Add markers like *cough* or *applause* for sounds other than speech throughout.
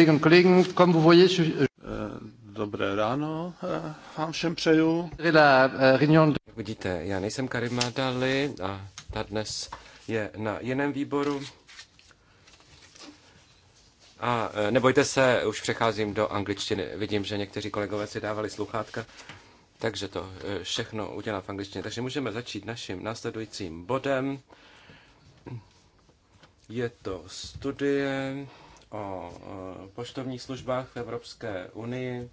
Eh, dobré ráno eh, vám všem přeju. Jak eh, vidíte, já nejsem Karim Dali a ta dnes je na jiném výboru. A nebojte se, už přecházím do angličtiny. Vidím, že někteří kolegové si dávali sluchátka, takže to všechno udělám v angličtině. Takže můžeme začít naším následujícím bodem. Je to studie o poštovních službách v Evropské unii.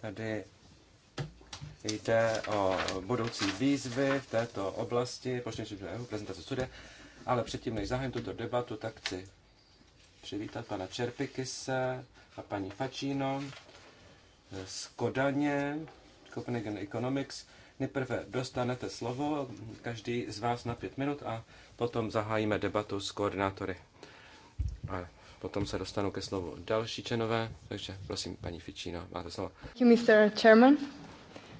Tady jde o budoucí výzvy v této oblasti, poštovní služby EU, prezentace sude. Ale předtím, než zahájím tuto debatu, tak chci přivítat pana Čerpikise a paní Facino z Kodaně, Copenhagen Economics. Nejprve dostanete slovo, každý z vás na pět minut a potom zahájíme debatu s koordinátory. Ale potom se dostanu ke slovu další členové, takže prosím, paní Ficino, máte slovo. Mr. Chairman.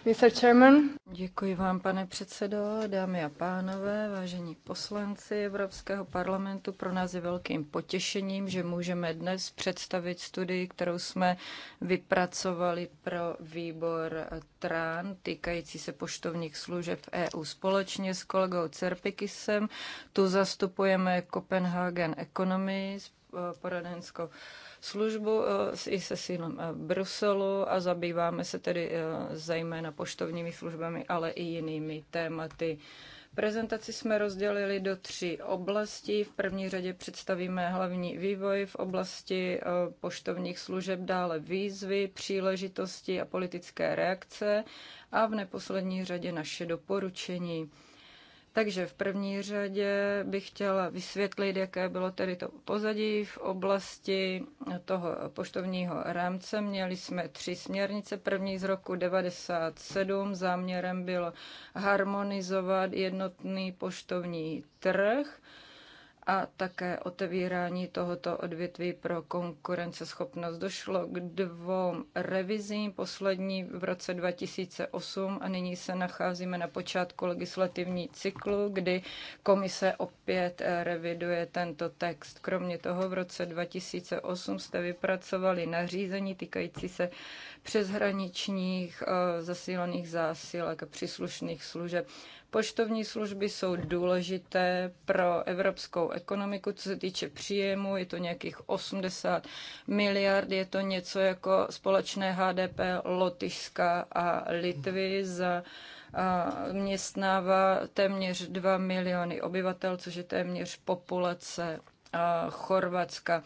Mr. Chairman. Děkuji vám, pane předsedo, dámy a pánové, vážení poslanci Evropského parlamentu. Pro nás je velkým potěšením, že můžeme dnes představit studii, kterou jsme vypracovali pro výbor TRAN, týkající se poštovních služeb v EU společně s kolegou Cerpikisem. Tu zastupujeme Copenhagen Economy, Eh, poradenskou službu eh, i se sídlem eh, Bruselu a zabýváme se tedy zejména poštovními službami, ale i jinými tématy. Prezentaci jsme rozdělili do tří oblastí. V první řadě představíme hlavní vývoj v oblasti poštovních služeb, dále výzvy, příležitosti a politické reakce a v neposlední řadě naše doporučení. Takže v první řadě bych chtěla vysvětlit, jaké bylo tedy to pozadí v oblasti toho poštovního rámce. Měli jsme tři směrnice. První z roku 97 záměrem bylo harmonizovat jednotný poštovní trh a také otevírání tohoto odvětví pro konkurenceschopnost. Došlo k dvou revizím, poslední v roce 2008 a nyní se nacházíme na počátku legislativní cyklu, kdy komise opět eh, reviduje tento text. Kromě toho v roce 2008 jste vypracovali nařízení týkající se přeshraničních eh, zasílaných zásilek a příslušných služeb. Poštovní služby jsou důležité pro evropskou ekonomiku, co se týče příjemu, je to nějakých 80 miliard, je to něco jako společné HDP Lotyšska a Litvy za městnává téměř 2 miliony obyvatel, což je téměř populace Chorvatska.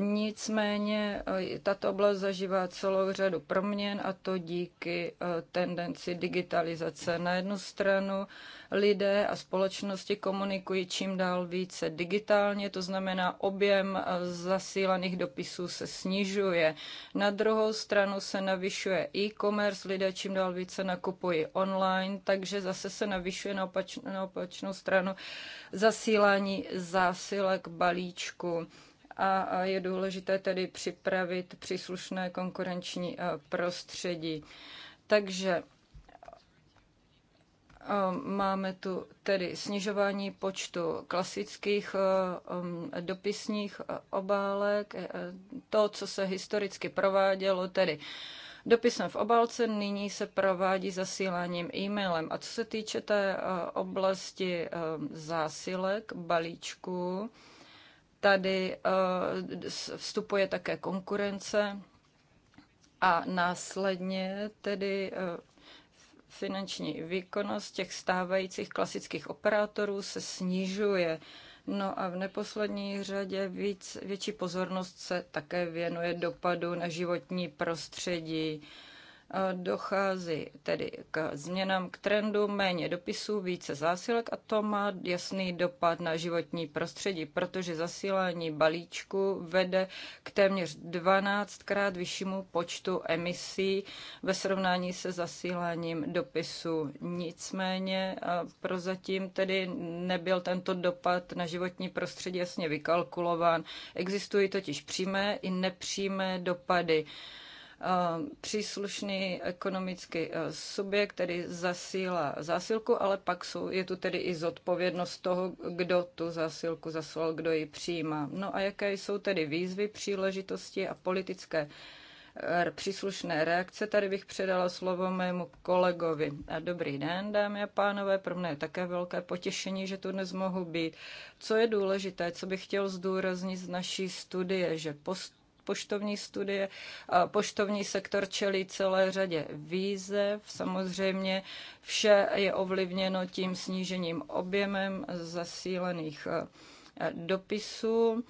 Nicméně eh, tato oblast zažívá celou řadu proměn a to díky eh, tendenci digitalizace. Na jednu stranu lidé a společnosti komunikují čím dál více digitálně, to znamená objem eh, zasílaných dopisů se snižuje. Na druhou stranu se navyšuje e-commerce, lidé čím dál více nakupují online, takže zase se navyšuje na, opač, na opačnou stranu zasílání zásilek balíčku a je důležité tedy připravit příslušné konkurenční e, prostředí. Takže e, Máme tu tedy snižování počtu klasických e, dopisních obálek, to, co se historicky provádělo, tedy dopisem v obálce, nyní se provádí zasíláním e-mailem. A co se týče té oblasti zásilek, balíčků, Tady eh, vstupuje také konkurence a následně tedy eh, finanční výkonnost těch stávajících klasických operátorů se snižuje. No a v neposlední řadě víc, větší pozornost se také věnuje dopadu na životní prostředí dochází tedy k změnám, k trendu, méně dopisů, více zásilek a to má jasný dopad na životní prostředí, protože zasílání balíčku vede k téměř 12krát vyššímu počtu emisí ve srovnání se zasíláním dopisu Nicméně prozatím tedy nebyl tento dopad na životní prostředí jasně vykalkulován. Existují totiž přímé i nepřímé dopady. Eh, příslušný ekonomický eh, subjekt, který zasílá zásilku, ale pak jsou, je tu tedy i zodpovědnost toho, kdo tu zásilku zaslal, kdo ji přijímá. No a jaké jsou tedy výzvy, příležitosti a politické eh, příslušné reakce. Tady bych předala slovo mému kolegovi. A dobrý den, dámy a pánové, pro mě je také velké potěšení, že tu dnes mohu být. Co je důležité, co bych chtěl zdůraznit z naší studie, že post poštovní studie. Poštovní sektor čelí celé řadě výzev. Samozřejmě vše je ovlivněno tím snížením objemem zasílených dopisů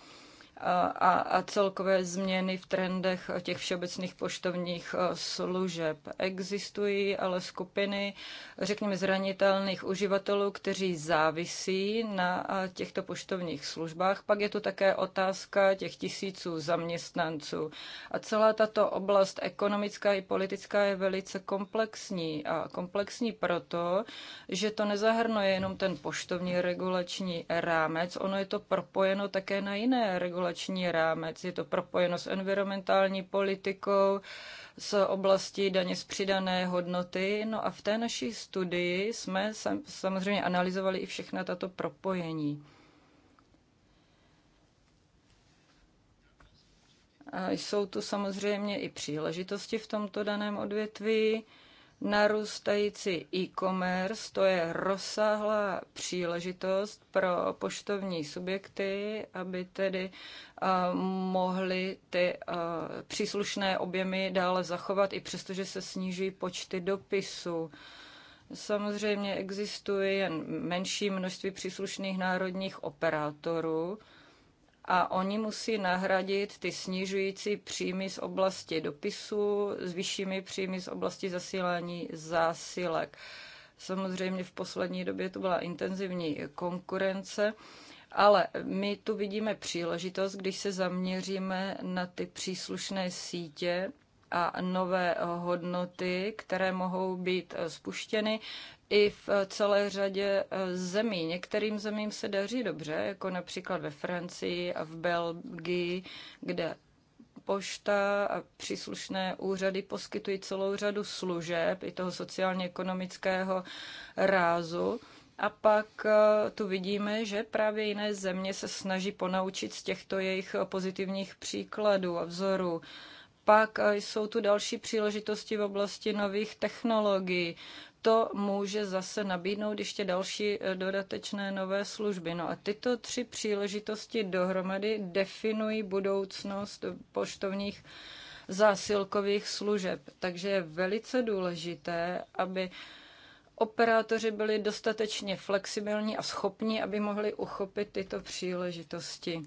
a, a celkové změny v trendech těch všeobecných poštovních e, služeb. Existují ale skupiny, řekněme, zranitelných uživatelů, kteří závisí na e, těchto poštovních službách. Pak je tu také otázka těch tisíců zaměstnanců. A celá tato oblast ekonomická i politická je velice komplexní. A komplexní proto, že to nezahrnuje jenom ten poštovní regulační rámec, ono je to propojeno také na jiné regulační regulační rámec. Je to propojeno s environmentální politikou, s oblastí daně z přidané hodnoty. No a v té naší studii jsme samozřejmě analyzovali i všechna tato propojení. Jsou tu samozřejmě i příležitosti v tomto daném odvětví. Narůstající e-commerce to je rozsáhlá příležitost pro poštovní subjekty, aby tedy eh, mohly ty eh, příslušné objemy dále zachovat, i přestože se sníží počty dopisů. Samozřejmě existuje jen menší množství příslušných národních operátorů, a oni musí nahradit ty snižující příjmy z oblasti dopisu s vyššími příjmy z oblasti zasílání zásilek. Samozřejmě v poslední době to byla intenzivní konkurence, ale my tu vidíme příležitost, když se zaměříme na ty příslušné sítě a nové hodnoty, které mohou být eh, spuštěny i v eh, celé řadě eh, zemí. Některým zemím se daří dobře, jako například ve Francii a v Belgii, kde pošta a příslušné úřady poskytují celou řadu služeb i toho sociálně-ekonomického rázu. A pak tu vidíme, že právě jiné země se snaží ponaučit z těchto jejich pozitivních příkladů a vzorů pak eh, jsou tu další příležitosti v oblasti nových technologií. To může zase nabídnout ještě další eh, dodatečné nové služby. No a tyto tři příležitosti dohromady definují budoucnost poštovních zásilkových služeb. Takže je velice důležité, aby operátoři byli dostatečně flexibilní a schopní, aby mohli uchopit tyto příležitosti.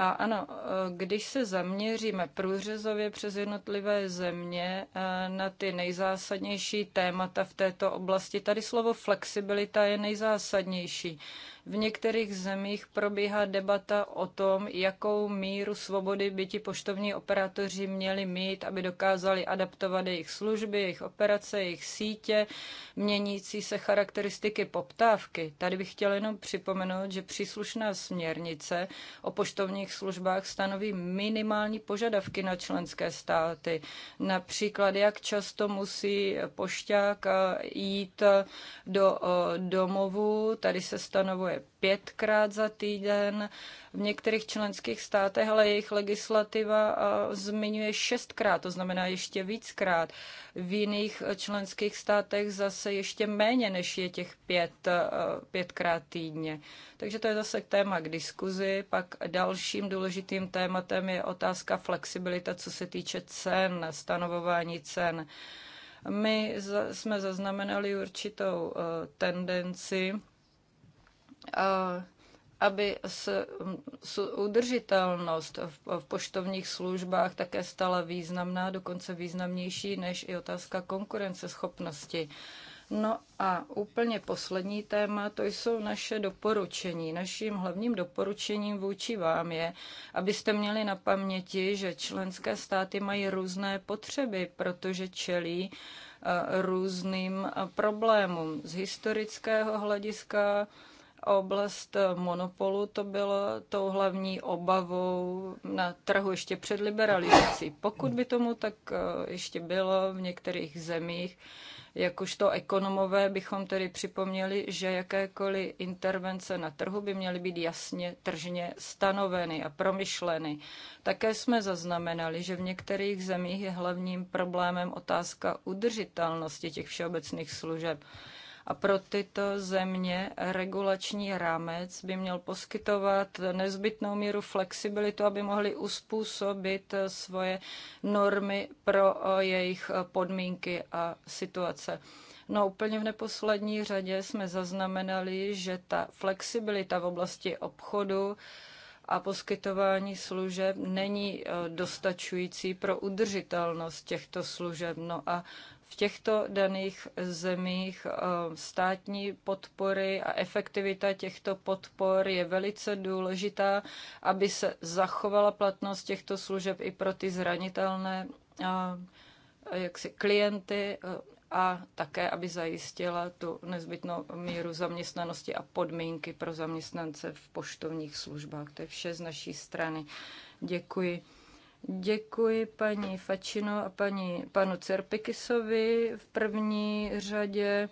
A ano, eh, když se zaměříme průřezově přes jednotlivé země eh, na ty nejzásadnější témata v této oblasti, tady slovo flexibilita je nejzásadnější. V některých zemích probíhá debata o tom, jakou míru svobody by ti poštovní operátoři měli mít, aby dokázali adaptovat jejich služby, jejich operace, jejich sítě, měnící se charakteristiky poptávky. Tady bych chtěla jenom připomenout, že příslušná směrnice o poštovních službách stanoví minimální požadavky na členské státy. Například, jak často musí pošťák jít do eh, domovu, tady se stanovuje funguje pětkrát za týden, v některých členských státech, ale jejich legislativa zmiňuje šestkrát, to znamená ještě víckrát. V jiných členských státech zase ještě méně, než je těch pět, pětkrát týdně. Takže to je zase téma k diskuzi. Pak dalším důležitým tématem je otázka flexibilita, co se týče cen, stanovování cen. My jsme zaznamenali určitou tendenci, aby se udržitelnost v poštovních službách také stala významná, dokonce významnější než i otázka konkurenceschopnosti. No a úplně poslední téma, to jsou naše doporučení. Naším hlavním doporučením vůči vám je, abyste měli na paměti, že členské státy mají různé potřeby, protože čelí různým problémům. Z historického hlediska oblast monopolu, to bylo tou hlavní obavou na trhu ještě před liberalizací. Pokud by tomu tak eh, ještě bylo v některých zemích, jakožto ekonomové bychom tedy připomněli, že jakékoliv intervence na trhu by měly být jasně tržně stanoveny a promyšleny. Také jsme zaznamenali, že v některých zemích je hlavním problémem otázka udržitelnosti těch všeobecných služeb. A pro tyto země regulační rámec by měl poskytovat nezbytnou míru flexibilitu, aby mohli uspůsobit svoje normy pro eh, jejich eh, podmínky a situace. No úplně v neposlední řadě jsme zaznamenali, že ta flexibilita v oblasti obchodu a poskytování služeb není eh, dostačující pro udržitelnost těchto služeb. No a v těchto daných zemích eh, státní podpory a efektivita těchto podpor je velice důležitá, aby se zachovala platnost těchto služeb i pro ty zranitelné eh, jaksi klienty eh, a také, aby zajistila tu nezbytnou míru zaměstnanosti a podmínky pro zaměstnance v poštovních službách. To je vše z naší strany. Děkuji. Děkuji paní Fačino a paní, panu Cerpikisovi. V první řadě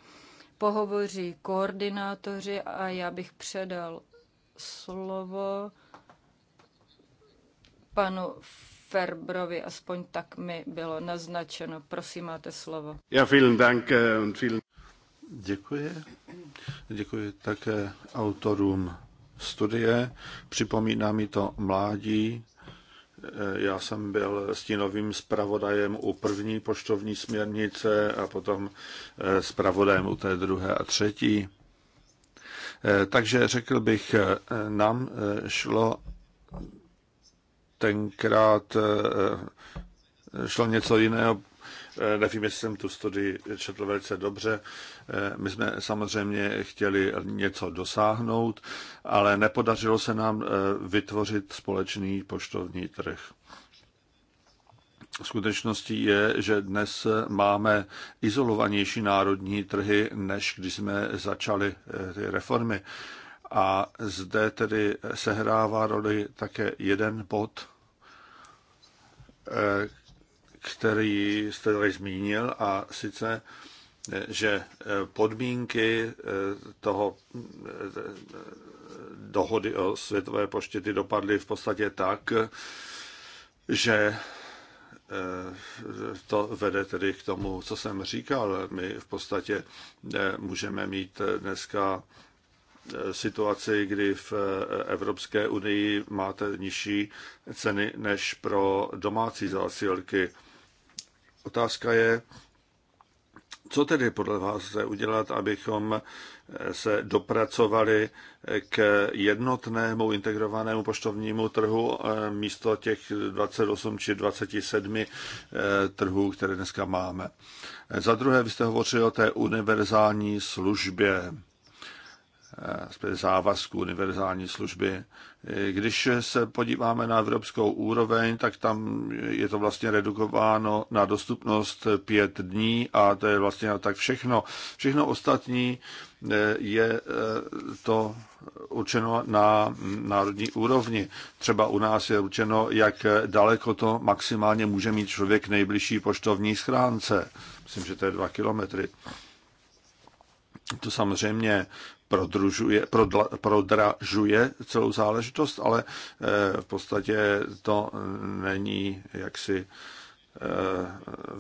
pohovoří koordinátoři a já bych předal slovo panu Ferbrovi, aspoň tak mi bylo naznačeno. Prosím, máte slovo. Ja, vielen Dank eh, und vielen... Děkuji. Děkuji také autorům studie. Připomíná mi to mládí, Eh, já jsem byl stínovým zpravodajem u první poštovní směrnice a potom eh, zpravodajem u té druhé a třetí. Eh, takže řekl bych, nám šlo tenkrát šlo něco jiného, Eh, nevím, jestli jsem tu studii četl velice dobře. Eh, my jsme samozřejmě chtěli něco dosáhnout, ale nepodařilo se nám eh, vytvořit společný poštovní trh. Skutečností je, že dnes máme izolovanější národní trhy, než když jsme začali ty reformy. A zde tedy sehrává roli také jeden bod, který jste tady zmínil, a sice, že podmínky eh, toho eh, dohody o světové poště ty dopadly v podstatě tak, že eh, to vede tedy k tomu, co jsem říkal. My v podstatě můžeme mít dneska situaci, kdy v Evropské unii máte nižší ceny než pro domácí zásilky. Otázka je, co tedy podle vás se udělat, abychom eh, se dopracovali eh, k jednotnému integrovanému poštovnímu trhu eh, místo těch 28 či 27 trhů, které dneska máme. Za druhé, vy jste hovořili o té univerzální službě. Eh, závazku univerzální služby. Eh, když se podíváme na evropskou úroveň, tak tam je to vlastně redukováno na dostupnost pět dní a to je vlastně tak všechno. Všechno ostatní eh, je to určeno na národní úrovni. Třeba u nás je určeno, jak daleko to maximálně může mít člověk nejbližší poštovní schránce. Myslím, že to je dva kilometry. To samozřejmě prodružuje, prodla, prodražuje celou záležitost, ale eh, v podstatě to není jaksi eh,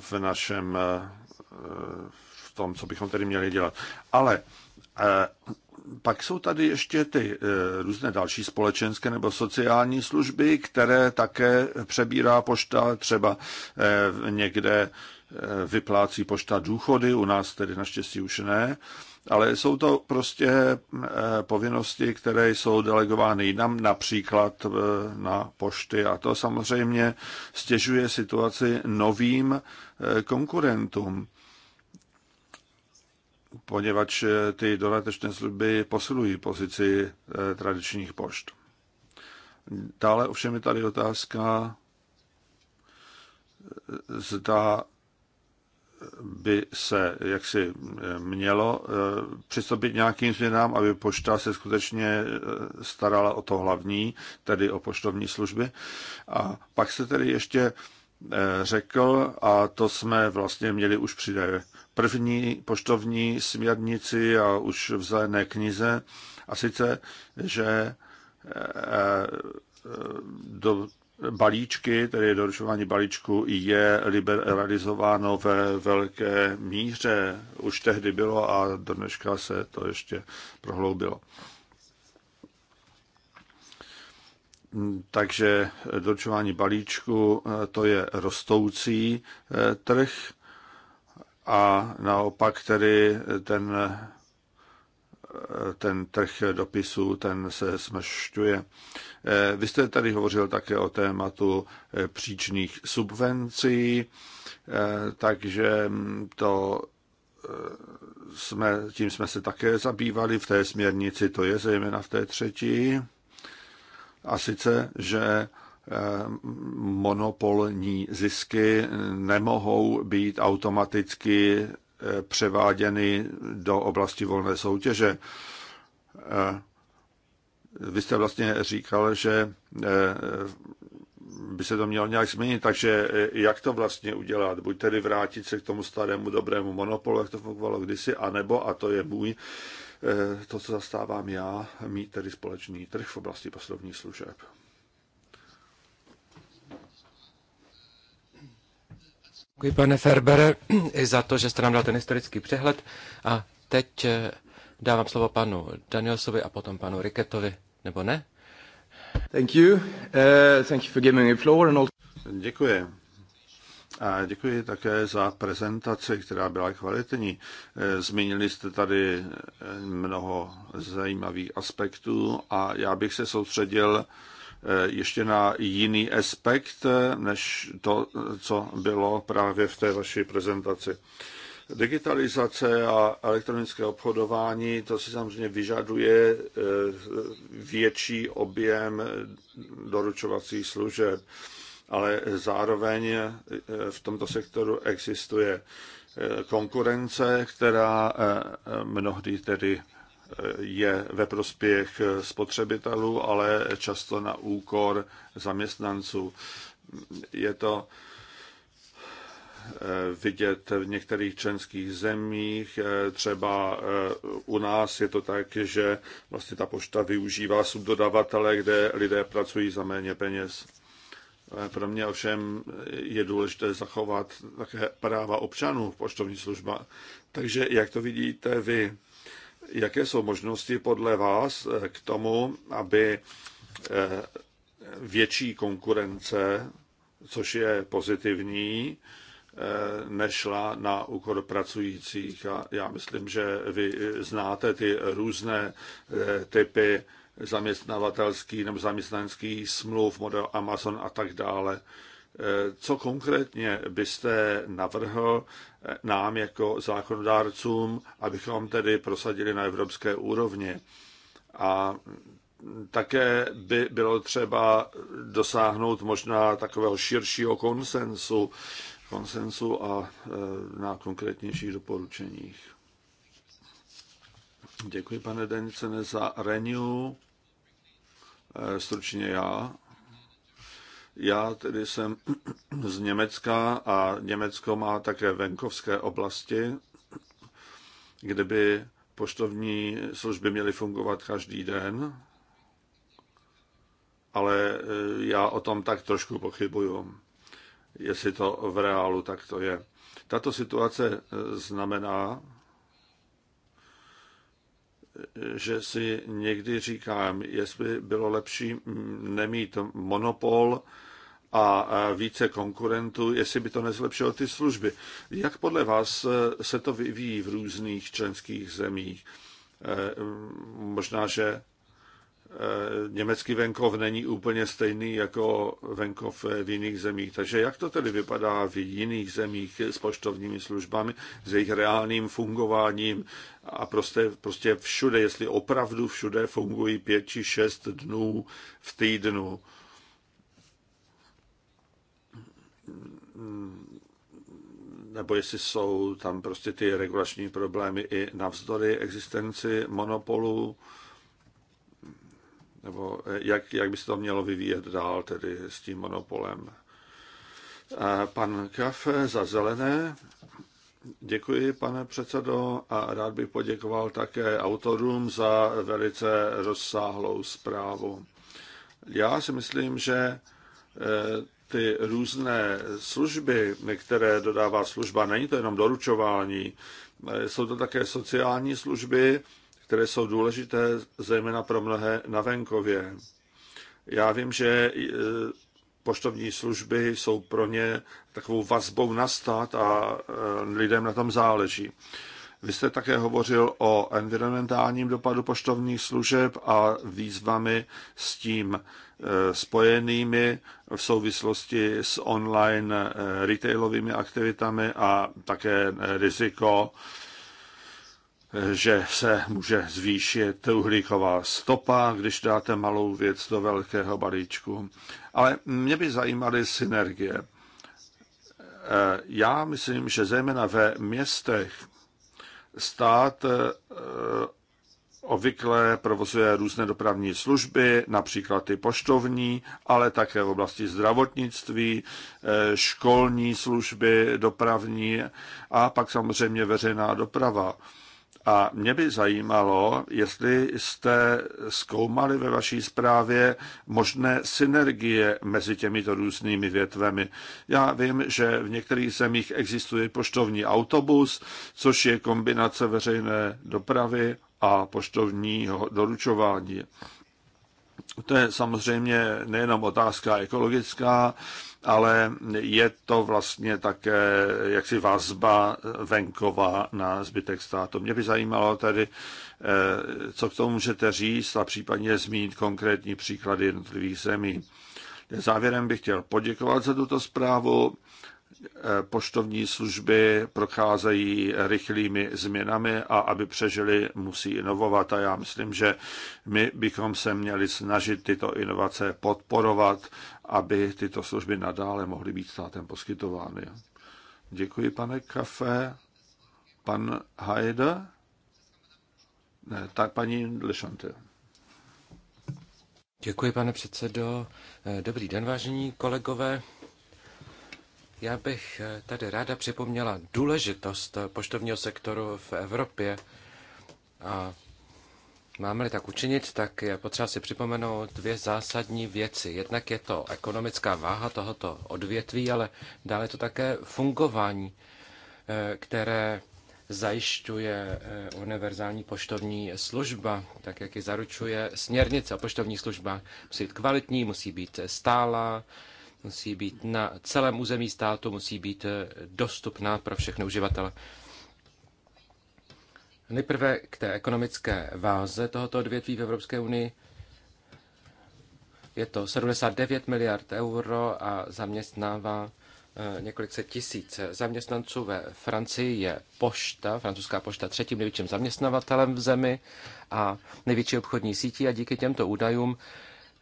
v našem, eh, v tom, co bychom tedy měli dělat. Ale pak jsou tady ještě ty různé další společenské nebo sociální služby, které také přebírá pošta, třeba někde vyplácí pošta důchody, u nás tedy naštěstí už ne, ale jsou to prostě eh, povinnosti, které jsou delegovány jinam, například eh, na pošty. A to samozřejmě stěžuje situaci novým eh, konkurentům, poněvadž ty dodatečné služby posilují pozici tradičních pošt. Dále ovšem je tady otázka, zda by se jaksi eh, mělo eh, přistoupit nějakým změnám, aby pošta se skutečně eh, starala o to hlavní, tedy o poštovní služby. A pak se tedy ještě řekl, a to jsme vlastně měli už při první poštovní směrnici a už v zelené knize, a sice, že do balíčky, tedy doručování balíčku, je liberalizováno ve velké míře. Už tehdy bylo a do dneška se to ještě prohloubilo. Takže doručování balíčku to je rostoucí eh, trh a naopak tedy ten ten trh dopisů, ten se smršťuje. Vy jste tady hovořil také o tématu příčných subvencí, takže to jsme, tím jsme se také zabývali v té směrnici, to je zejména v té třetí. A sice, že eh, monopolní zisky nemohou být automaticky převáděny do oblasti volné soutěže. Eh, vy jste vlastně říkal, že eh, by se to mělo nějak změnit, takže eh, jak to vlastně udělat? Buď tedy vrátit se k tomu starému dobrému monopolu, jak to fungovalo kdysi, anebo, a to je můj, to, co zastávám já, mít tedy společný trh v oblasti poslovních služeb. Děkuji, pane Ferbere, i za to, že jste nám dal ten historický přehled. A teď eh, dávám slovo panu Danielsovi a potom panu Riketovi, nebo ne? Thank you. Uh, thank you for giving me floor and all. Děkuji. A děkuji také za prezentaci, která byla kvalitní. Eh, zmínili jste tady mnoho zajímavých aspektů a já bych se soustředil Eh, ještě na jiný aspekt, eh, než to, co bylo právě v té vaší prezentaci. Digitalizace a elektronické obchodování, to si samozřejmě vyžaduje eh, větší objem doručovacích služeb, ale zároveň v tomto sektoru existuje konkurence, která mnohdy tedy je ve prospěch spotřebitelů, ale často na úkor zaměstnanců. Je to eh, vidět v některých členských zemích. Eh, třeba eh, u nás je to tak, že vlastně ta pošta využívá subdodavatele, kde lidé pracují za méně peněz. Pro mě ovšem je důležité zachovat také práva občanů v poštovní služba. Takže jak to vidíte vy? jaké jsou možnosti podle vás eh, k tomu, aby eh, větší konkurence, což je pozitivní, eh, nešla na úkor pracujících. A já myslím, že vy znáte ty různé typy zaměstnavatelských nebo zaměstnaneckých smluv, model Amazon a tak dále co konkrétně byste navrhl nám jako zákonodárcům, abychom tedy prosadili na evropské úrovni. A také by bylo třeba dosáhnout možná takového širšího konsensu, konsensu a e, na konkrétnějších doporučeních. Děkuji, pane Denicene, za Renew. E, stručně já. Já tedy jsem *clears throat* z Německa a Německo má také venkovské oblasti, kde by poštovní služby měly fungovat každý den, ale e, já o tom tak trošku pochybuju, jestli to v reálu tak to je. Tato situace e, znamená, že si někdy říkám, jestli bylo lepší mm, nemít monopol, a více konkurentů, jestli by to nezlepšilo ty služby. Jak podle vás e, se to vyvíjí v různých členských zemích? E, možná, že e, německý venkov není úplně stejný jako venkov v jiných zemích. Takže jak to tedy vypadá v jiných zemích s poštovními službami, s jejich reálným fungováním a prostě, prostě všude, jestli opravdu všude fungují pět či šest dnů v týdnu Mm, nebo jestli jsou tam prostě ty regulační problémy i navzdory existenci monopolu, nebo jak, jak by se to mělo vyvíjet dál tedy s tím monopolem. Pan Kafe za zelené. Děkuji, pane předsedo, a rád bych poděkoval také autorům za velice rozsáhlou zprávu. Já si myslím, že eh, ty různé služby, které dodává služba, není to jenom doručování, eh, jsou to také sociální služby, které jsou důležité zejména pro mnohé na venkově. Já vím, že eh, poštovní služby jsou pro ně takovou vazbou na stát a eh, lidem na tom záleží. Vy jste také hovořil o environmentálním dopadu poštovních služeb a výzvami s tím spojenými v souvislosti s online eh, retailovými aktivitami a také eh, riziko, eh, že se může zvýšit uhlíková stopa, když dáte malou věc do velkého balíčku. Ale mě by zajímaly synergie. Já myslím, že zejména ve městech stát obvykle provozuje různé dopravní služby, například ty poštovní, ale také v oblasti zdravotnictví, eh, školní služby, dopravní a pak samozřejmě veřejná doprava. A mě by zajímalo, jestli jste zkoumali ve vaší zprávě možné synergie mezi těmito různými větvemi. Já vím, že v některých zemích existuje poštovní autobus, což je kombinace veřejné dopravy a poštovního doručování. To je samozřejmě nejenom otázka ekologická, ale je to vlastně také jaksi vazba venková na zbytek státu. Mě by zajímalo tedy, eh, co k tomu můžete říct a případně zmínit konkrétní příklady jednotlivých zemí. Závěrem bych chtěl poděkovat za tuto zprávu Eh, poštovní služby procházejí rychlými změnami a aby přežili, musí inovovat. A já myslím, že my bychom se měli snažit tyto inovace podporovat, aby tyto služby nadále mohly být státem poskytovány. Děkuji, pane Kafe. Pan Haida, Ne, tak paní Lešante. Děkuji, pane předsedo. Eh, dobrý den, vážení kolegové. Já bych eh, tady ráda připomněla důležitost poštovního sektoru v Evropě. A máme-li tak učinit, tak je potřeba si připomenout dvě zásadní věci. Jednak je to ekonomická váha tohoto odvětví, ale dále je to také fungování, eh, které zajišťuje eh, univerzální poštovní služba, tak jak ji zaručuje směrnice o poštovních službách. Musí být kvalitní, musí být stála, musí být na celém území státu, musí být eh, dostupná pro všechny uživatele. Nejprve k té ekonomické váze tohoto odvětví v Evropské unii. Je to 79 miliard euro a zaměstnává eh, několik set tisíc zaměstnanců ve Francii je pošta, francouzská pošta třetím největším zaměstnavatelem v zemi a největší obchodní sítí a díky těmto údajům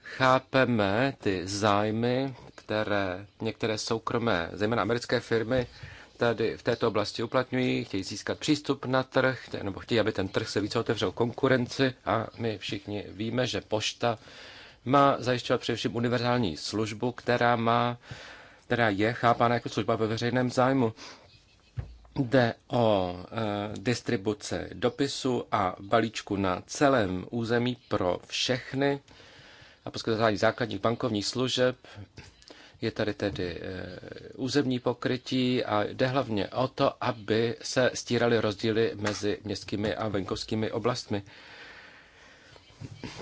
chápeme ty zájmy které některé soukromé, zejména americké firmy, tady v této oblasti uplatňují, chtějí získat přístup na trh, nebo chtějí, aby ten trh se více otevřel konkurenci a my všichni víme, že pošta má zajišťovat především univerzální službu, která má, která je chápána jako služba ve veřejném zájmu. Jde o e, distribuce dopisu a balíčku na celém území pro všechny a poskytování základních bankovních služeb je tady tedy eh, územní pokrytí a jde hlavně o to, aby se stíraly rozdíly mezi městskými a venkovskými oblastmi.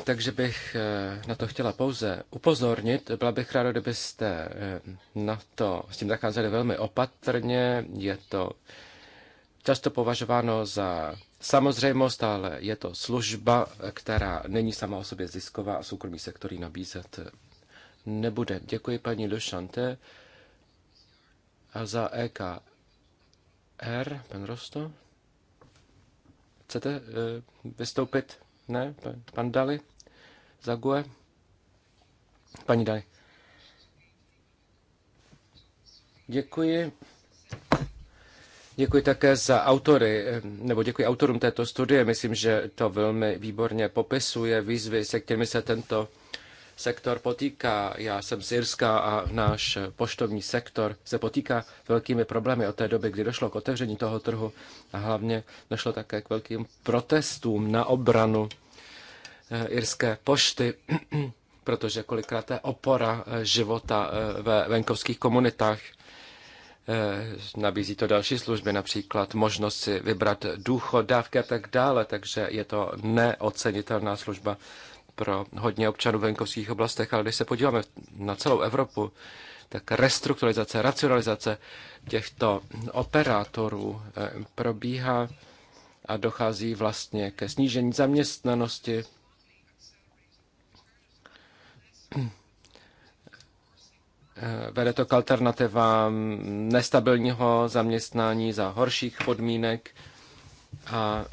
Takže bych eh, na to chtěla pouze upozornit. Byla bych ráda, kdybyste eh, na to s tím zacházeli velmi opatrně. Je to často považováno za samozřejmost, ale je to služba, která není sama o sobě zisková a soukromý sektor ji nabízet nebude. Děkuji paní Došante a za EKR, pan Rosto. Chcete uh, vystoupit? Ne? Pan, pan Dali? Za GUE? Paní Dali. Děkuji. Děkuji také za autory, eh, nebo děkuji autorům této studie. Myslím, že to velmi výborně popisuje výzvy, se kterými se tento sektor potýká. Já jsem z Irska a náš poštovní sektor se potýká velkými problémy od té doby, kdy došlo k otevření toho trhu a hlavně došlo také k velkým protestům na obranu eh, irské pošty, *clears throat* protože kolikrát je opora eh, života eh, ve venkovských komunitách. Nabízí to další služby, například možnost si vybrat důchod, dávky a tak dále, takže je to neocenitelná služba pro hodně občanů v venkovských oblastech, ale když se podíváme na celou Evropu, tak restrukturalizace, racionalizace těchto operátorů eh, probíhá a dochází vlastně ke snížení zaměstnanosti. Eh, vede to k alternativám nestabilního zaměstnání za horších podmínek a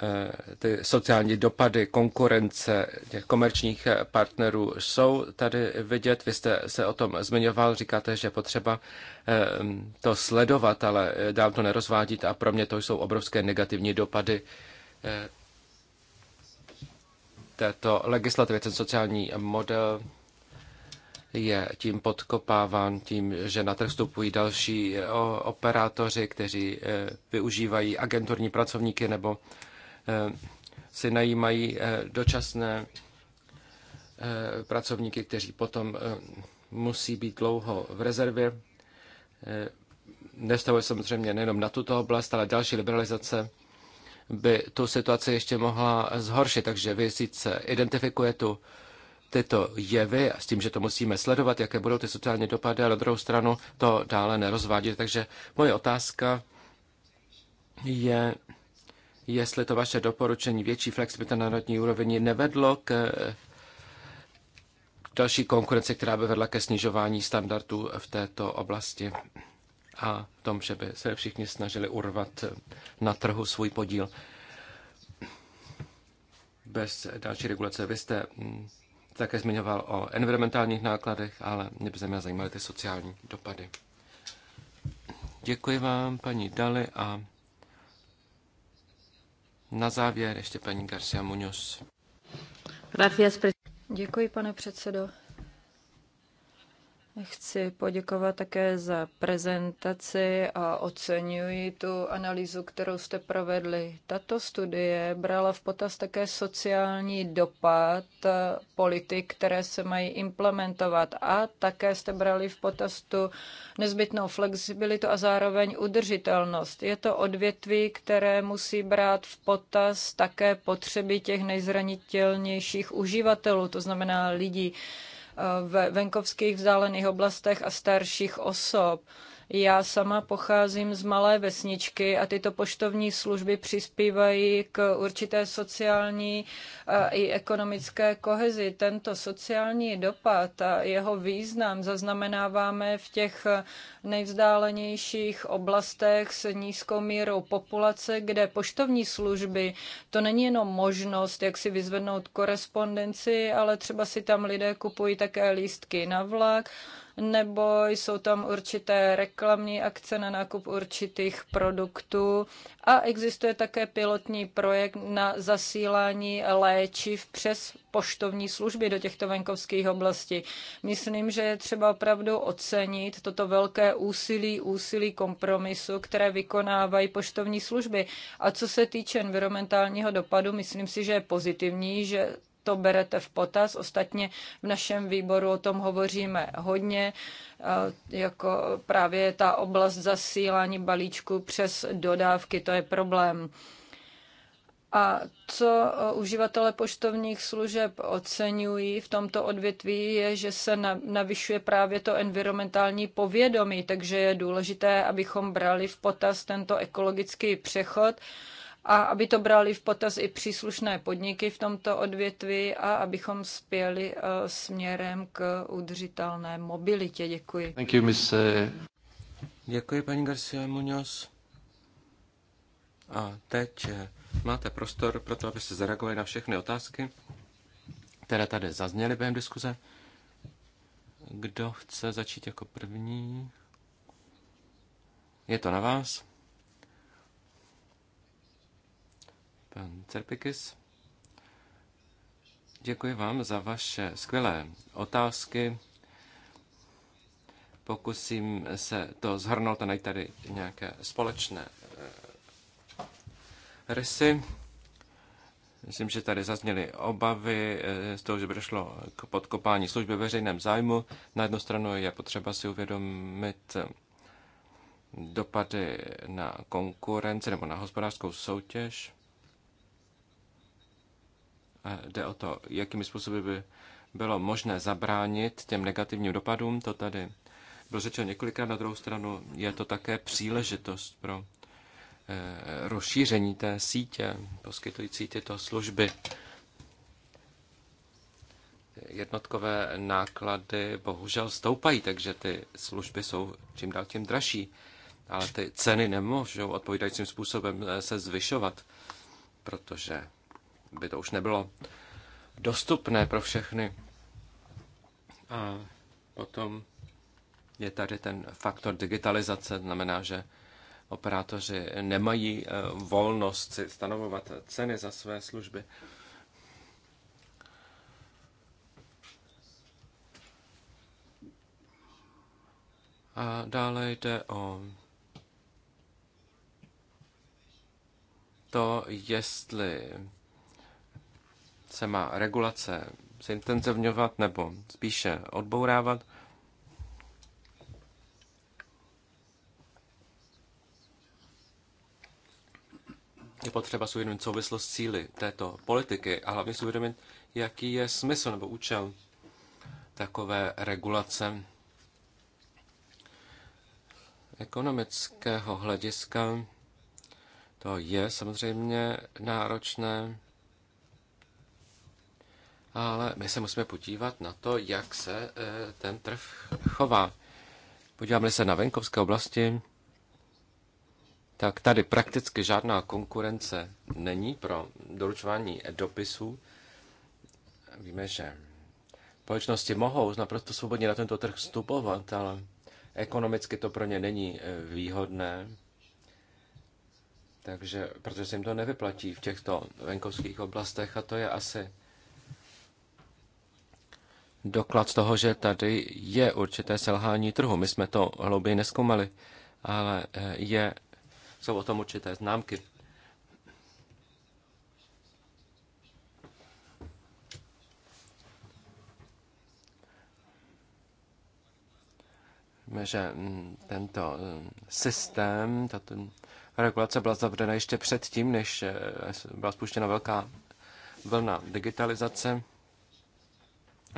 Eh, ty sociální dopady konkurence těch komerčních eh, partnerů jsou tady vidět. Vy jste se o tom zmiňoval, říkáte, že potřeba eh, to sledovat, ale dál to nerozvádíte a pro mě to jsou obrovské negativní dopady této legislativy. Ten sociální model je tím podkopáván tím, že na trh vstupují další operátoři, kteří využívají agenturní pracovníky nebo Eh, si najímají eh, dočasné eh, pracovníky, kteří potom musí být dlouho v rezervě. Nestavuje samozřejmě nejenom na tuto oblast, ale další liberalizace by tu situaci ještě mohla zhoršit. Takže vy sice identifikuje tu tyto jevy a s tím, že to musíme sledovat, jaké budou ty sociální dopady, ale na druhou stranu to dále nerozvádět. Takže moje otázka je, jestli to vaše doporučení větší flexibility na národní úrovni nevedlo k eh, další konkurence, která by vedla ke snižování standardů v této oblasti a v tom, že by se všichni snažili urvat eh, na trhu svůj podíl. Bez další regulace. Vy jste mm, také zmiňoval o environmentálních nákladech, ale mě by zajímaly ty sociální dopady. Děkuji vám, paní Dali, a na závěr ještě paní Garcia Muñoz. Děkuji, pane předsedo. Chci poděkovat také za prezentaci a oceňuji tu analýzu, kterou jste provedli. Tato studie brala v potaz také sociální dopad eh, politik, které se mají implementovat a také jste brali v potaz tu nezbytnou flexibilitu a zároveň udržitelnost. Je to odvětví, které musí brát v potaz také potřeby těch nejzranitelnějších uživatelů, to znamená lidí, ve venkovských vzdálených oblastech a starších osob. Já sama pocházím z malé vesničky a tyto poštovní služby přispívají k určité sociální eh, i ekonomické kohezi. Tento sociální dopad a jeho význam zaznamenáváme v těch eh, nejvzdálenějších oblastech s nízkou mírou populace, kde poštovní služby to není jenom možnost, jak si vyzvednout korespondenci, ale třeba si tam lidé kupují také lístky na vlak, nebo jsou tam určité reklamní akce na nákup určitých produktů a existuje také pilotní projekt na zasílání léčiv přes poštovní služby do těchto venkovských oblastí. Myslím, že je třeba opravdu ocenit toto velké úsilí, úsilí kompromisu, které vykonávají poštovní služby. A co se týče environmentálního dopadu, myslím si, že je pozitivní, že to berete v potaz. Ostatně v našem výboru o tom hovoříme hodně, e, jako právě ta oblast zasílání balíčku přes dodávky, to je problém. A co e, uživatelé poštovních služeb oceňují v tomto odvětví, je, že se navyšuje právě to environmentální povědomí, takže je důležité, abychom brali v potaz tento ekologický přechod a aby to brali v potaz i příslušné podniky v tomto odvětví a abychom spěli eh, směrem k udržitelné mobilitě. Děkuji. Thank you, miss. Eh, Děkuji, paní Garcia Munoz. A teď eh, máte prostor pro to, abyste zareagovali na všechny otázky, které tady zazněly během diskuze. Kdo chce začít jako první? Je to na vás. Pan Cerpikis, děkuji vám za vaše skvělé otázky. Pokusím se to zhrnout a najít tady nějaké společné eh, rysy. Myslím, že tady zazněly obavy eh, z toho, že by došlo k podkopání služby veřejném zájmu. Na jednu stranu je potřeba si uvědomit eh, dopady na konkurenci nebo na hospodářskou soutěž. Jde o to, jakými způsoby by bylo možné zabránit těm negativním dopadům. To tady bylo řečeno několikrát. Na druhou stranu je to také příležitost pro eh, rozšíření té sítě, poskytující tyto služby. Jednotkové náklady bohužel stoupají, takže ty služby jsou čím dál tím dražší, ale ty ceny nemůžou odpovídajícím způsobem eh, se zvyšovat, protože by to už nebylo dostupné pro všechny. A potom je tady ten faktor digitalizace, znamená, že operátoři nemají eh, volnost si stanovovat ceny za své služby. A dále jde o to, jestli se má regulace zintenzivňovat nebo spíše odbourávat. Je potřeba si uvědomit souvislost cíly této politiky a hlavně si uvědomit, jaký je smysl nebo účel takové regulace ekonomického hlediska. To je samozřejmě náročné ale my se musíme podívat na to, jak se eh, ten trh chová. Podíváme se na venkovské oblasti, tak tady prakticky žádná konkurence není pro doručování dopisů. Víme, že společnosti mohou naprosto svobodně na tento trh vstupovat, ale ekonomicky to pro ně není eh, výhodné. Takže, protože se jim to nevyplatí v těchto venkovských oblastech a to je asi doklad toho, že tady je určité selhání trhu. My jsme to hlouběji neskoumali, ale eh, je, jsou o tom určité známky. že mm, tento mm, systém, tato regulace byla zavřena ještě předtím, než eh, byla spuštěna velká vlna digitalizace.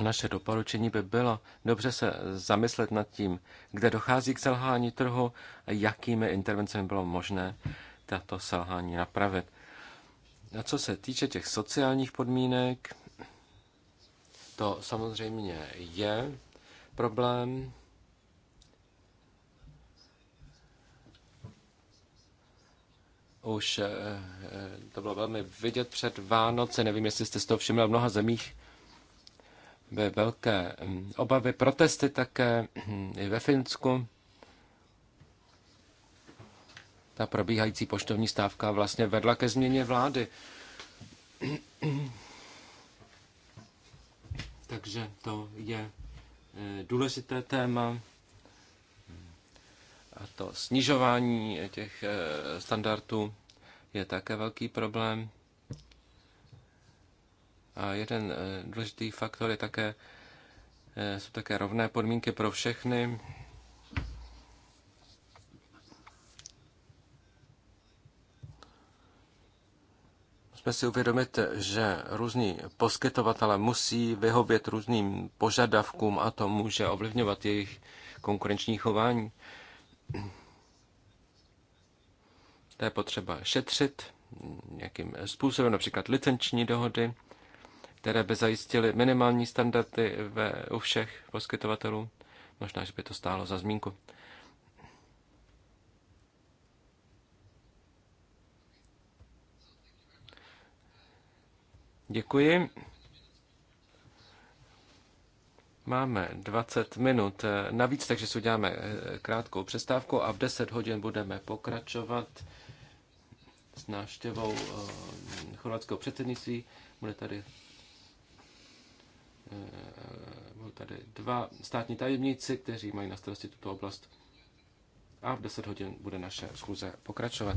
Naše doporučení by bylo dobře se zamyslet nad tím, kde dochází k selhání trhu a jakými intervencemi bylo možné tato selhání napravit. A co se týče těch sociálních podmínek, to samozřejmě je problém. Už eh, eh, to bylo velmi vidět před Vánoce, nevím, jestli jste z to všimli, v mnoha zemích ve velké mm, obavy, protesty také mm, i ve Finsku. Ta probíhající poštovní stávka vlastně vedla ke změně vlády. *clears throat* Takže to je e, důležité téma. A to snižování těch e, standardů je také velký problém. A jeden eh, důležitý faktor je také, eh, jsou také rovné podmínky pro všechny. Musíme si uvědomit, že různí poskytovatele musí vyhovět různým požadavkům a to může ovlivňovat jejich konkurenční chování. To je potřeba šetřit nějakým způsobem, například licenční dohody které by zajistily minimální standardy ve, u všech poskytovatelů. Možná, že by to stálo za zmínku. Děkuji. Máme 20 minut eh, navíc, takže si uděláme eh, krátkou přestávku a v 10 hodin budeme pokračovat s návštěvou eh, chorvatského předsednictví. Bude tady Eh, Byl tady dva státní tajemníci, kteří mají na starosti tuto oblast. A v 10 hodin bude naše schůze pokračovat.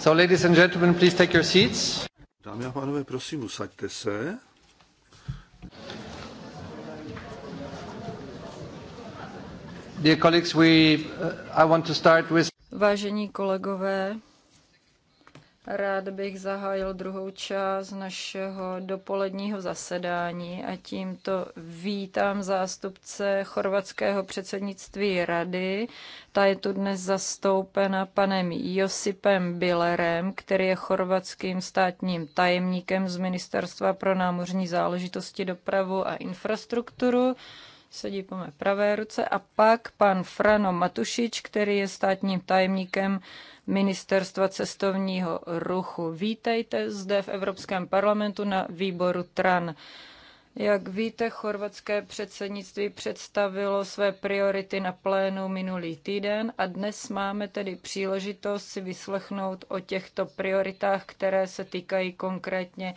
So, ladies and gentlemen, please take your seats. Dámy a pánové, prosím, usaďte se. Dear colleagues, we, uh, I want to start with... Vážení kolegové, rád bych zahájil druhou část našeho dopoledního zasedání a tímto vítám zástupce chorvatského předsednictví rady. Ta je tu dnes zastoupena panem Josipem Bilerem, který je chorvatským státním tajemníkem z Ministerstva pro námořní záležitosti, dopravu a infrastrukturu sedí po mé pravé ruce, a pak pan Frano Matušič, který je státním tajemníkem Ministerstva cestovního ruchu. Vítejte zde v Evropském parlamentu na výboru TRAN. Jak víte, chorvatské předsednictví představilo své priority na plénu minulý týden a dnes máme tedy příležitost si vyslechnout o těchto prioritách, které se týkají konkrétně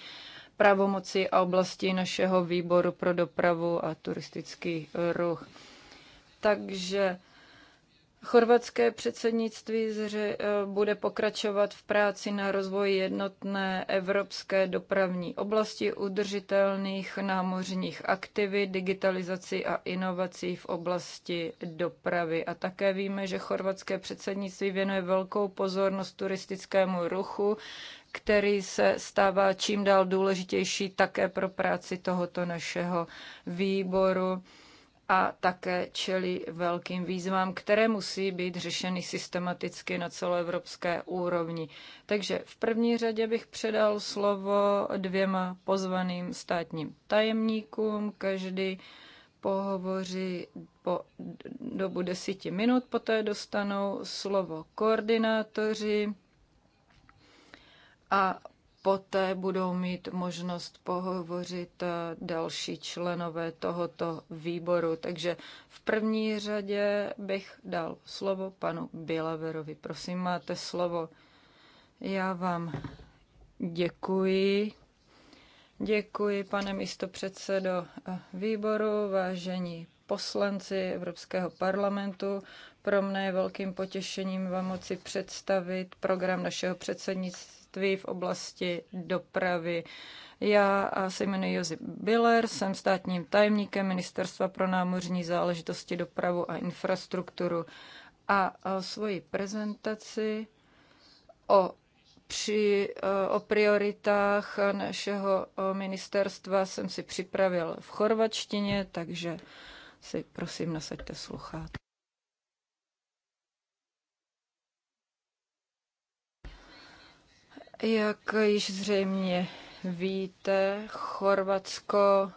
pravomoci a oblasti našeho výboru pro dopravu a turistický ruch. Takže Chorvatské předsednictví eh, bude pokračovat v práci na rozvoji jednotné evropské dopravní oblasti, udržitelných námořních aktivit, digitalizaci a inovací v oblasti dopravy. A také víme, že chorvatské předsednictví věnuje velkou pozornost turistickému ruchu, který se stává čím dál důležitější také pro práci tohoto našeho výboru a také čelí velkým výzvám, které musí být řešeny systematicky na celoevropské úrovni. Takže v první řadě bych předal slovo dvěma pozvaným státním tajemníkům. Každý pohovoří po dobu desíti minut, poté dostanou slovo koordinátoři a poté budou mít možnost pohovořit eh, další členové tohoto výboru. Takže v první řadě bych dal slovo panu Bilaverovi. Prosím, máte slovo. Já vám děkuji. Děkuji, pane místopředsedo eh, výboru, vážení poslanci Evropského parlamentu. Pro mne je velkým potěšením vám moci představit program našeho předsednictví v oblasti dopravy. Já se jmenuji Josip Biller, jsem státním tajemníkem Ministerstva pro námořní záležitosti, dopravu a infrastrukturu. A svoji prezentaci o při, e, o prioritách našeho e, ministerstva jsem si připravil v chorvačtině, takže si prosím nasaďte sluchátka. Jak již zřejmě víte, Chorvatsko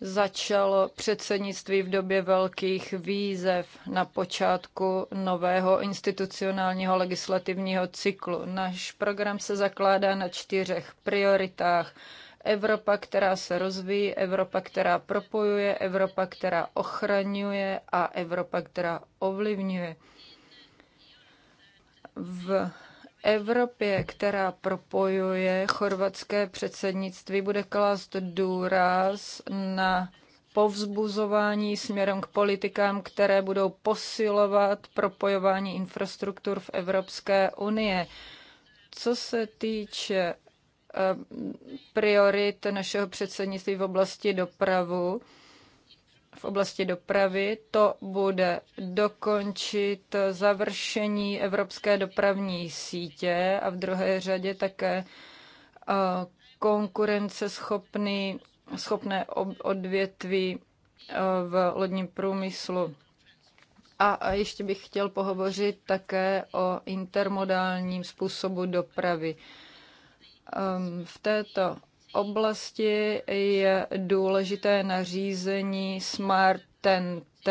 začalo předsednictví v době velkých výzev na počátku nového institucionálního legislativního cyklu. Náš program se zakládá na čtyřech prioritách. Evropa, která se rozvíjí, Evropa, která propojuje, Evropa, která ochraňuje a Evropa, která ovlivňuje. V Evropě, která propojuje chorvatské předsednictví, bude klást důraz na povzbuzování směrem k politikám, které budou posilovat propojování infrastruktur v Evropské unie. Co se týče eh, priorit našeho předsednictví v oblasti dopravu, v oblasti dopravy. To bude dokončit završení evropské dopravní sítě a v druhé řadě také eh, konkurenceschopný, schopné odvětví eh, v lodním průmyslu. A ještě bych chtěl pohovořit také o intermodálním způsobu dopravy. Ehm, v této oblasti je důležité nařízení Smart TNT.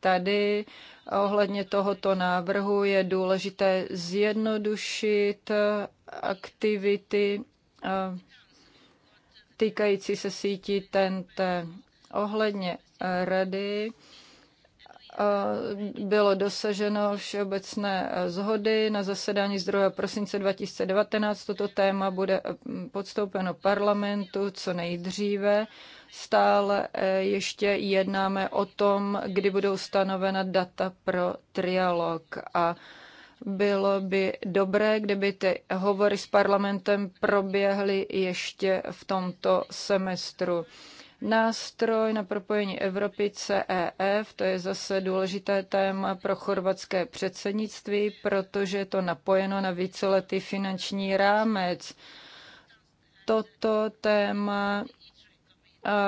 Tady ohledně tohoto návrhu je důležité zjednodušit aktivity eh, týkající se sítí TNT. Ohledně rady bylo dosaženo všeobecné e, zhody na zasedání z 2. prosince 2019. Toto téma bude e, podstoupeno parlamentu co nejdříve. Stále e, ještě jednáme o tom, kdy budou stanovena data pro trialog a bylo by dobré, kdyby ty hovory s parlamentem proběhly ještě v tomto semestru nástroj na propojení Evropy CEF. To je zase důležité téma pro chorvatské předsednictví, protože je to napojeno na víceletý finanční rámec. Toto téma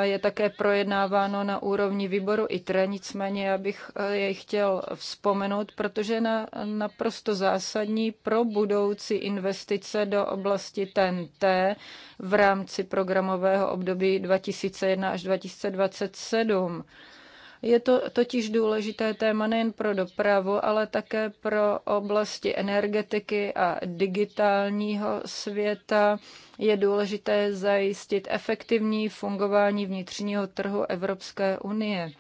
je také projednáváno na úrovni výboru ITRE, nicméně já bych eh, jej chtěl vzpomenout, protože je na, naprosto zásadní pro budoucí investice do oblasti TNT v rámci programového období 2001 až 2027 je to totiž důležité téma nejen pro dopravu, ale také pro oblasti energetiky a digitálního světa. Je důležité zajistit efektivní fungování vnitřního trhu Evropské unie.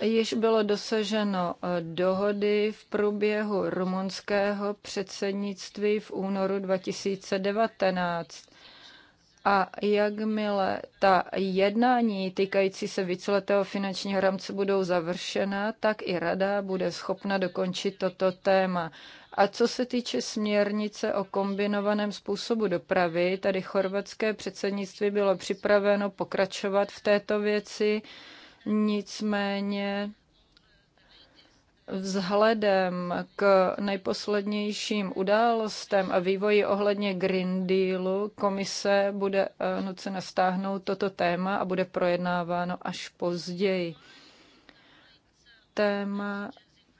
Již bylo dosaženo eh, dohody v průběhu rumunského předsednictví v únoru 2019. A jakmile ta jednání týkající se víceletého finančního rámce budou završena, tak i rada bude schopna dokončit toto téma. A co se týče směrnice o kombinovaném způsobu dopravy, tady chorvatské předsednictví bylo připraveno pokračovat v této věci, nicméně vzhledem k nejposlednějším událostem a vývoji ohledně Green Dealu komise bude eh, nucena stáhnout toto téma a bude projednáváno až později. Téma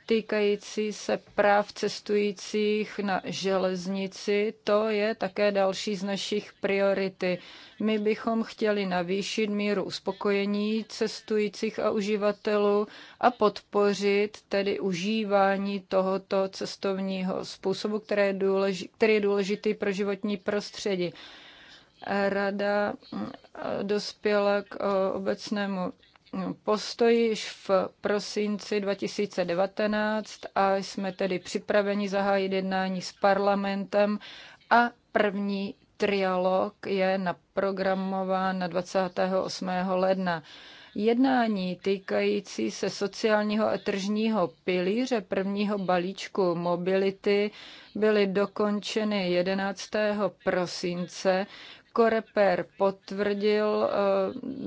týkající se práv cestujících na železnici, to je také další z našich priority. My bychom chtěli navýšit míru uspokojení cestujících a uživatelů a podpořit tedy užívání tohoto cestovního způsobu, které je důleži- který je důležitý pro životní prostředí. Rada mm, dospěla k obecnému postoji již v prosinci 2019 a jsme tedy připraveni zahájit jednání s parlamentem a první trialog je naprogramován na 28. ledna. Jednání týkající se sociálního a tržního pilíře prvního balíčku mobility byly dokončeny 11. prosince. Koreper potvrdil eh,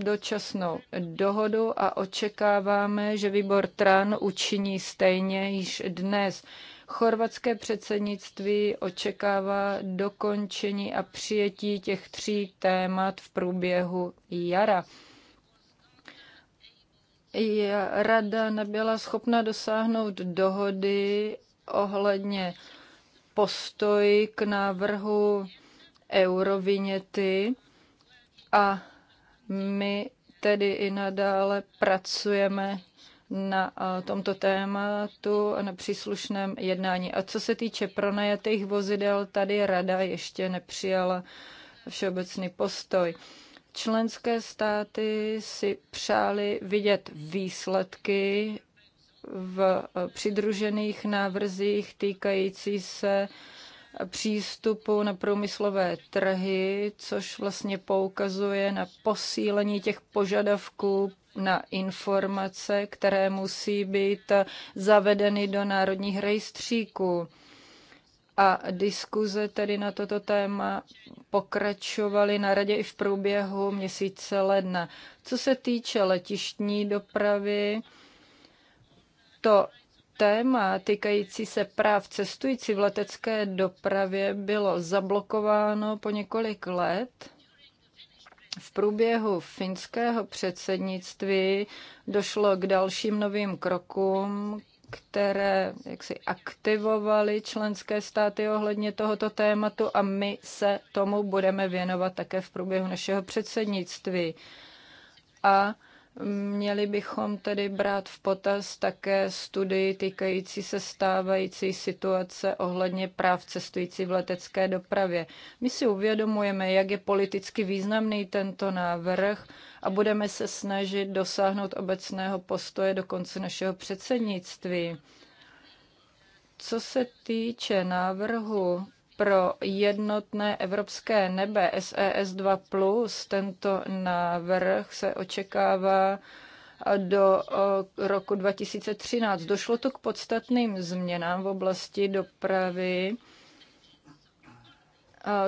dočasnou dohodu a očekáváme, že výbor TRAN učiní stejně již dnes. Chorvatské předsednictví očekává dokončení a přijetí těch tří témat v průběhu jara. Rada nebyla schopna dosáhnout dohody ohledně postoji k návrhu eurovinety a my tedy i nadále pracujeme na eh, tomto tématu a na příslušném jednání. A co se týče pronajatých vozidel, tady rada ještě nepřijala všeobecný postoj. Členské státy si přáli vidět výsledky v eh, přidružených návrzích týkající se přístupu na průmyslové trhy, což vlastně poukazuje na posílení těch požadavků na informace, které musí být zavedeny do národních rejstříků. A diskuze tedy na toto téma pokračovaly na radě i v průběhu měsíce ledna. Co se týče letištní dopravy, to téma týkající se práv cestující v letecké dopravě bylo zablokováno po několik let. V průběhu finského předsednictví došlo k dalším novým krokům, které jaksi aktivovaly členské státy ohledně tohoto tématu a my se tomu budeme věnovat také v průběhu našeho předsednictví. A Měli bychom tedy brát v potaz také studii týkající se stávající situace ohledně práv cestující v letecké dopravě. My si uvědomujeme, jak je politicky významný tento návrh a budeme se snažit dosáhnout obecného postoje do konce našeho předsednictví. Co se týče návrhu pro jednotné evropské nebe SES 2+, e tento návrh se očekává do roku 2013. Došlo to k podstatným změnám v oblasti dopravy,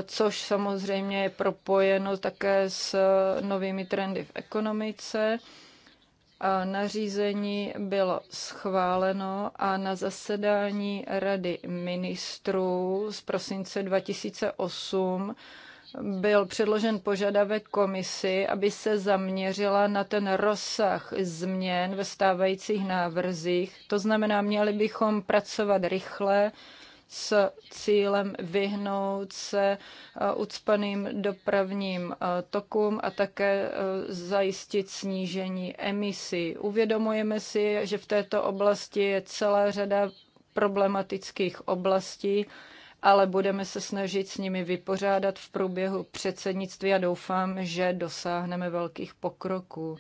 což samozřejmě je propojeno také s novými trendy v ekonomice nařízení bylo schváleno a na zasedání Rady ministrů z prosince 2008 byl předložen požadavek komisi, aby se zaměřila na ten rozsah změn ve stávajících návrzích. To znamená, měli bychom pracovat rychle, s cílem vyhnout se eh, ucpaným dopravním eh, tokům a také eh, zajistit snížení emisí. Uvědomujeme si, že v této oblasti je celá řada problematických oblastí, ale budeme se snažit s nimi vypořádat v průběhu předsednictví a doufám, že dosáhneme velkých pokroků.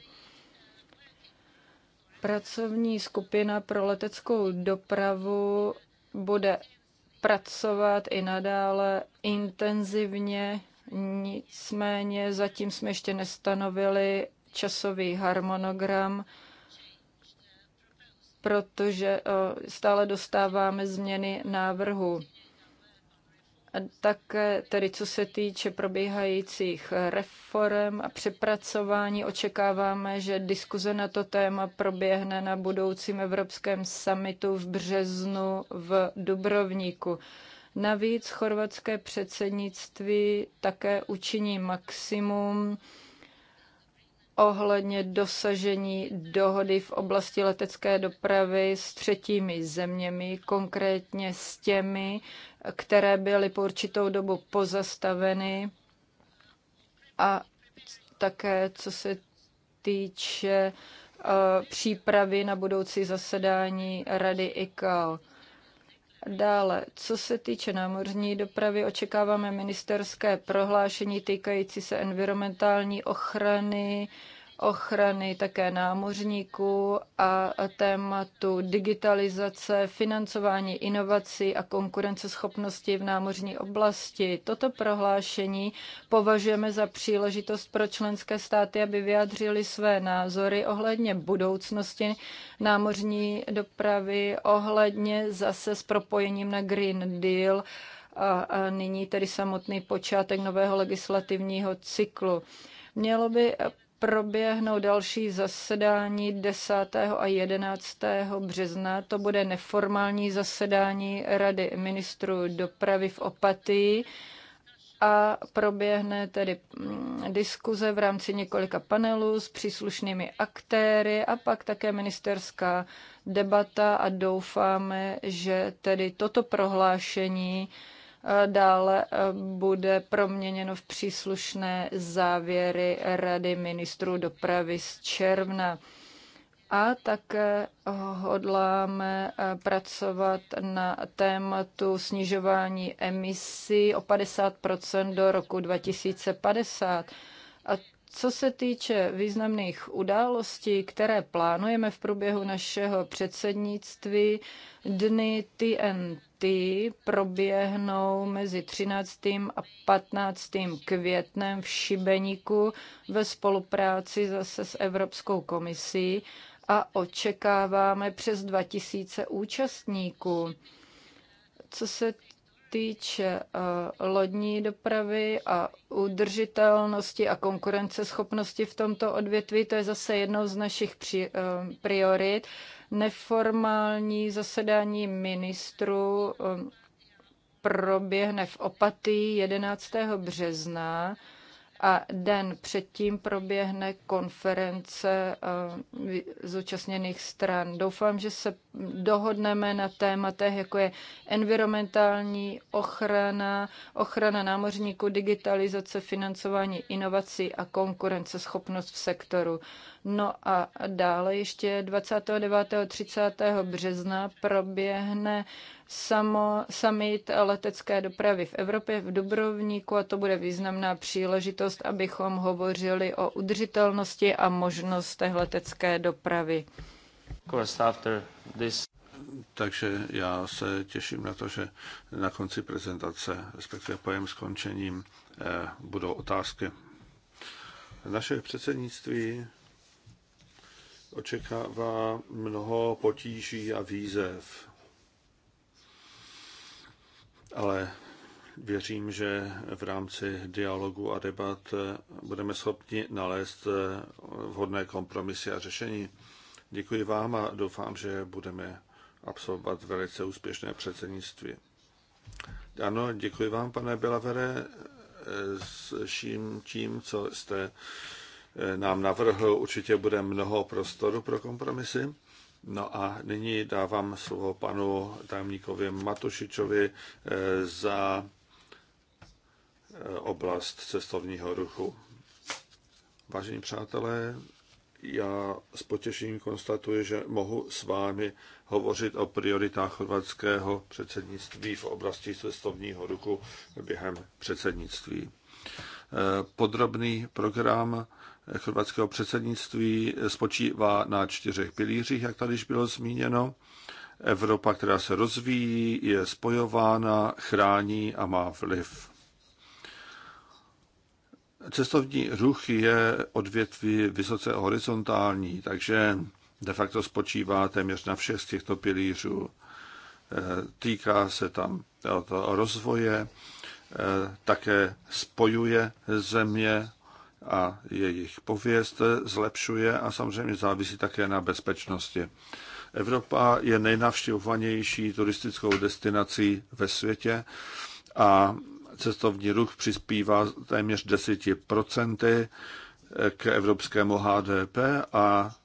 Pracovní skupina pro leteckou dopravu bude pracovat i nadále intenzivně, nicméně zatím jsme ještě nestanovili časový harmonogram, protože eh, stále dostáváme změny návrhu. Také tedy co se týče probíhajících reform a přepracování, očekáváme, že diskuze na to téma proběhne na budoucím Evropském summitu v březnu v Dubrovníku. Navíc chorvatské předsednictví také učiní maximum, ohledně dosažení dohody v oblasti letecké dopravy s třetími zeměmi, konkrétně s těmi, které byly po určitou dobu pozastaveny a také co se týče eh, přípravy na budoucí zasedání Rady ICAO. Dále, co se týče námořní dopravy, očekáváme ministerské prohlášení týkající se environmentální ochrany, ochrany také námořníků a tématu digitalizace, financování inovací a konkurenceschopnosti v námořní oblasti. Toto prohlášení považujeme za příležitost pro členské státy, aby vyjádřili své názory ohledně budoucnosti námořní dopravy, ohledně zase s propojením na Green Deal a, a nyní tedy samotný počátek nového legislativního cyklu. Mělo by proběhnou další zasedání 10. a 11. března. To bude neformální zasedání Rady ministrů dopravy v Opatii a proběhne tedy mm, diskuze v rámci několika panelů s příslušnými aktéry a pak také ministerská debata a doufáme, že tedy toto prohlášení Eh, dále eh, bude proměněno v příslušné závěry Rady ministrů dopravy z června. A také hodláme eh, pracovat na tématu snižování emisí o 50 do roku 2050. A co se týče významných událostí, které plánujeme v průběhu našeho předsednictví, dny TNT proběhnou mezi 13. a 15. květnem v Šibeniku ve spolupráci zase s Evropskou komisí a očekáváme přes 2000 účastníků. Co se týče eh, lodní dopravy a udržitelnosti a konkurenceschopnosti v tomto odvětví, to je zase jednou z našich eh, priorit. Neformální zasedání um, proběhne v Opatý 11. března a den předtím proběhne konference eh, zúčastněných stran. Doufám, že se dohodneme na tématech, jako je environmentální ochrana, ochrana námořníků, digitalizace, financování inovací a konkurenceschopnost v sektoru. No a dále ještě 29. 30. března proběhne samo, summit letecké dopravy v Evropě v Dubrovníku a to bude významná příležitost, abychom hovořili o udržitelnosti a možnostech letecké dopravy. Takže já se těším na to, že na konci prezentace, respektive pojem skončením, eh, budou otázky. Naše předsednictví očekává mnoho potíží a výzev ale věřím, že v rámci dialogu a debat eh, budeme schopni nalézt eh, vhodné kompromisy a řešení. Děkuji vám a doufám, že budeme absolvovat velice úspěšné předsednictví. Ano, děkuji vám, pane Belavere, eh, s vším tím, co jste nám navrhl. Určitě bude mnoho prostoru pro kompromisy. No a nyní dávám slovo panu tajemníkovi Matušičovi eh, za eh, oblast cestovního ruchu. Vážení přátelé, já s potěšením konstatuji, že mohu s vámi hovořit o prioritách chorvatského předsednictví v oblasti cestovního ruchu během předsednictví. Eh, podrobný program chorvatského předsednictví spočívá na čtyřech pilířích, jak tady již bylo zmíněno. Evropa, která se rozvíjí, je spojována, chrání a má vliv. Cestovní ruch je odvětví vysoce horizontální, takže de facto spočívá téměř na všech z těchto pilířů. Eh, týká se tam rozvoje, eh, také spojuje země, a jejich pověst zlepšuje a samozřejmě závisí také na bezpečnosti. Evropa je nejnavštěvovanější turistickou destinací ve světě a cestovní ruch přispívá téměř 10% k evropskému HDP a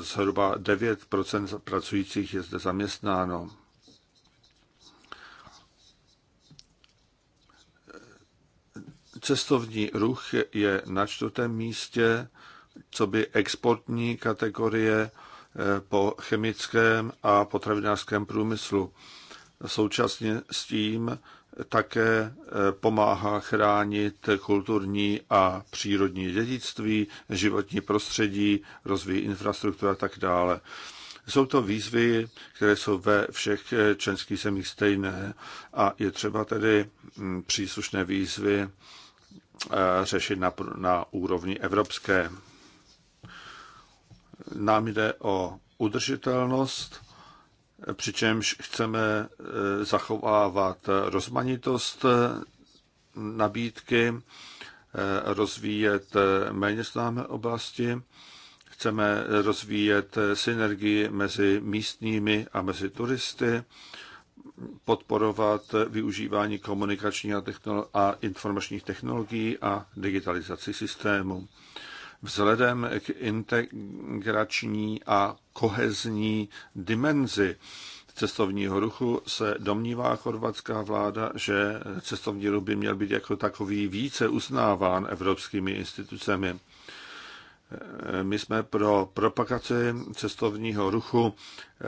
zhruba 9% pracujících je zde zaměstnáno. Cestovní ruch je na čtvrtém místě, co by exportní kategorie eh, po chemickém a potravinářském průmyslu. Současně s tím také eh, pomáhá chránit kulturní a přírodní dědictví, životní prostředí, rozvíjí infrastrukturu a tak dále. Jsou to výzvy, které jsou ve všech eh, členských zemích stejné a je třeba tedy hm, příslušné výzvy Eh, řešit na, na úrovni evropské. Nám jde o udržitelnost, přičemž chceme eh, zachovávat rozmanitost eh, nabídky, rozvíjet méně známé oblasti, chceme rozvíjet synergii mezi místními a mezi turisty, podporovat využívání komunikačních a, a informačních technologií a digitalizaci systému. Vzhledem k integrační a kohezní dimenzi cestovního ruchu se domnívá chorvatská vláda, že cestovní ruch by měl být jako takový více uznáván evropskými institucemi. My jsme pro propagaci cestovního ruchu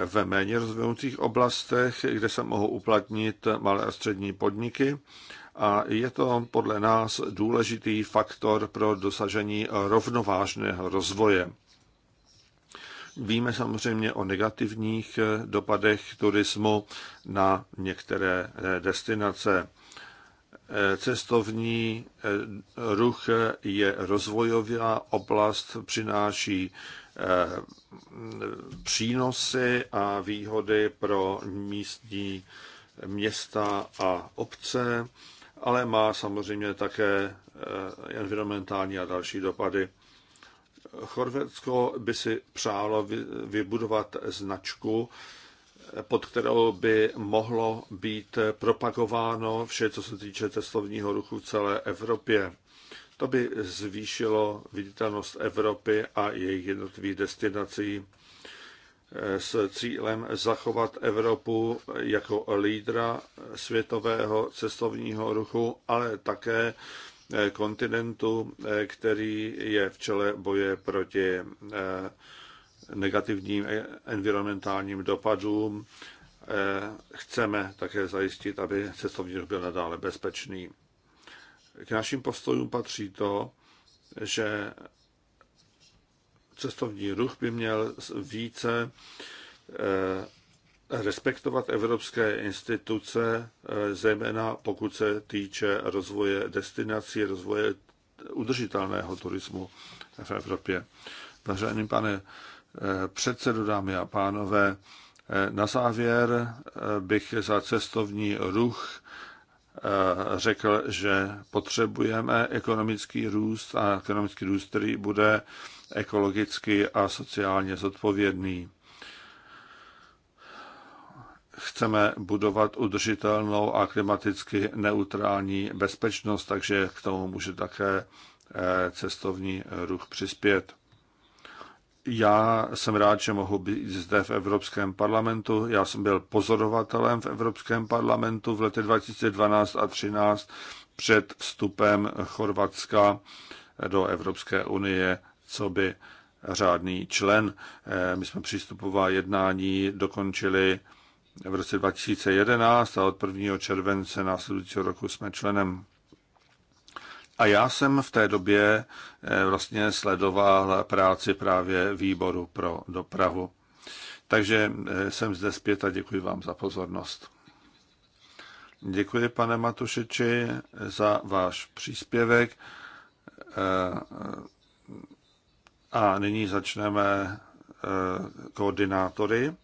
ve méně rozvinutých oblastech, kde se mohou uplatnit malé a střední podniky. A je to podle nás důležitý faktor pro dosažení rovnovážného rozvoje. Víme samozřejmě o negativních dopadech turismu na některé destinace. Cestovní eh, ruch je rozvojová oblast, přináší eh, přínosy a výhody pro místní města a obce, ale má samozřejmě také eh, environmentální a další dopady. Chorvatsko by si přálo vybudovat značku, pod kterou by mohlo být propagováno vše, co se týče cestovního ruchu v celé Evropě. To by zvýšilo viditelnost Evropy a jejich jednotlivých destinací s cílem zachovat Evropu jako lídra světového cestovního ruchu, ale také kontinentu, který je v čele boje proti eh, negativním environmentálním dopadům. Eh, chceme také zajistit, aby cestovní ruch byl nadále bezpečný. K našim postojům patří to, že cestovní ruch by měl více eh, respektovat evropské instituce, eh, zejména pokud se týče rozvoje destinací, rozvoje udržitelného turismu v Evropě. Vážený pane Eh, předsedu, dámy a pánové. Eh, na závěr eh, bych za cestovní ruch řekl, že potřebujeme ekonomický růst a ekonomický růst, který bude ekologicky a sociálně zodpovědný. Chceme budovat udržitelnou a klimaticky neutrální bezpečnost, takže k tomu může také cestovní ruch přispět. Já jsem rád, že mohu být zde v Evropském parlamentu. Já jsem byl pozorovatelem v Evropském parlamentu v letech 2012 a 2013 před vstupem Chorvatska do Evropské unie, co by řádný člen. Eh, my jsme přístupová jednání dokončili v roce 2011 a od 1. července následujícího roku jsme členem a já jsem v té době eh, vlastně sledoval práci právě výboru pro dopravu. Takže eh, jsem zde zpět a děkuji vám za pozornost. Děkuji, pane Matušiči, za váš příspěvek. Eh, a nyní začneme koordinátory.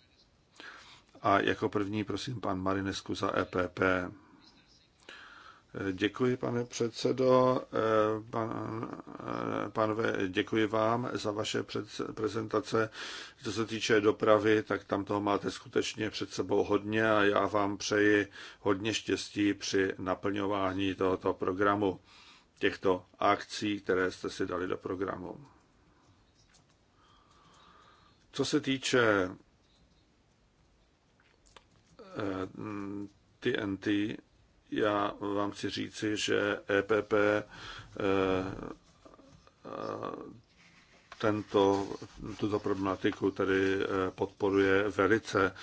A jako první prosím pan Marinesku za EPP. Děkuji, pane předsedo. Pan, panové, děkuji vám za vaše před, prezentace. Co se týče dopravy, tak tam toho máte skutečně před sebou hodně a já vám přeji hodně štěstí při naplňování tohoto programu, těchto akcí, které jste si dali do programu. Co se týče TNT, eh, já vám chci říci, že EPP eh, eh, tento, tuto problematiku tedy eh, podporuje velice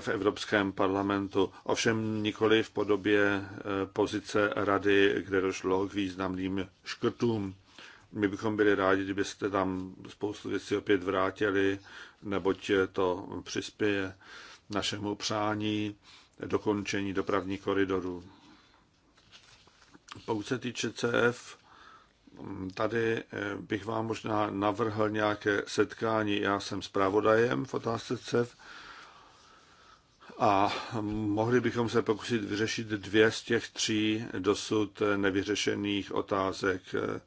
v Evropském parlamentu. Ovšem nikoli v podobě pozice rady, kde došlo k významným škrtům. My bychom byli rádi, kdybyste tam spoustu věcí opět vrátili, neboť to přispěje našemu přání dokončení dopravní koridoru. Pokud se týče CF, tady eh, bych vám možná navrhl nějaké setkání. Já jsem zpravodajem v otázce CEF a mohli bychom se pokusit vyřešit dvě z těch tří dosud nevyřešených otázek, eh,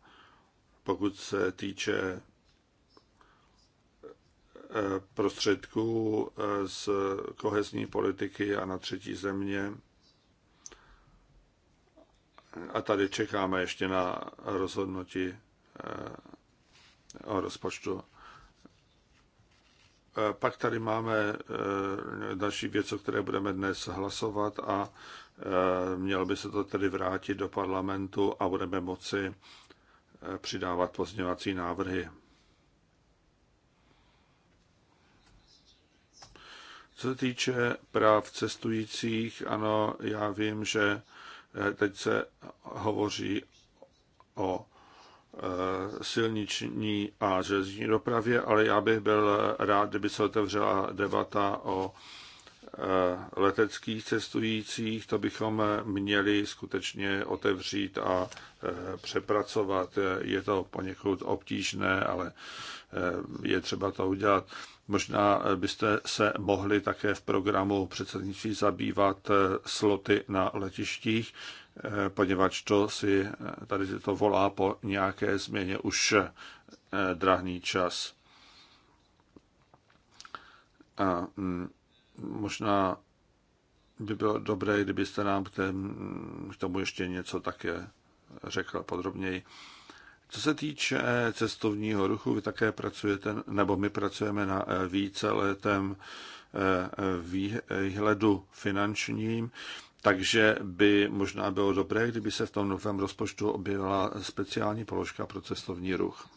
pokud se týče prostředků eh, z kohezní politiky a na třetí země. A tady čekáme ještě na rozhodnutí eh, o rozpočtu. Eh, pak tady máme další věc, o které budeme dnes hlasovat a mělo by se to tedy vrátit do parlamentu a budeme moci přidávat pozměňovací návrhy. Co se týče práv cestujících, ano, já vím, že eh, teď se hovoří o eh, silniční a železniční dopravě, ale já bych byl rád, kdyby se otevřela debata o eh, leteckých cestujících. To bychom měli skutečně otevřít a přepracovat. Je to poněkud obtížné, ale je třeba to udělat. Možná eh, byste se mohli také v programu předsednictví zabývat eh, sloty na letištích, eh, poněvadž to si tady to volá po nějaké změně už drahný čas. A mm, možná by bylo dobré, kdybyste nám k mm, tomu ještě něco také řekl podrobněji. Co se týče cestovního ruchu, vy také pracujete, nebo my pracujeme na eh, víceletém eh, výhledu finančním, takže by možná bylo dobré, kdyby se v tom novém rozpočtu objevila speciální položka pro cestovní ruch.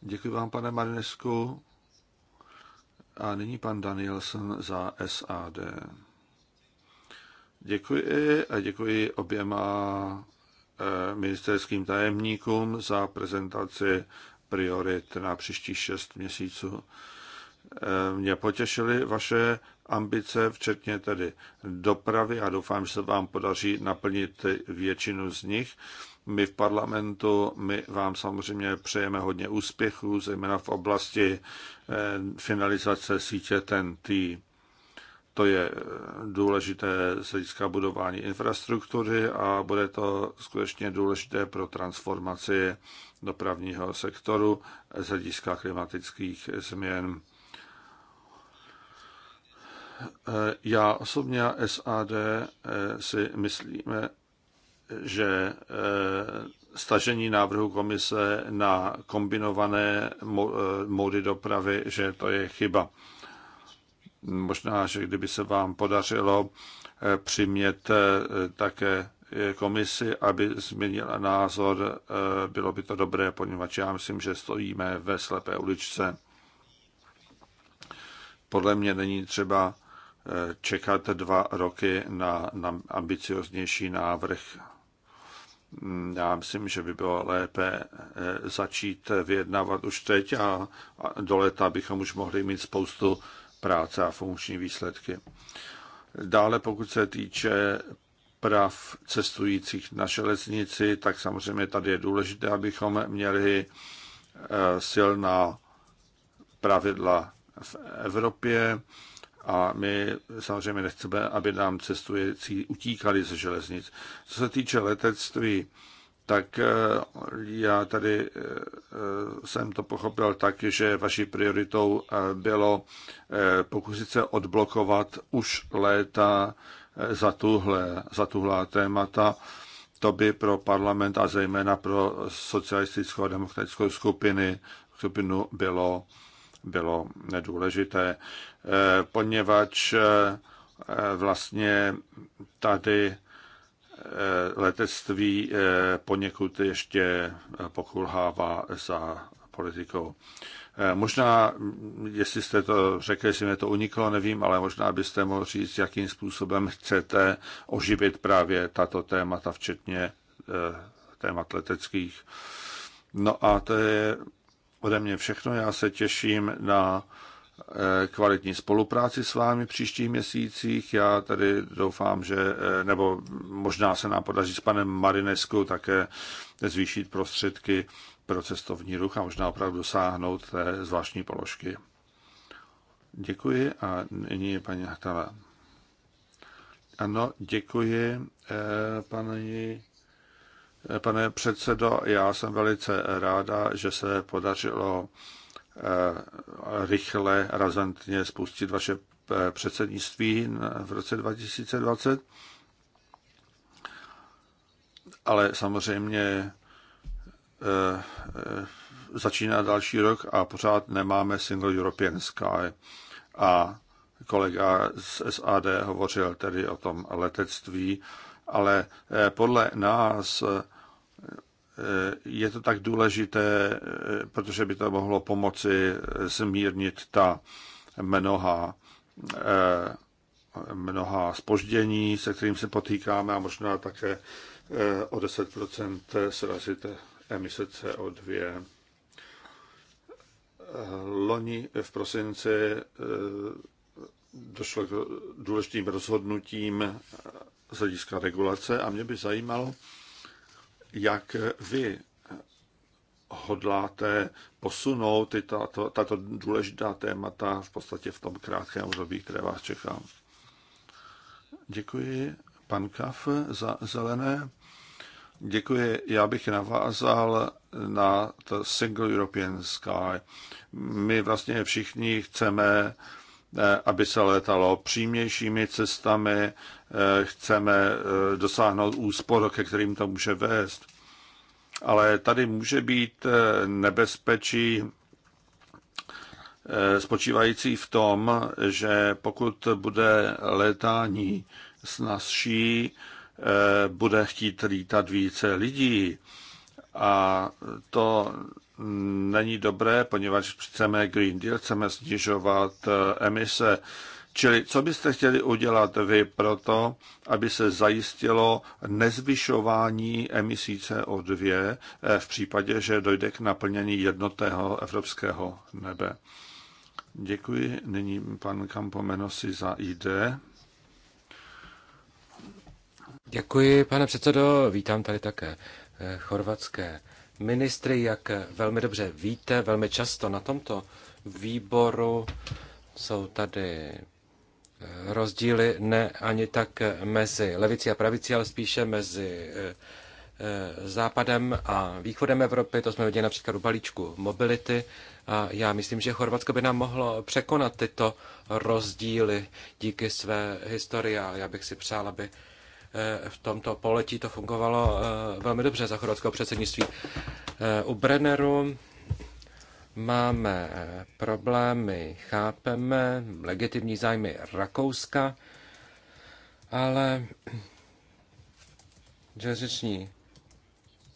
Děkuji vám, pane Marinesku. A nyní pan Danielson za SAD. Děkuji a děkuji oběma Eh, ministerským tajemníkům za prezentaci priorit na příští šest měsíců. Eh, mě potěšily vaše ambice, včetně tedy dopravy a doufám, že se vám podaří naplnit většinu z nich. My v parlamentu, my vám samozřejmě přejeme hodně úspěchů, zejména v oblasti eh, finalizace sítě TNT. To je eh, důležité z hlediska budování infrastruktury a bude to skutečně důležité pro transformaci dopravního sektoru z hlediska klimatických změn. Eh, já osobně a SAD eh, si myslíme, že stažení návrhu komise na kombinované mody dopravy, že to je chyba. Možná, že kdyby se vám podařilo eh, přimět eh, také eh, komisi, aby změnila názor, bylo by to dobré, poněvadž já myslím, že stojíme ve slepé uličce. Podle mě není třeba čekat dva roky na, na ambicioznější návrh. Hmm, já myslím, že by bylo lépe začít vyjednávat už teď a do leta bychom už mohli mít spoustu práce a funkční výsledky. Dále, pokud se týče práv cestujících na železnici, tak samozřejmě tady je důležité, abychom měli eh, silná pravidla v Evropě a my samozřejmě nechceme, aby nám cestující utíkali ze železnic. Co se týče letectví, tak eh, já tady eh, jsem to pochopil tak, že vaší prioritou eh, bylo pokusit se odblokovat už léta za, tuhle, za tuhlá témata. To by pro parlament a zejména pro socialistickou a demokratickou skupiny, skupinu bylo, bylo nedůležité, poněvadž vlastně tady Eh, letectví eh, poněkud ještě eh, pokulhává za politikou. Možná, mm, jestli jste to řekli, jestli mi to uniklo, nevím, ale možná byste mohl říct, jakým způsobem chcete oživit právě tato témata, včetně témat leteckých. No a to je ode mě všechno. Já se těším na Eh, kvalitní spolupráci s vámi v příštích měsících. Já tady doufám, že, eh, nebo možná se nám podaří s panem Marineskou také zvýšit prostředky pro cestovní ruch a možná opravdu dosáhnout té zvláštní položky. Děkuji a nyní je paní Hatala. Ano, děkuji, eh, paní, pane předsedo. Já jsem velice ráda, že se podařilo Eh, rychle, razantně spustit vaše eh, předsednictví v roce 2020. Ale samozřejmě eh, začíná další rok a pořád nemáme Single European Sky. A kolega z SAD hovořil tedy o tom letectví, ale podle nás Eh, je to tak důležité, eh, protože by to mohlo pomoci eh, zmírnit ta mnoha, mnoha spoždění, se kterým se potýkáme a možná také o 10% srazit emise CO2. Loni v prosinci došlo k důležitým rozhodnutím z hlediska regulace a mě by zajímalo, jak vy hodláte posunout tato, tato důležitá témata v podstatě v tom krátkém období, které vás čeká. Děkuji pan Kaf za zelené. Děkuji. Já bych navázal na to Single European Sky. My vlastně všichni chceme Eh, aby se letalo přímějšími cestami, eh, chceme eh, dosáhnout úspor, ke kterým to může vést. Ale tady může být nebezpečí spočívající v tom, že pokud bude letání snazší, bude chtít lítat více lidí. A to není dobré, poněvadž chceme Green Deal, chceme snižovat eh, emise. Čili co byste chtěli udělat vy pro to, aby se zajistilo nezvyšování emisí CO2 eh, v případě, že dojde k naplnění jednotného evropského nebe? Děkuji. Nyní pan Kampomenosi za ID. Děkuji, pane předsedo. Vítám tady také eh, chorvatské ministry, jak velmi dobře víte, velmi často na tomto výboru jsou tady eh, rozdíly ne ani tak mezi levicí a pravicí, ale spíše mezi eh, eh, západem a východem Evropy. To jsme viděli například u balíčku mobility. A já myslím, že Chorvatsko by nám mohlo překonat tyto rozdíly díky své historii a já bych si přál, aby Eh, v tomto poletí to fungovalo eh, velmi dobře za chorvatského předsednictví. Eh, u Brenneru máme problémy, chápeme legitimní zájmy Rakouska, ale *clears throat* železniční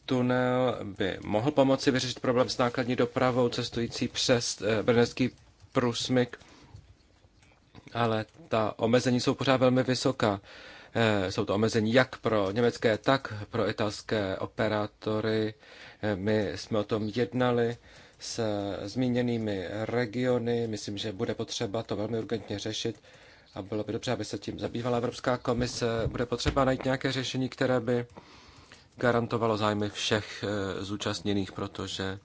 tunel by mohl pomoci vyřešit problém s nákladní dopravou cestující přes brněnský průsmyk, ale ta omezení jsou pořád velmi vysoká. Eh, jsou to omezení jak pro německé, tak pro italské operátory. Eh, my jsme o tom jednali s zmíněnými regiony. Myslím, že bude potřeba to velmi urgentně řešit a bylo by dobře, aby se tím zabývala Evropská komise. Bude potřeba najít nějaké řešení, které by garantovalo zájmy všech eh, zúčastněných, protože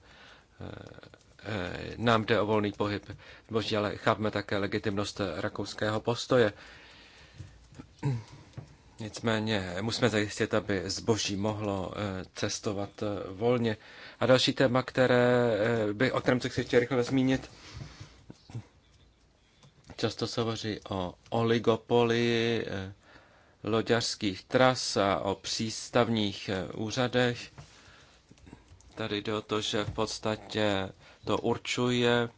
nám jde o volný pohyb zboží, ale chápeme také legitimnost rakouského postoje. Nicméně musíme zajistit, aby zboží mohlo eh, cestovat eh, volně. A další téma, které eh, by, o kterém se chci ještě rychle zmínit, často se hovoří o oligopoli loďařských tras a o přístavních úřadech. Tady jde o to, že v podstatě to určuje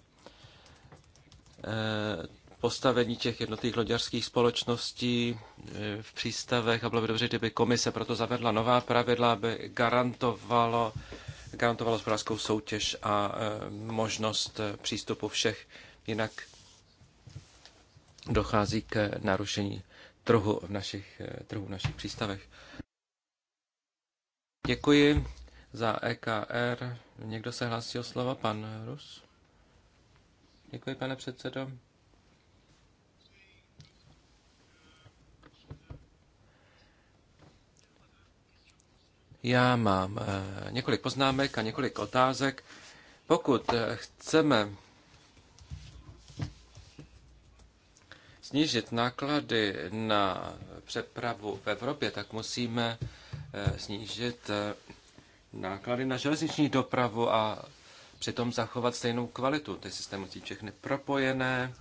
postavení těch jednotlivých loďařských společností eh, v přístavech a bylo by dobře, kdyby komise proto zavedla nová pravidla, aby garantovalo, garantovalo hospodářskou soutěž a eh, možnost eh, přístupu všech. Jinak dochází k narušení trhu v našich, trhu v našich přístavech. Děkuji za EKR. Někdo se hlásí o slovo? Pan Rus? Děkuji, pane předsedo. Já mám eh, několik poznámek a několik otázek. Pokud eh, chceme snížit náklady na přepravu v Evropě, tak musíme eh, snížit náklady na železniční dopravu a přitom zachovat stejnou kvalitu. Ty systémy musí všechny propojené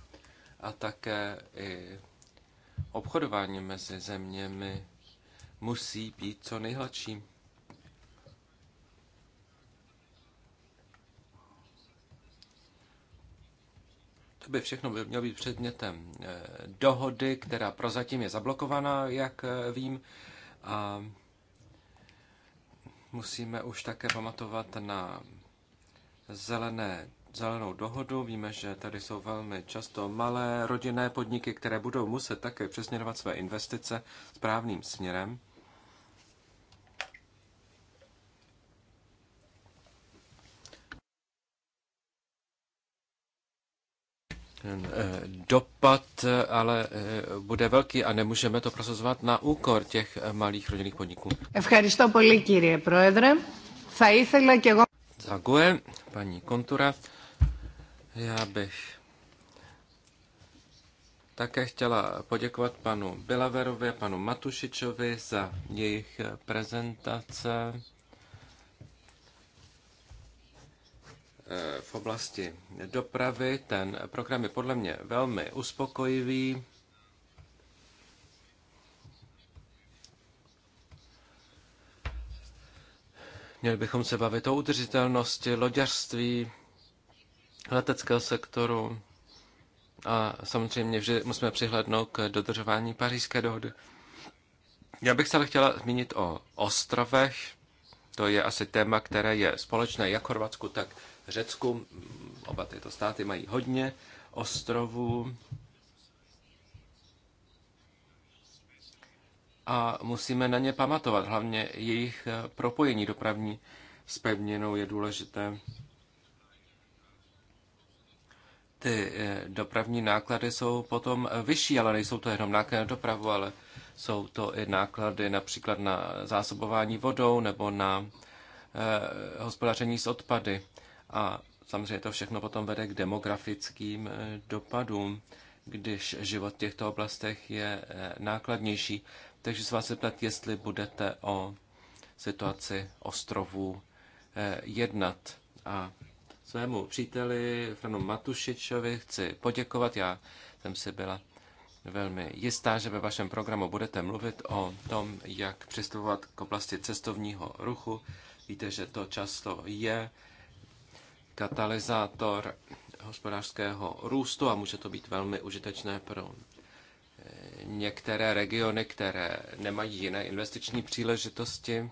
a také i obchodování mezi zeměmi musí být co nejhladší. To by všechno by mělo být předmětem eh, dohody, která prozatím je zablokovaná, jak eh, vím. A musíme už také pamatovat na zelené, zelenou dohodu. Víme, že tady jsou velmi často malé rodinné podniky, které budou muset také přesměrovat své investice správným směrem. Eh, dopad eh, ale eh, bude velký a nemůžeme to prosazovat na úkor těch malých rodinných podniků. Ευχαριστώ Zaguje, paní Kontura, já bych také chtěla poděkovat panu Bilaverovi a panu Matušičovi za jejich prezentace. Eh, v oblasti dopravy. Ten program je podle mě velmi uspokojivý. Měli bychom se bavit o udržitelnosti loďařství, leteckého sektoru a samozřejmě že musíme přihlednout k dodržování pařížské dohody. Já bych se ale chtěla zmínit o ostrovech. To je asi téma, které je společné jak Chorvatsku, tak Řecku. Oba tyto státy mají hodně ostrovů. A musíme na ně pamatovat, hlavně jejich eh, propojení dopravní s pevninou je důležité. Ty eh, dopravní náklady jsou potom vyšší, ale nejsou to jenom náklady na dopravu, ale jsou to i náklady například na zásobování vodou nebo na eh, hospodaření s odpady. A samozřejmě to všechno potom vede k demografickým eh, dopadům, když život v těchto oblastech je eh, nákladnější. Takže se vás zeptat, jestli budete o situaci ostrovů eh, jednat. A svému příteli Franu Matušičovi chci poděkovat. Já jsem si byla velmi jistá, že ve vašem programu budete mluvit o tom, jak přistupovat k oblasti cestovního ruchu. Víte, že to často je katalyzátor hospodářského růstu a může to být velmi užitečné pro eh, některé regiony, které nemají jiné investiční příležitosti.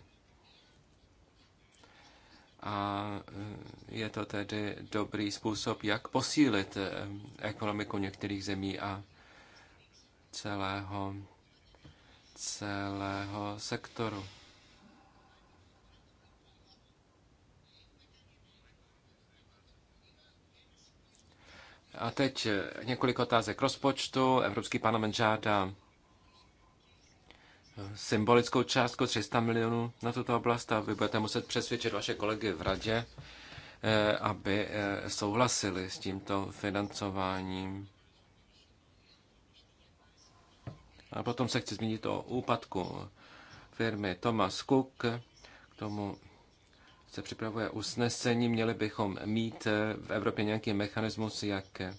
A eh, je to tedy dobrý způsob, jak posílit eh, ekonomiku některých zemí a celého, celého sektoru. A teď eh, několik otázek rozpočtu. Evropský parlament žádá eh, symbolickou částku 300 milionů na tuto oblast a vy budete muset přesvědčit vaše kolegy v radě, eh, aby souhlasili s tímto financováním. A potom se chci zmínit o úpadku firmy Thomas Cook. K tomu se připravuje usnesení, měli bychom mít eh, v Evropě nějaký mechanismus, jak eh,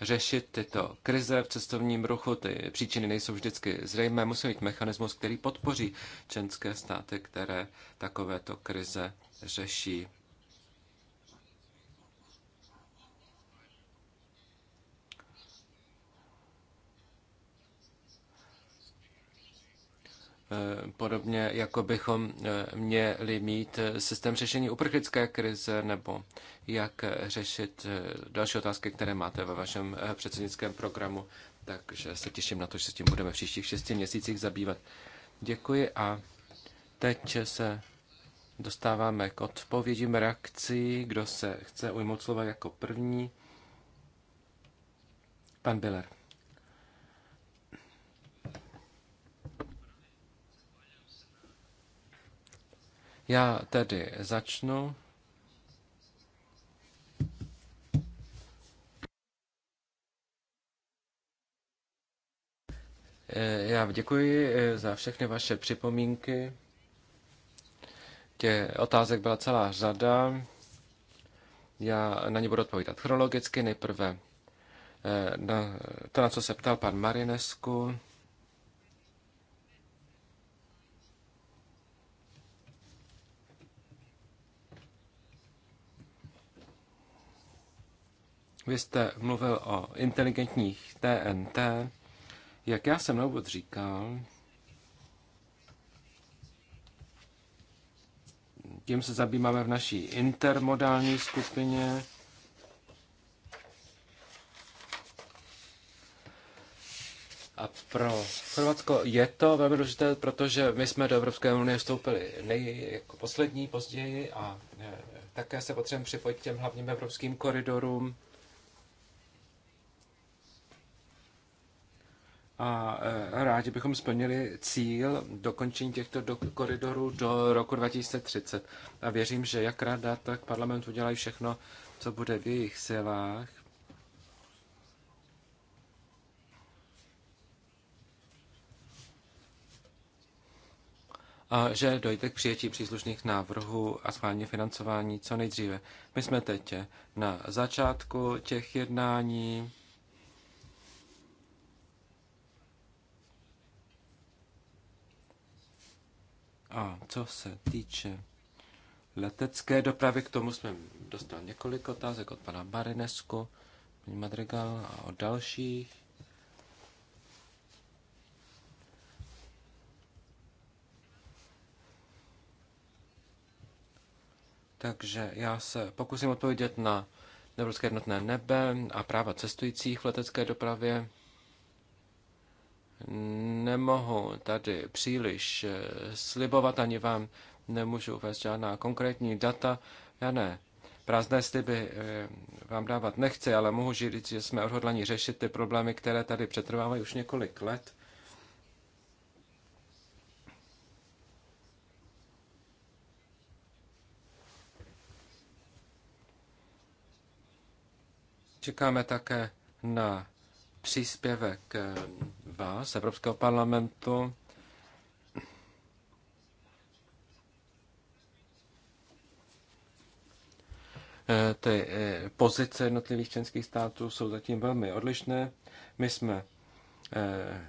řešit tyto krize v cestovním ruchu. Ty příčiny nejsou vždycky zřejmé. Musí být mechanismus, který podpoří členské státy, které takovéto krize řeší. Eh, podobně jako bychom eh, měli mít eh, systém řešení uprchlické krize nebo jak řešit další otázky, které máte ve vašem předsednickém programu. Takže se těším na to, že se tím budeme v příštích šesti měsících zabývat. Děkuji a teď se dostáváme k odpovědím reakcí, kdo se chce ujmout slova jako první. Pan Biller. Já tedy začnu. Eh, já děkuji eh, za všechny vaše připomínky. Tě otázek byla celá řada. Já na ně budu odpovídat chronologicky. Nejprve eh, na to, na co se ptal pan Marinesku. Vy jste mluvil o inteligentních TNT. Jak já jsem na úvod říkal, tím se zabýváme v naší intermodální skupině. A pro Chorvatsko je to velmi důležité, protože my jsme do Evropské unie vstoupili nej, jako poslední, později a eh, také se potřebujeme připojit k těm hlavním evropským koridorům. a eh, rádi bychom splnili cíl dokončení těchto do koridorů do roku 2030. A věřím, že jak rada, tak parlament udělají všechno, co bude v jejich silách. A že dojde k přijetí příslušných návrhů a schválně financování co nejdříve. My jsme teď na začátku těch jednání A co se týče letecké dopravy, k tomu jsme dostali několik otázek od pana Marinesku, paní Madrigal a od dalších. Takže já se pokusím odpovědět na Evropské jednotné nebe a práva cestujících v letecké dopravě nemohu tady příliš eh, slibovat, ani vám nemůžu uvést žádná konkrétní data, já ne. prázdné sliby eh, vám dávat nechci, ale mohu říct, že jsme odhodlani řešit ty problémy, které tady přetrvávají už několik let. Čekáme také na příspěvek eh, vás, Evropského parlamentu. Eh, ty eh, pozice jednotlivých členských států jsou zatím velmi odlišné. My jsme eh,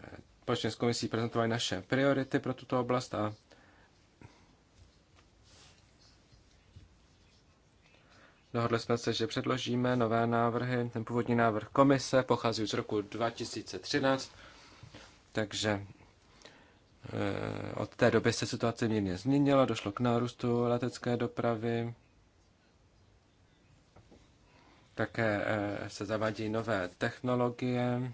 společně s komisí prezentovali naše priority pro tuto oblast a Dohodli jsme se, že předložíme nové návrhy. Ten původní návrh komise pochází z roku 2013 takže eh, od té doby se situace mírně změnila, došlo k nárůstu letecké dopravy, také eh, se zavádějí nové technologie.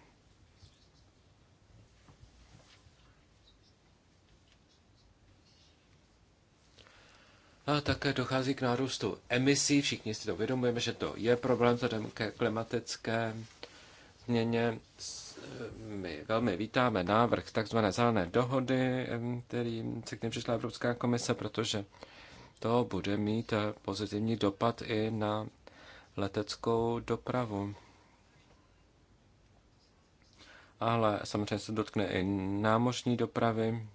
A také dochází k nárůstu emisí. Všichni si to uvědomujeme, že to je problém vzhledem ke klimatické změně my velmi vítáme návrh tzv. zelené dohody, který, se kterým přišla Evropská komise, protože to bude mít pozitivní dopad i na leteckou dopravu. Ale samozřejmě se dotkne i námořní dopravy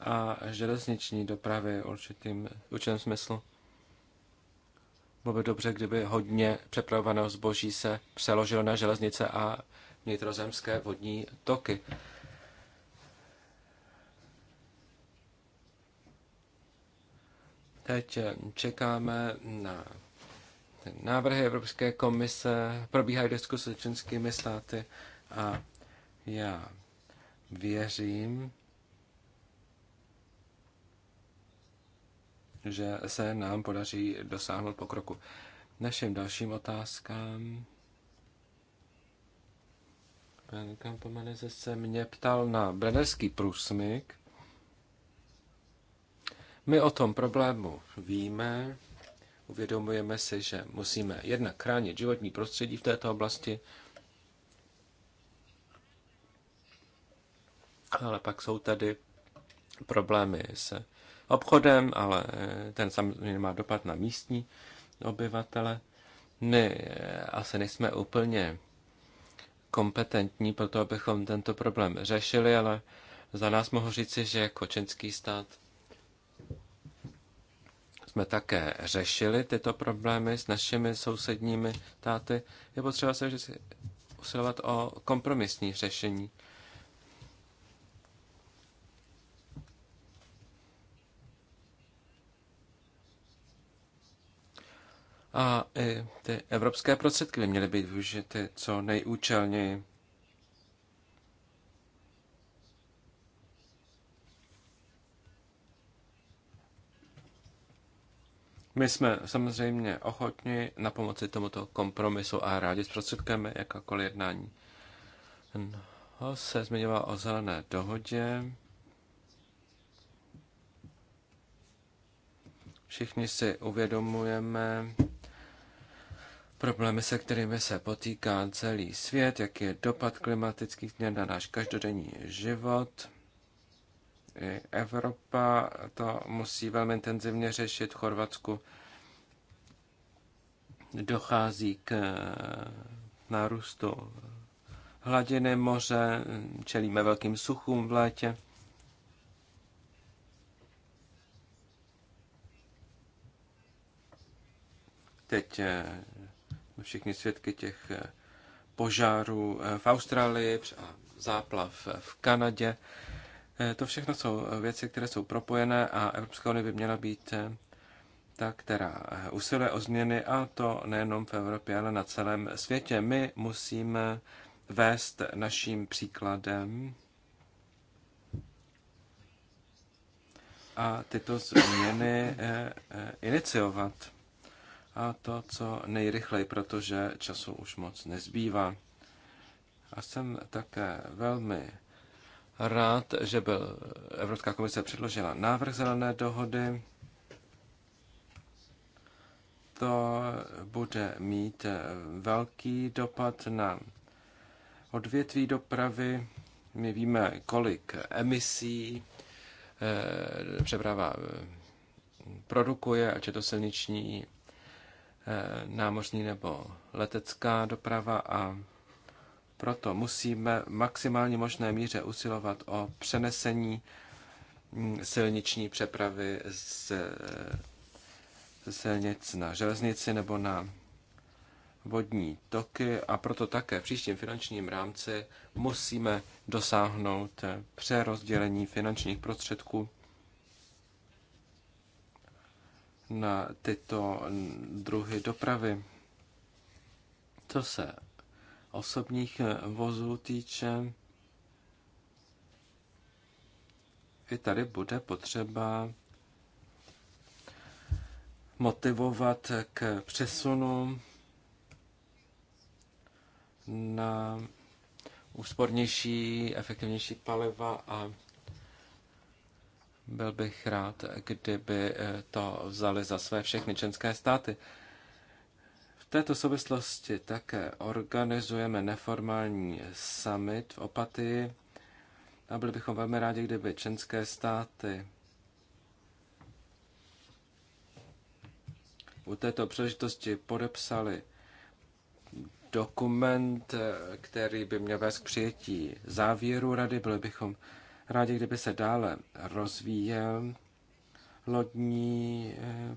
a železniční dopravy určitým, určitém smyslu. Bylo by dobře, kdyby hodně přepravovaného zboží se přeložilo na železnice a vnitrozemské vodní toky. Teď eh, čekáme na návrhy Evropské komise, probíhají diskuse s členskými státy a já věřím, že se nám podaří dosáhnout pokroku. Našim dalším otázkám pan Kampomanese se mě ptal na brenerský průsmyk. My o tom problému víme, uvědomujeme si, že musíme jednak chránit životní prostředí v této oblasti, ale pak jsou tady problémy se obchodem, ale eh, ten samozřejmě má dopad na místní obyvatele. My eh, asi nejsme úplně kompetentní pro to, abychom tento problém řešili, ale za nás mohu říci, že jako čínský stát jsme také řešili tyto problémy s našimi sousedními táty. Je potřeba se vždycky usilovat o kompromisní řešení. A i ty evropské prostředky by měly být využity co nejúčelněji. My jsme samozřejmě ochotni na pomoci tomuto kompromisu a rádi prostředkami jakákoliv jednání. No, se zmiňoval o zelené dohodě. Všichni si uvědomujeme, problémy, se kterými se potýká celý svět, jak je dopad klimatických změn na náš každodenní život. I Evropa to musí velmi intenzivně řešit. V Chorvatsku dochází k eh, nárůstu hladiny moře, čelíme velkým suchům v létě. Teď eh, všichni svědky těch eh, požárů eh, v Austrálii a záplav eh, v Kanadě. To všechno jsou věci, které jsou propojené a Evropská unie by měla být ta, která usiluje o změny a to nejenom v Evropě, ale na celém světě. My musíme vést naším příkladem a tyto změny iniciovat a to, co nejrychleji, protože času už moc nezbývá. A jsem také velmi rád, že byl Evropská komise předložila návrh zelené dohody. To bude mít velký dopad na odvětví dopravy. My víme, kolik emisí eh, přeprava eh, produkuje, ať je to silniční Eh, námořní nebo letecká doprava a proto musíme v maximálně možné míře usilovat o přenesení mm, silniční přepravy z eh, silnic na železnici nebo na vodní toky a proto také v příštím finančním rámci musíme dosáhnout eh, přerozdělení finančních prostředků na tyto druhy dopravy. Co se osobních vozů týče, i tady bude potřeba motivovat k přesunu na úspornější, efektivnější paliva a byl bych rád, kdyby eh, to vzali za své všechny členské státy. V této souvislosti také organizujeme neformální summit v Opatii a byli bychom velmi rádi, kdyby členské státy u této příležitosti podepsali dokument, eh, který by měl vést k přijetí závěru rady. Byli bychom rádi, kdyby se dále rozvíjel lodní, eh,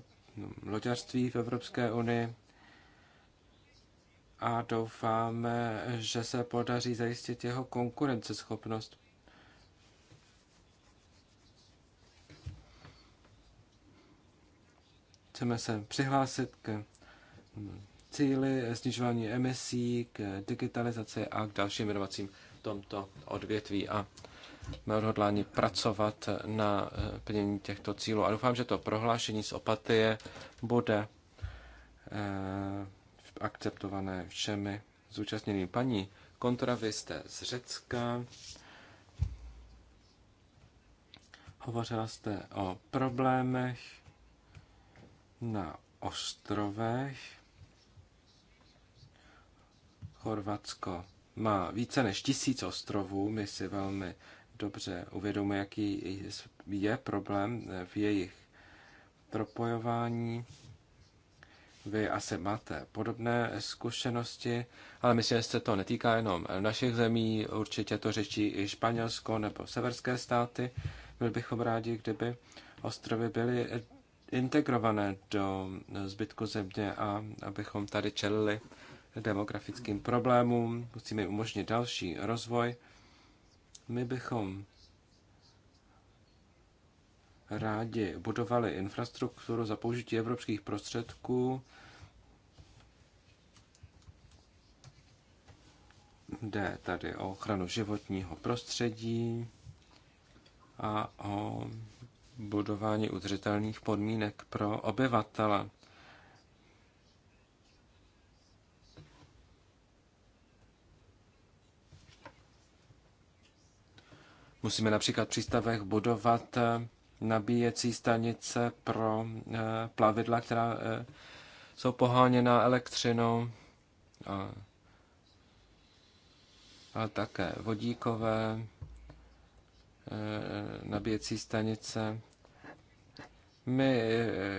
loďařství v Evropské unii a doufáme, že se podaří zajistit jeho konkurenceschopnost. Chceme se přihlásit k cíli snižování emisí, k digitalizaci a k dalším inovacím tomto odvětví a mé odhodlání pracovat na eh, plnění těchto cílů. A doufám, že to prohlášení z opatie bude eh, akceptované všemi zúčastněnými. Paní Kontra, vy jste z Řecka. Hovořila jste o problémech na ostrovech. Chorvatsko má více než tisíc ostrovů. My si velmi dobře uvědomuje, jaký je problém v jejich propojování. Vy asi máte podobné zkušenosti, ale myslím, že se to netýká jenom našich zemí, určitě to řeší i Španělsko nebo severské státy. Byli bychom rádi, kdyby ostrovy byly integrované do zbytku země a abychom tady čelili demografickým problémům, musíme umožnit další rozvoj my bychom rádi budovali infrastrukturu za použití evropských prostředků, jde tady o ochranu životního prostředí a o budování udržitelných podmínek pro obyvatele. Musíme například při přístavech budovat eh, nabíjecí stanice pro eh, plavidla, která eh, jsou poháněná elektřinou, ale také vodíkové nabíjecí stanice. My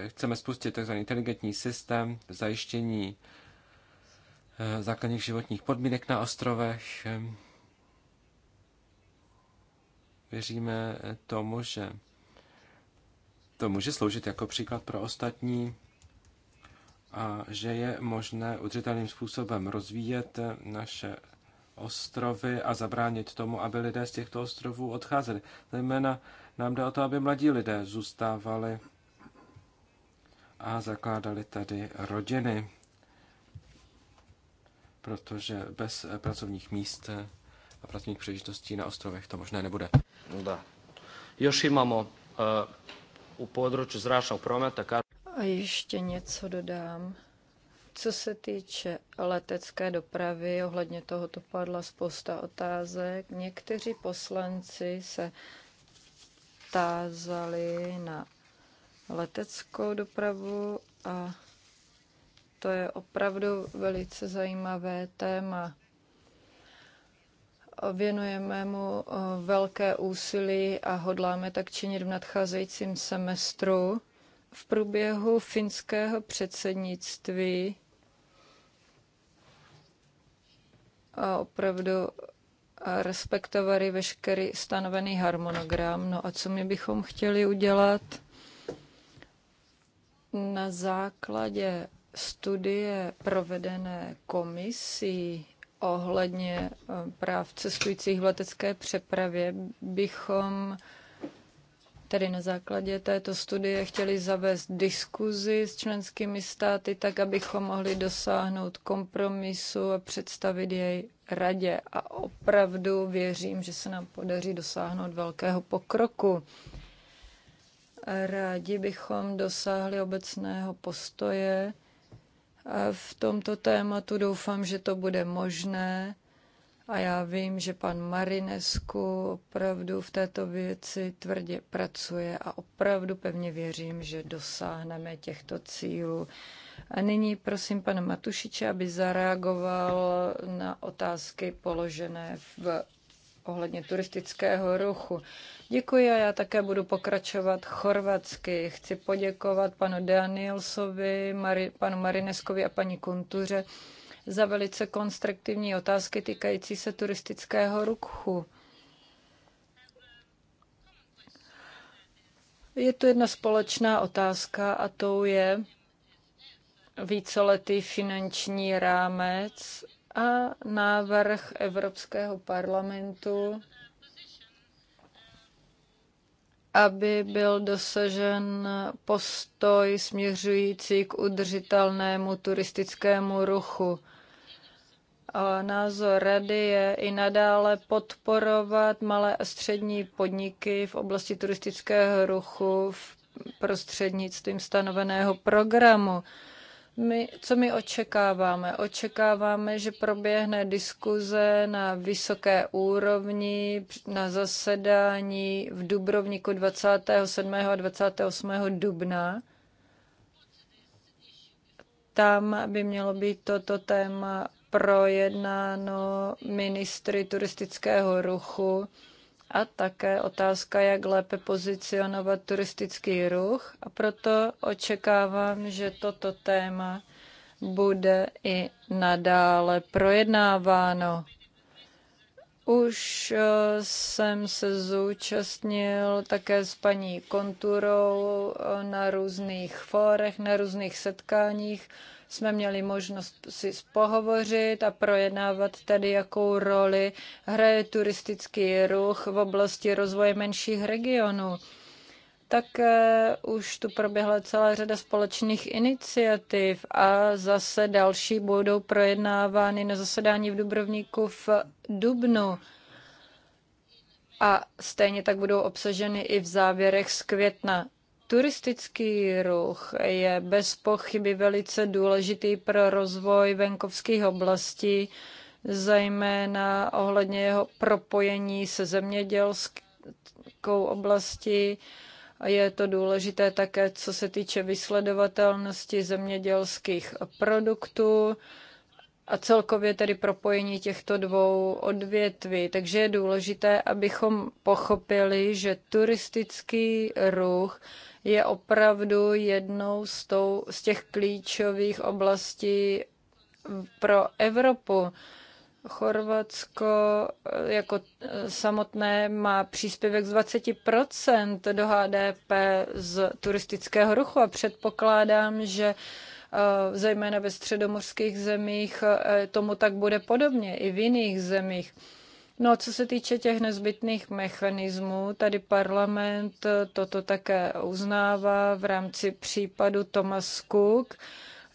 chceme spustit tzv. inteligentní systém zajištění základních životních podmínek na ostrovech. Věříme eh, tomu, že to může sloužit jako příklad pro ostatní a že je možné udržitelným způsobem rozvíjet eh, naše ostrovy a zabránit tomu, aby lidé z těchto ostrovů odcházeli. Zajména nám jde o to, aby mladí lidé zůstávali a zakládali tady rodiny, protože bez eh, pracovních míst a pracovních příležitostí na ostrovech to možné nebude. Da. Još imamo e, u području zračnog prometa. A ještě něco dodám. Co se týče letecké dopravy, ohledně toho to padla spousta otázek. Někteří poslanci se tázali na leteckou dopravu a to je opravdu velice zajímavé téma. Věnujeme mu eh, velké úsilí a hodláme tak činit v nadcházejícím semestru. V průběhu finského předsednictví a opravdu respektovali veškerý stanovený harmonogram. No a co my bychom chtěli udělat? Na základě studie provedené komisí ohledně eh, práv cestujících v letecké přepravě bychom tedy na základě této studie chtěli zavést diskuzi s členskými státy, tak abychom mohli dosáhnout kompromisu a představit jej radě. A opravdu věřím, že se nám podaří dosáhnout velkého pokroku. Rádi bychom dosáhli obecného postoje v tomto tématu. Doufám, že to bude možné. A já vím, že pan Marinesku opravdu v této věci tvrdě pracuje a opravdu pevně věřím, že dosáhneme těchto cílů. A nyní prosím pana Matušiče, aby zareagoval na otázky položené v ohledně turistického ruchu. Děkuji a já také budu pokračovat chorvatsky. Chci poděkovat panu Danielsovi, Mari, panu Marineskovi a paní Kuntuře za velice konstruktivní otázky týkající se turistického ruchu. Je tu jedna společná otázka a tou je víceletý finanční rámec a návrh Evropského parlamentu, aby byl dosažen postoj směřující k udržitelnému turistickému ruchu. A názor rady je i nadále podporovat malé a střední podniky v oblasti turistického ruchu v prostřednictvím stanoveného programu. My, co my očekáváme? Očekáváme, že proběhne diskuze na vysoké úrovni na zasedání v Dubrovniku 27. a 28. dubna. Tam by mělo být toto téma projednáno ministry turistického ruchu a také otázka, jak lépe pozicionovat turistický ruch. A proto očekávám, že toto téma bude i nadále projednáváno. Už eh, jsem se zúčastnil také s paní Konturou eh, na různých fórech, na různých setkáních jsme měli možnost si pohovořit a projednávat tedy, jakou roli hraje turistický ruch v oblasti rozvoje menších regionů. Tak eh, už tu proběhla celá řada společných iniciativ a zase další budou projednávány na zasedání v Dubrovníku v Dubnu. A stejně tak budou obsaženy i v závěrech z května. Turistický ruch je bez pochyby velice důležitý pro rozvoj venkovských oblastí, zejména ohledně jeho propojení se zemědělskou oblastí. Je to důležité také, co se týče vysledovatelnosti zemědělských produktů a celkově tedy propojení těchto dvou odvětví. Takže je důležité, abychom pochopili, že turistický ruch je opravdu jednou z, tou, z těch klíčových oblastí pro Evropu. Chorvatsko eh, jako eh, samotné má příspěvek z 20% do HDP z turistického ruchu a předpokládám, že eh, zejména ve středomorských zemích tomu tak bude podobně i v jiných zemích. No co se týče těch nezbytných mechanismů, tady parlament toto také uznává v rámci případu Thomas Cook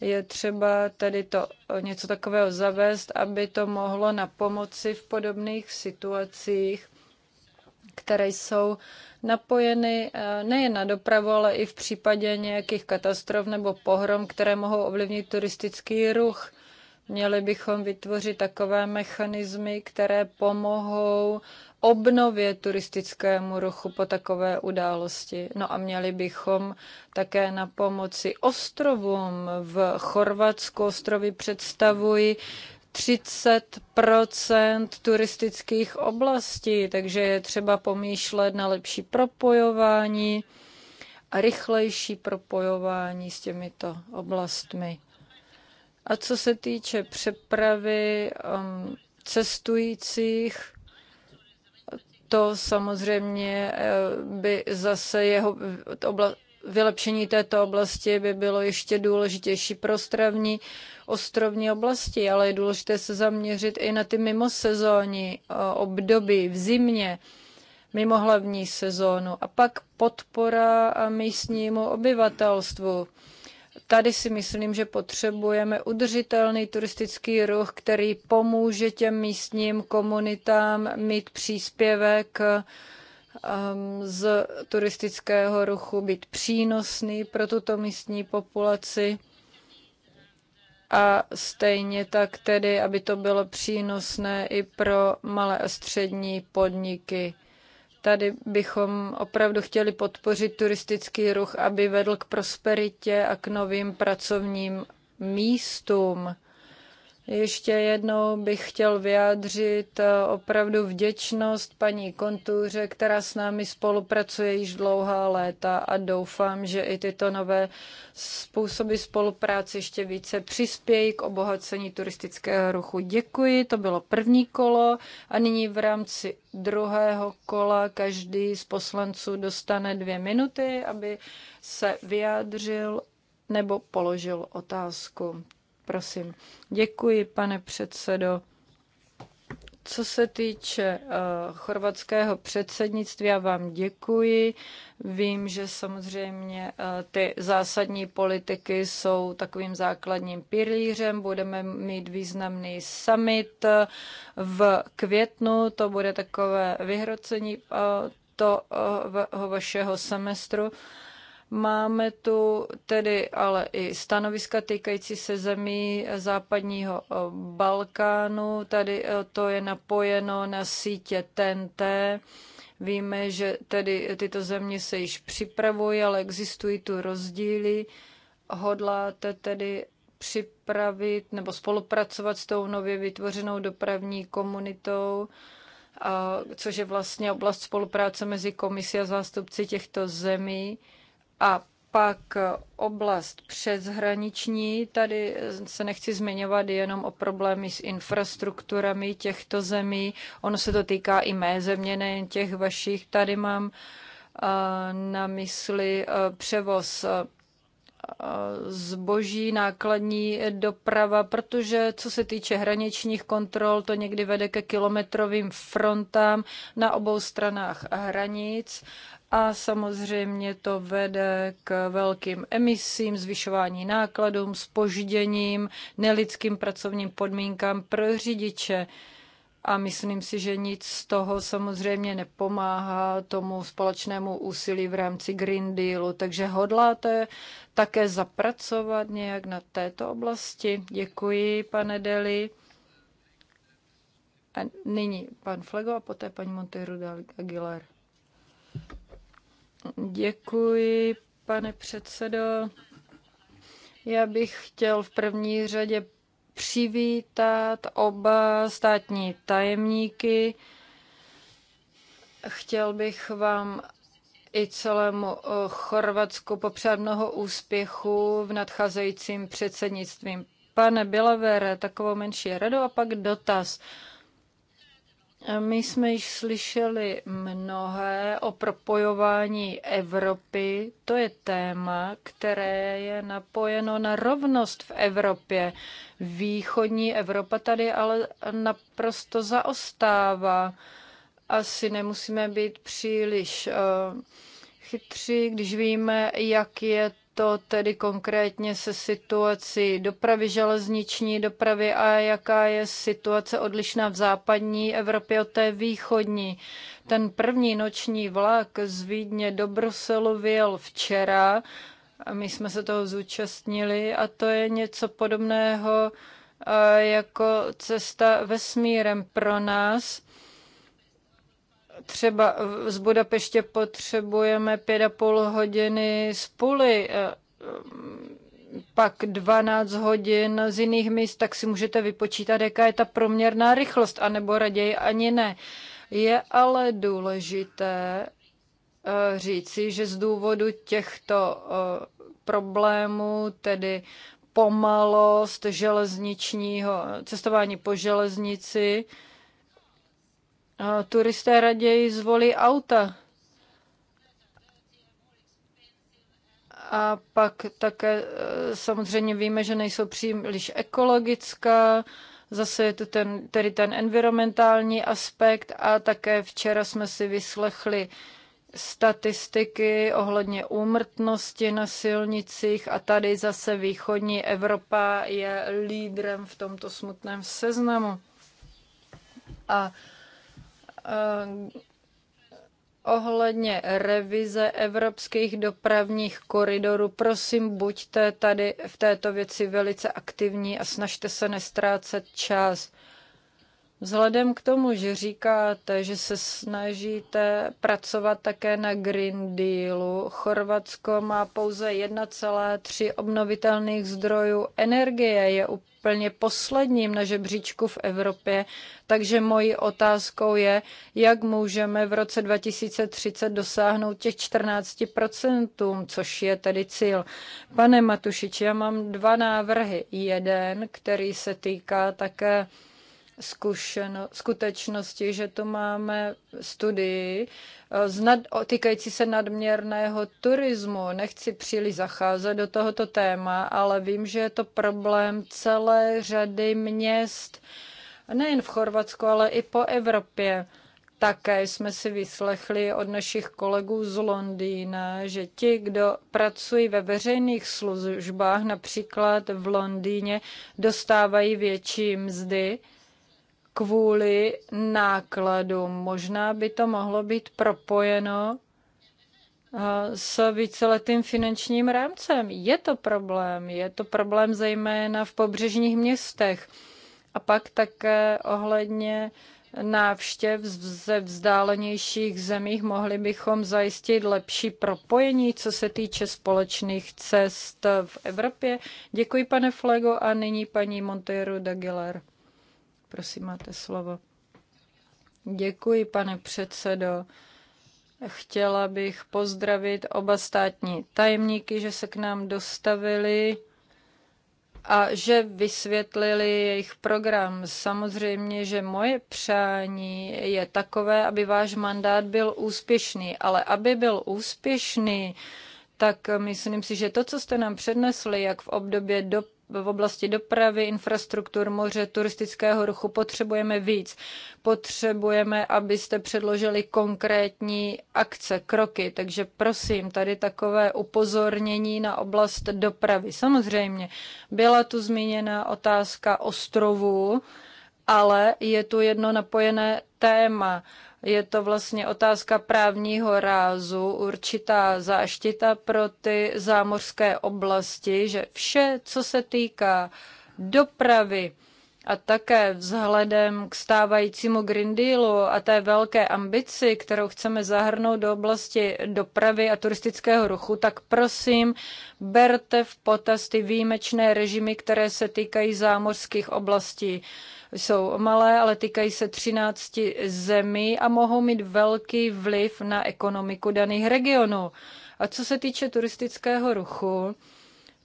je třeba tady to něco takového zavést, aby to mohlo na pomoci v podobných situacích, které jsou napojeny eh, nejen na dopravu, ale i v případě nějakých katastrof nebo pohrom, které mohou ovlivnit turistický ruch. Měli bychom vytvořit takové mechanismy, které pomohou obnově turistickému ruchu po takové události. No a měli bychom také na pomoci ostrovům. V Chorvatsku ostrovy představují 30 turistických oblastí, takže je třeba pomýšlet na lepší propojování a rychlejší propojování s těmito oblastmi. A co se týče přepravy um, cestujících, to samozřejmě eh, by zase jeho obla- vylepšení této oblasti by bylo ještě důležitější pro stravní ostrovní oblasti, ale je důležité se zaměřit i na ty mimosezónní eh, období v zimě, mimo hlavní sezónu a pak podpora eh, místnímu obyvatelstvu. Tady si myslím, že potřebujeme udržitelný turistický ruch, který pomůže těm místním komunitám mít příspěvek um, z turistického ruchu, být přínosný pro tuto místní populaci a stejně tak tedy, aby to bylo přínosné i pro malé a střední podniky. Tady bychom opravdu chtěli podpořit turistický ruch, aby vedl k prosperitě a k novým pracovním místům. Ještě jednou bych chtěl vyjádřit eh, opravdu vděčnost paní Kontuře, která s námi spolupracuje již dlouhá léta a doufám, že i tyto nové způsoby spolupráce ještě více přispějí k obohacení turistického ruchu. Děkuji, to bylo první kolo a nyní v rámci druhého kola každý z poslanců dostane dvě minuty, aby se vyjádřil nebo položil otázku prosím. Děkuji, pane předsedo. Co se týče eh, chorvatského předsednictví, já vám děkuji. Vím, že samozřejmě eh, ty zásadní politiky jsou takovým základním pilířem. Budeme mít významný summit eh, v květnu. To bude takové vyhrocení toho vašeho semestru. Máme tu tedy ale i stanoviska týkající se zemí západního eh, Balkánu. Tady eh, to je napojeno na sítě TNT. Víme, že tedy tyto země se již připravují, ale existují tu rozdíly. Hodláte tedy připravit nebo spolupracovat s tou nově vytvořenou dopravní komunitou? Eh, což je vlastně oblast spolupráce mezi komisí a zástupci těchto zemí. A pak eh, oblast přeshraniční, tady se nechci zmiňovat jenom o problémy s infrastrukturami těchto zemí, ono se to týká i mé země, nejen těch vašich. Tady mám eh, na mysli eh, převoz zboží, nákladní doprava, protože co se týče hraničních kontrol, to někdy vede ke kilometrovým frontám na obou stranách hranic a samozřejmě to vede k velkým emisím, zvyšování nákladům, spožděním, nelidským pracovním podmínkám pro řidiče a myslím si, že nic z toho samozřejmě nepomáhá tomu společnému úsilí v rámci Green Dealu. Takže hodláte také zapracovat nějak na této oblasti? Děkuji, pane Deli. A nyní pan Flego a poté paní Monteiro Aguilar. Děkuji, pane předsedo. Já bych chtěl v první řadě přivítat oba státní tajemníky. Chtěl bych vám i celému eh, Chorvatsku popřát mnoho úspěchu v nadcházejícím předsednictvím. Pane Bilavere, takovou menší radu a pak dotaz. Uh, my jsme již slyšeli mnohé o propojování Evropy. To je téma, které je napojeno na rovnost v Evropě. Východní Evropa tady ale naprosto zaostává. Asi nemusíme být příliš eh, chytří, když víme, jak je to tedy konkrétně se situací dopravy železniční dopravy a jaká je situace odlišná v západní Evropě od té východní. Ten první noční vlak z Vídně do Bruselu vyjel včera a my jsme se toho zúčastnili a to je něco podobného eh, jako cesta vesmírem pro nás Třeba z Budapeště potřebujeme pět a půl hodiny z Puly, eh, pak 12 hodin z jiných míst, tak si můžete vypočítat, jaká je ta proměrná rychlost, anebo raději ani ne. Je ale důležité eh, říci, že z důvodu těchto eh, problémů, tedy pomalost železničního cestování po železnici, Turisté raději zvolí auta. A pak také e, samozřejmě víme, že nejsou příliš ekologická, Zase je to ten, tedy ten environmentální aspekt a také včera jsme si vyslechli statistiky ohledně úmrtnosti na silnicích a tady zase východní Evropa je lídrem v tomto smutném seznamu. A Eh, ohledně revize evropských dopravních koridorů, prosím, buďte tady v této věci velice aktivní a snažte se nestrácet čas. Vzhledem k tomu, že říkáte, že se snažíte pracovat také na Green Dealu, Chorvatsko má pouze 1,3 obnovitelných zdrojů energie, je úplně posledním na žebříčku v Evropě, takže mojí otázkou je, jak můžeme v roce 2030 dosáhnout těch 14%, což je tedy cíl. Pane Matušič, já mám dva návrhy. Jeden, který se týká také zkušeno, skutečnosti, že tu máme studii eh, z nad, týkající se nadměrného turismu. Nechci příliš zacházet do tohoto téma, ale vím, že je to problém celé řady měst, nejen v Chorvatsku, ale i po Evropě. Také jsme si vyslechli od našich kolegů z Londýna, že ti, kdo pracují ve veřejných službách, například v Londýně, dostávají větší mzdy kvůli nákladům. Možná by to mohlo být propojeno eh, s víceletým finančním rámcem. Je to problém, je to problém zejména v pobřežních městech. A pak také ohledně návštěv ze vzdálenějších zemích mohli bychom zajistit lepší propojení, co se týče společných cest v Evropě. Děkuji, pane Flego, a nyní paní Monteiro Dagilar. Prosím, máte slovo. Děkuji, pane předsedo. Chtěla bych pozdravit oba státní tajemníky, že se k nám dostavili a že vysvětlili jejich program. Samozřejmě, že moje přání je takové, aby váš mandát byl úspěšný, ale aby byl úspěšný, tak myslím si, že to, co jste nám přednesli, jak v období do v oblasti dopravy, infrastruktur, moře, turistického ruchu potřebujeme víc. Potřebujeme, abyste předložili konkrétní akce, kroky. Takže prosím, tady takové upozornění na oblast dopravy. Samozřejmě byla tu zmíněna otázka ostrovů, ale je tu jedno napojené téma je to vlastně otázka právního rázu, určitá záštita pro ty zámořské oblasti, že vše, co se týká dopravy, a také vzhledem k stávajícímu Green Dealu a té velké ambici, kterou chceme zahrnout do oblasti dopravy a turistického ruchu, tak prosím, berte v potaz ty výjimečné režimy, které se týkají zámořských oblastí. Jsou malé, ale týkají se 13 zemí a mohou mít velký vliv na ekonomiku daných regionů. A co se týče turistického ruchu,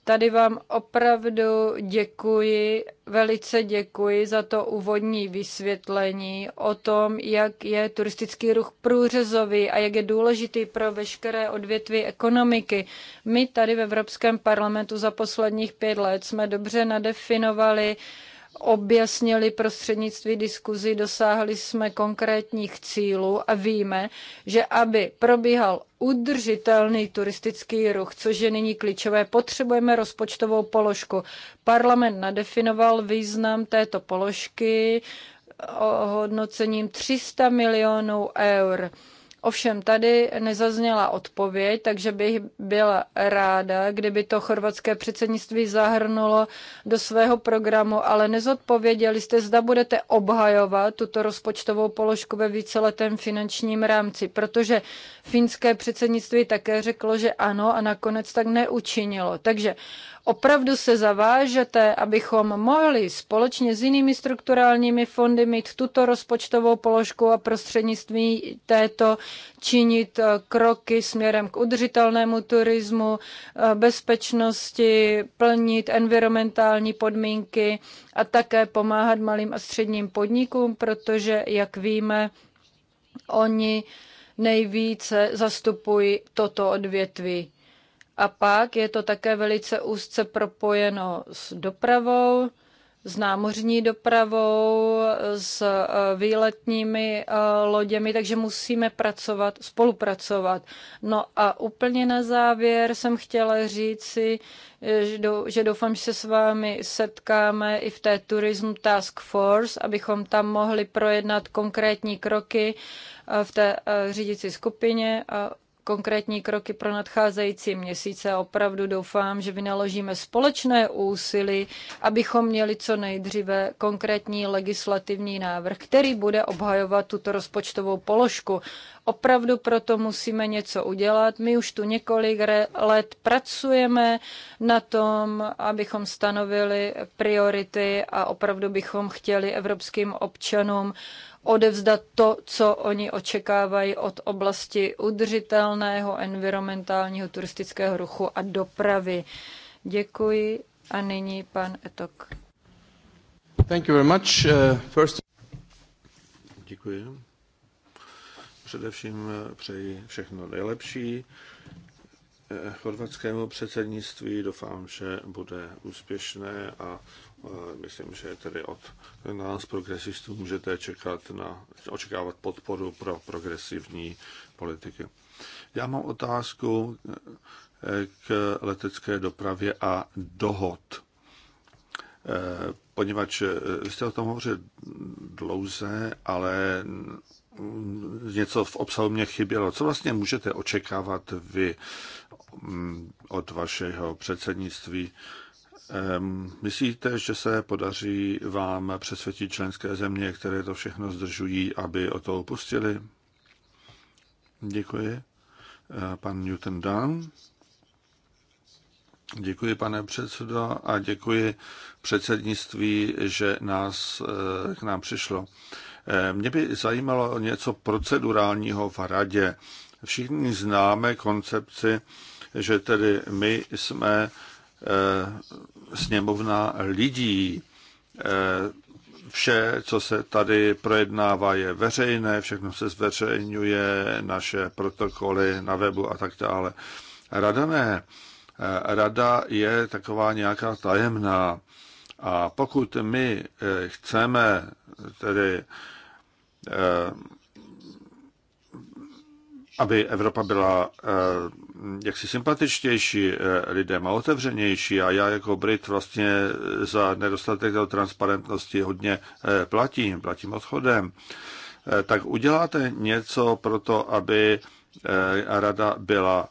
Tady vám opravdu děkuji, velice děkuji za to úvodní vysvětlení o tom, jak je turistický ruch průřezový a jak je důležitý pro veškeré odvětví ekonomiky. My tady v Evropském parlamentu za posledních pět let jsme dobře nadefinovali objasnili prostřednictví diskuzí, dosáhli jsme konkrétních cílů a víme, že aby probíhal udržitelný turistický ruch, což je nyní klíčové, potřebujeme rozpočtovou položku. Parlament nadefinoval význam této položky hodnocením 300 milionů eur. Ovšem tady nezazněla odpověď, takže bych byla ráda, kdyby to chorvatské předsednictví zahrnulo do svého programu, ale nezodpověděli jste, zda budete obhajovat tuto rozpočtovou položku ve víceletém finančním rámci, protože finské předsednictví také řeklo, že ano a nakonec tak neučinilo. Takže opravdu se zavážete, abychom mohli společně s jinými strukturálními fondy mít tuto rozpočtovou položku a prostřednictvím této činit eh, kroky směrem k udržitelnému turismu, eh, bezpečnosti, plnit environmentální podmínky a také pomáhat malým a středním podnikům, protože, jak víme, oni nejvíce zastupují toto odvětví. A pak je to také velice úzce propojeno s dopravou, s námořní dopravou, s e, výletními e, loděmi, takže musíme pracovat, spolupracovat. No a úplně na závěr jsem chtěla říci, e, že doufám, že se s vámi setkáme i v té Tourism Task Force, abychom tam mohli projednat konkrétní kroky v té řídící skupině a konkrétní kroky pro nadcházející měsíce a opravdu doufám, že vynaložíme společné úsilí, abychom měli co nejdříve konkrétní legislativní návrh, který bude obhajovat tuto rozpočtovou položku. Opravdu proto musíme něco udělat. My už tu několik let pracujeme na tom, abychom stanovili priority a opravdu bychom chtěli evropským občanům odevzdat to, co oni očekávají od oblasti udržitelného environmentálního turistického ruchu a dopravy. Děkuji a nyní pan Etok. Thank you very much. Uh, first... Děkuji především eh, přeji všechno nejlepší. Eh, chorvatskému předsednictví doufám, že bude úspěšné a eh, myslím, že tedy od nás progresistů můžete čekat na, očekávat podporu pro progresivní politiky. Já mám otázku k letecké dopravě a dohod. Poněvadž vy jste o tom hovořili dlouze, ale něco v obsahu mě chybělo. Co vlastně můžete očekávat vy mm, od vašeho předsednictví? Myslíte, že se podaří vám přesvědčit členské země, které to všechno zdržují, aby o to opustili? Děkuji. Eh, pan Newton Dunn. Děkuji, pane předsedo, a děkuji předsednictví, že nás eh, k nám přišlo. Eh, mě by zajímalo něco procedurálního v radě. Všichni známe koncepci, že tedy my jsme eh, sněmovna lidí. Eh, vše, co se tady projednává, je veřejné, všechno se zveřejňuje, naše protokoly na webu a tak dále. Rada ne. Rada je taková nějaká tajemná. A pokud my chceme tedy Eh, aby Evropa byla eh, jaksi sympatičtější eh, lidem a otevřenější a já jako Brit vlastně za nedostatek transparentnosti hodně platím, platím odchodem, tak uděláte něco pro to, aby rada byla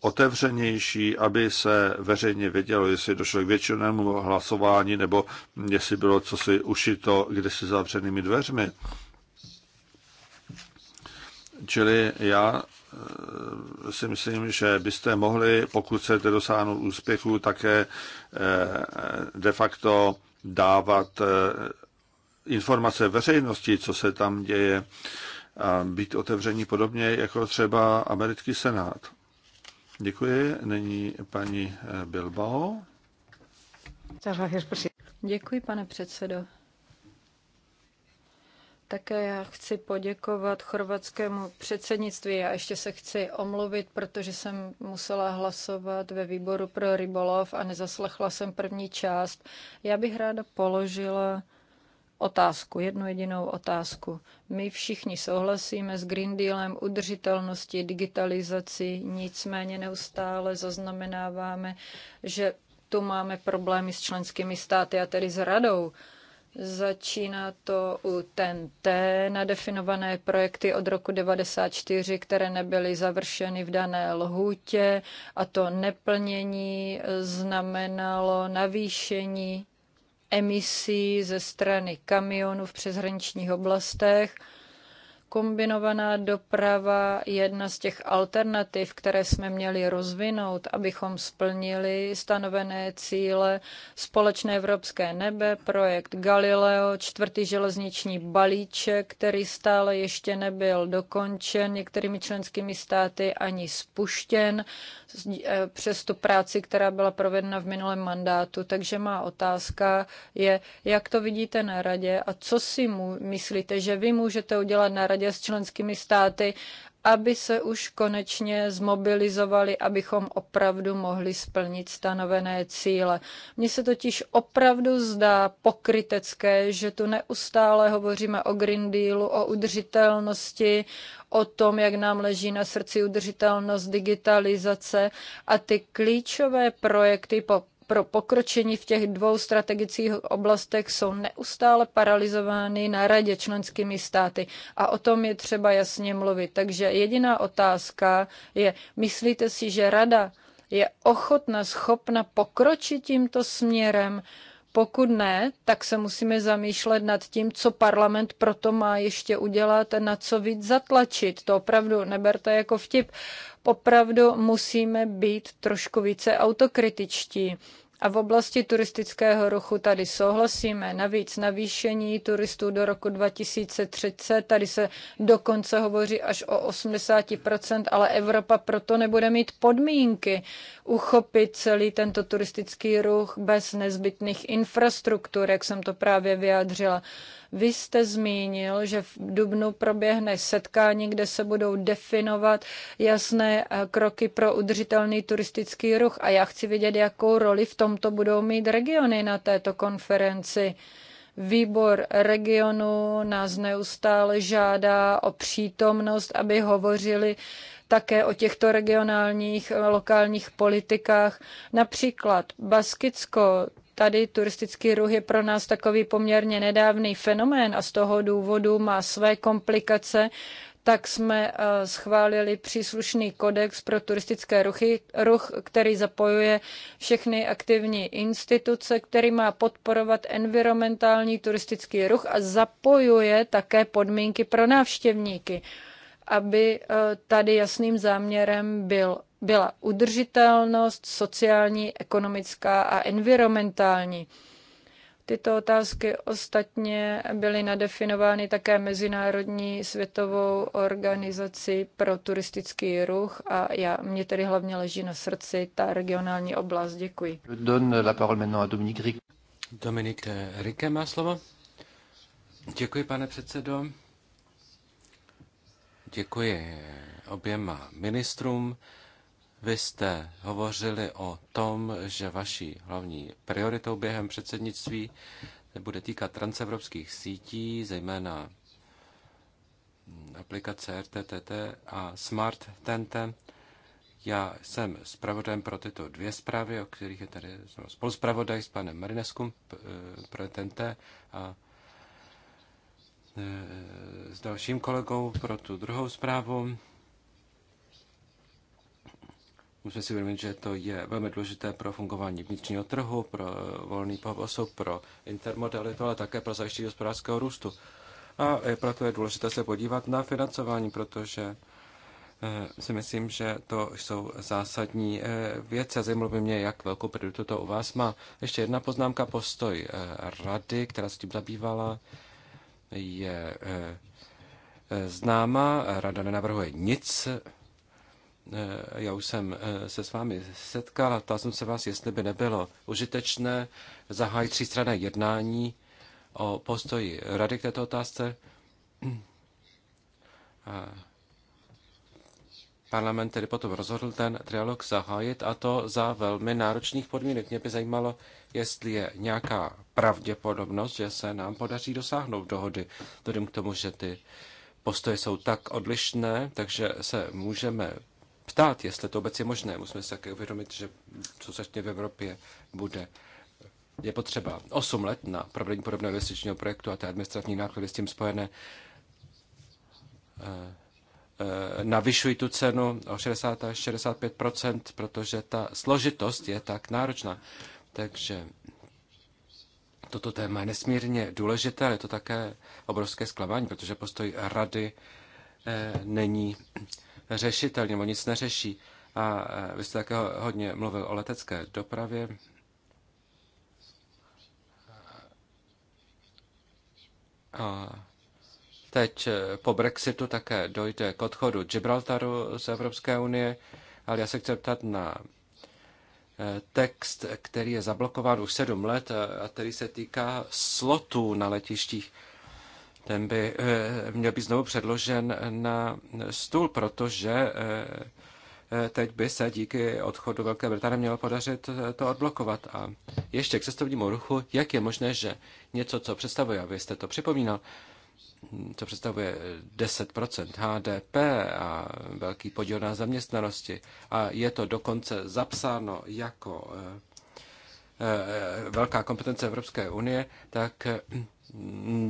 otevřenější, aby se veřejně vědělo, jestli došlo k většinému hlasování nebo jestli bylo co si ušito kdysi zavřenými dveřmi. Čili já eh, si myslím, že byste mohli, pokud chcete dosáhnout úspěchu, také eh, de facto dávat eh, informace veřejnosti, co se tam děje, a být otevření podobně jako třeba americký senát. Děkuji. Není paní Bilbao. Děkuji, pane předsedo. Také já chci poděkovat chorvatskému předsednictví. Já ještě se chci omluvit, protože jsem musela hlasovat ve výboru pro rybolov a nezaslechla jsem první část. Já bych ráda položila otázku, jednu jedinou otázku. My všichni souhlasíme s Green Dealem, udržitelnosti, digitalizaci. nicméně neustále zaznamenáváme, že tu máme problémy s členskými státy a tedy s radou. Začíná to u TNT na definované projekty od roku 1994, které nebyly završeny v dané lhůtě a to neplnění znamenalo navýšení emisí ze strany kamionů v přeshraničních oblastech Kombinovaná doprava je jedna z těch alternativ, které jsme měli rozvinout, abychom splnili stanovené cíle společné evropské nebe, projekt Galileo, čtvrtý železniční balíček, který stále ještě nebyl dokončen některými členskými státy ani spuštěn e, přes tu práci, která byla provedena v minulém mandátu. Takže má otázka je, jak to vidíte na radě a co si myslíte, že vy můžete udělat na radě, dohodě s členskými státy, aby se už konečně zmobilizovali, abychom opravdu mohli splnit stanovené cíle. Mně se totiž opravdu zdá pokrytecké, že tu neustále hovoříme o Green Dealu, o udržitelnosti, o tom, jak nám leží na srdci udržitelnost digitalizace a ty klíčové projekty po pro pokročení v těch dvou strategických oblastech jsou neustále paralizovány na radě členskými státy a o tom je třeba jasně mluvit. Takže jediná otázka je, myslíte si, že rada je ochotna, schopna pokročit tímto směrem? Pokud ne, tak se musíme zamýšlet nad tím, co parlament proto má ještě udělat, na co víc zatlačit. To opravdu neberte jako vtip. Opravdu musíme být trošku více autokritičtí. A v oblasti turistického ruchu tady souhlasíme. Navíc navýšení turistů do roku 2030, tady se dokonce hovoří až o 80%, ale Evropa proto nebude mít podmínky uchopit celý tento turistický ruch bez nezbytných infrastruktur, jak jsem to právě vyjádřila. Vy jste zmínil, že v Dubnu proběhne setkání, kde se budou definovat jasné eh, kroky pro udržitelný turistický ruch a já chci vědět, jakou roli v tomto budou mít regiony na této konferenci. Výbor regionu nás neustále žádá o přítomnost, aby hovořili také o těchto regionálních eh, lokálních politikách. Například Baskicko, Tady turistický ruch je pro nás takový poměrně nedávný fenomén a z toho důvodu má své komplikace, tak jsme eh, schválili příslušný kodex pro turistické ruchy, ruch, který zapojuje všechny aktivní instituce, který má podporovat environmentální turistický ruch a zapojuje také podmínky pro návštěvníky, aby eh, tady jasným záměrem byl byla udržitelnost sociální, ekonomická a environmentální. Tyto otázky ostatně byly nadefinovány také Mezinárodní světovou organizací pro turistický ruch a já, mě tedy hlavně leží na srdci ta regionální oblast. Děkuji. Dominik Rike má slovo. Děkuji, pane předsedo. Děkuji oběma ministrům. Vy jste hovořili o tom, že vaší hlavní prioritou během předsednictví se bude týkat transevropských sítí, zejména aplikace RTTT a Smart TNT. Já jsem zpravodajem pro tyto dvě zprávy, o kterých je tady spoluzpravodaj s panem Marineskum eh, pro TNT a eh, s dalším kolegou pro tu druhou zprávu. Musíme si uvědomit, že to je velmi důležité pro fungování vnitřního trhu, pro volný pohyb osob, pro intermodalitu, ale také pro zajištění hospodářského růstu. A proto je důležité se podívat na financování, protože eh, si myslím, že to jsou zásadní eh, věci a zajímalo by mě, jak velkou prioritu to u vás má. Ještě jedna poznámka, postoj eh, rady, která se tím zabývala, je známa. Rada nenavrhuje nic Eh, já už jsem eh, se s vámi setkal a ptal jsem se vás, jestli by nebylo užitečné zahájit třístranné jednání o postoji rady k této otázce. A parlament tedy potom rozhodl ten trialog zahájit a to za velmi náročných podmínek. Mě by zajímalo, jestli je nějaká pravděpodobnost, že se nám podaří dosáhnout dohody, vzhledem k tomu, že ty postoje jsou tak odlišné, takže se můžeme ptát, jestli to vůbec je možné. Musíme si také uvědomit, že co se vlastně v Evropě bude je potřeba 8 let na provedení podobného investičního projektu a ty administrativní náklady s tím spojené eh, eh, navyšují tu cenu o 60 až 65 protože ta složitost je tak náročná. Takže toto téma je nesmírně důležité, ale je to také obrovské zklamání, protože postoj rady eh, není řešitel nebo nic neřeší. A eh, vy jste také hodně mluvil o letecké dopravě. A teď eh, po Brexitu také dojde k odchodu Gibraltaru z Evropské unie, ale já se chci ptat na eh, text, který je zablokován už sedm let a který se týká slotů na letištích ten by eh, měl být znovu předložen na stůl, protože eh, eh, teď by se díky odchodu Velké Británie mělo podařit to odblokovat. A ještě k cestovnímu ruchu, jak je možné, že něco, co představuje, a vy jste to připomínal, hm, co představuje 10% HDP a velký podíl na zaměstnanosti a je to dokonce zapsáno jako velká kompetence Evropské unie, tak hm,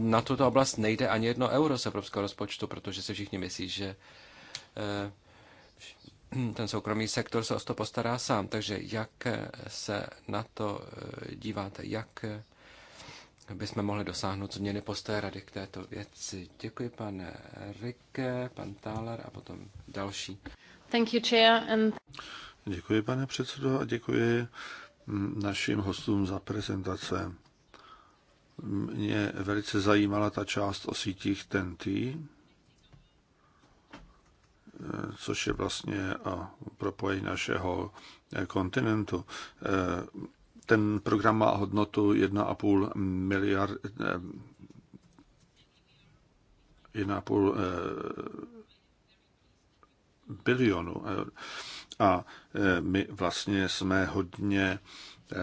na tuto oblast nejde ani jedno euro z evropského rozpočtu, protože si všichni myslí, že eh, ten soukromý sektor se o to postará sám. Takže jak se na to eh, díváte, jak eh, bychom mohli dosáhnout změny postoje rady k této věci. Děkuji, pane Rike, pan Thaler a potom další. Thank you, chair, and... Děkuji, pane předsedo, a děkuji mm, našim hostům za prezentace. Mě velice zajímala ta část o sítích TNT, což je vlastně a propojení našeho kontinentu. Ten program má hodnotu 1,5 miliard, 1,5 eh, bilionu eur. A eh, my vlastně jsme hodně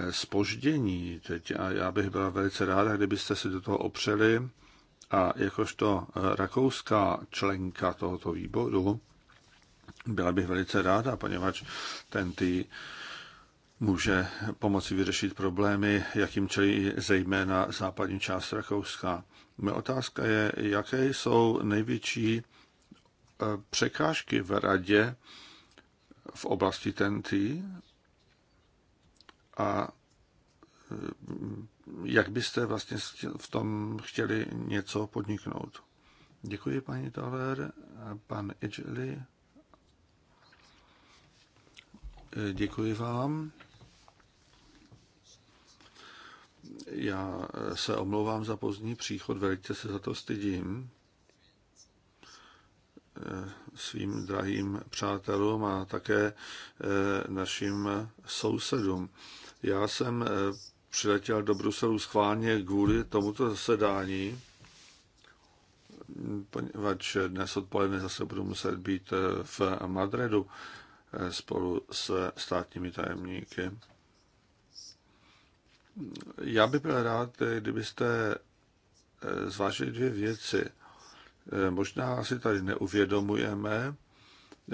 spoždění teď a já bych byla velice ráda, kdybyste se do toho opřeli a jakožto eh, rakouská členka tohoto výboru byla bych velice ráda, poněvadž ten tý může pomoci vyřešit problémy, jakým čelí zejména západní část Rakouska. Moje otázka je, jaké jsou největší eh, překážky v radě v oblasti TNT a e, jak byste vlastně v tom chtěli něco podniknout? Děkuji, paní Taler, pan Edgely. E, děkuji vám. Já e, se omlouvám za pozdní příchod, velice se za to stydím svým drahým přátelům a také našim sousedům. Já jsem eh, přiletěl do Bruselu schválně kvůli tomuto zasedání, poněvadž dnes odpoledne zase budu muset být eh, v Madridu eh, spolu s státními tajemníky. Já bych byl rád, kdybyste zvážili dvě věci. Možná si tady neuvědomujeme,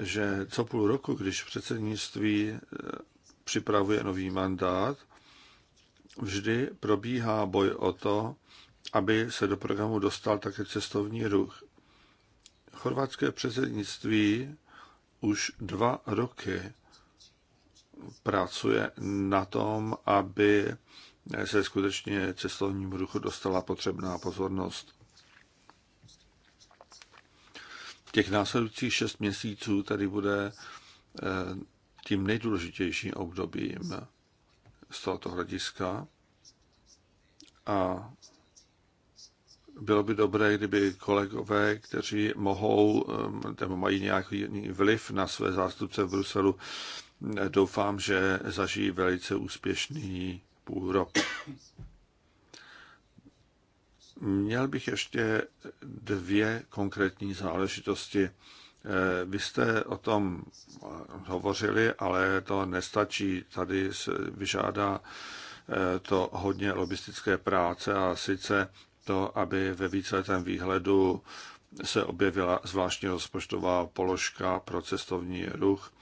že co půl roku, když předsednictví připravuje nový mandát, vždy probíhá boj o to, aby se do programu dostal také cestovní ruch. Chorvatské předsednictví už dva roky pracuje na tom, aby se skutečně cestovnímu ruchu dostala potřebná pozornost. Těch následujících šest měsíců tady bude eh, tím nejdůležitějším obdobím z tohoto hlediska. A bylo by dobré, kdyby kolegové, kteří mohou nebo mají nějaký vliv na své zástupce v Bruselu, doufám, že zažijí velice úspěšný půl rok. Měl bych ještě dvě konkrétní záležitosti. Eh, vy jste o tom eh, hovořili, ale to nestačí. Tady se vyžádá eh, to hodně lobistické práce a sice to, aby ve víceletém výhledu se objevila zvláštní rozpočtová položka pro cestovní ruch.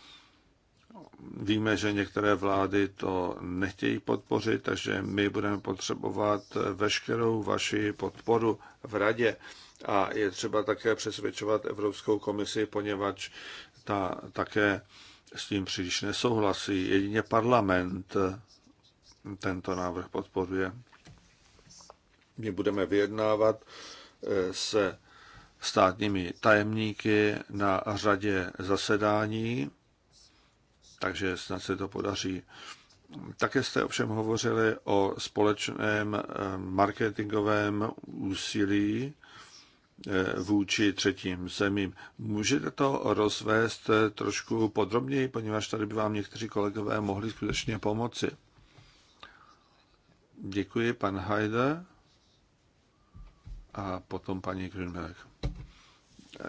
Víme, že některé vlády to nechtějí podpořit, takže my budeme potřebovat veškerou vaši podporu v radě, a je třeba také přesvědčovat Evropskou komisi, poněvadž ta také s tím příliš nesouhlasí. Jedině parlament tento návrh podporuje. My budeme vyjednávat eh, se státními tajemníky na řadě zasedání, takže snad se to podaří. Také jste ovšem hovořili o společném eh, marketingovém úsilí Eh, vůči třetím zemím. Můžete to rozvést eh, trošku podrobněji, poněvadž tady by vám někteří kolegové mohli skutečně pomoci. Děkuji, pan Heide. a potom paní Grünberg.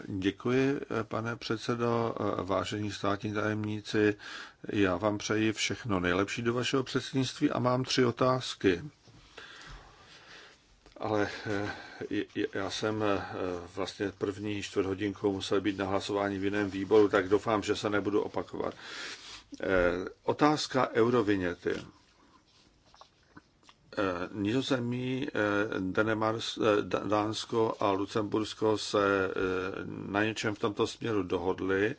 Děkuji, eh, pane předsedo, vážení státní tajemníci. Já vám přeji všechno nejlepší do vašeho předsednictví a mám tři otázky ale eh, já jsem eh, vlastně první čtvrt hodinkou musel být na hlasování v jiném výboru, tak doufám, že se nebudu opakovat. Eh, otázka eurovinety. Nizozemí, Dánsko a Lucembursko se na něčem v tomto směru dohodli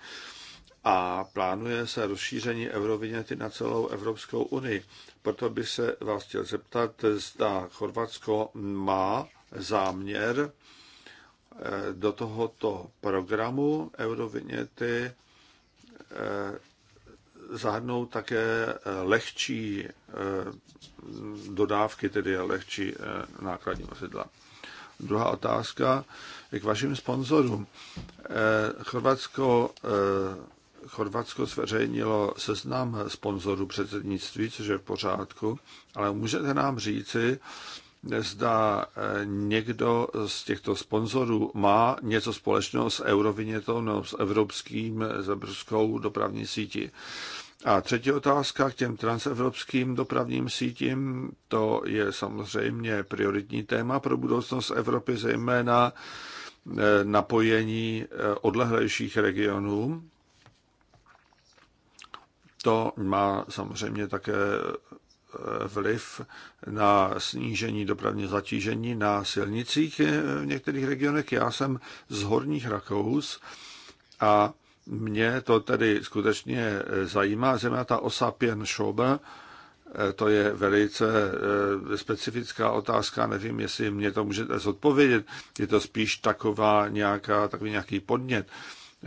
a plánuje se rozšíření eurovinety na celou Evropskou unii. Proto bych se vás chtěl zeptat, zda Chorvatsko má záměr eh, do tohoto programu eurovinety eh, zahrnout také eh, lehčí dodávky, tedy lehčí nákladní vozidla. Druhá otázka je k vašim sponzorům. Chorvatsko Chorvatsko zveřejnilo seznam sponzorů předsednictví, což je v pořádku, ale můžete nám říci, zda eh, někdo z těchto sponzorů má něco společného s Eurovinětou nebo s evropským, eh, s dopravní sítí. A třetí otázka k těm transevropským dopravním sítím. To je samozřejmě prioritní téma pro budoucnost Evropy, zejména eh, napojení odlehlejších regionů. To má samozřejmě také e, vliv na snížení dopravně zatížení na silnicích e, v některých regionech. Já jsem z Horních Rakous a mě to tedy skutečně e, zajímá, zejména ta osa Pien Schober, to je velice specifická otázka, nevím, jestli mě to můžete zodpovědět, je to spíš taková nějaká, takový nějaký podnět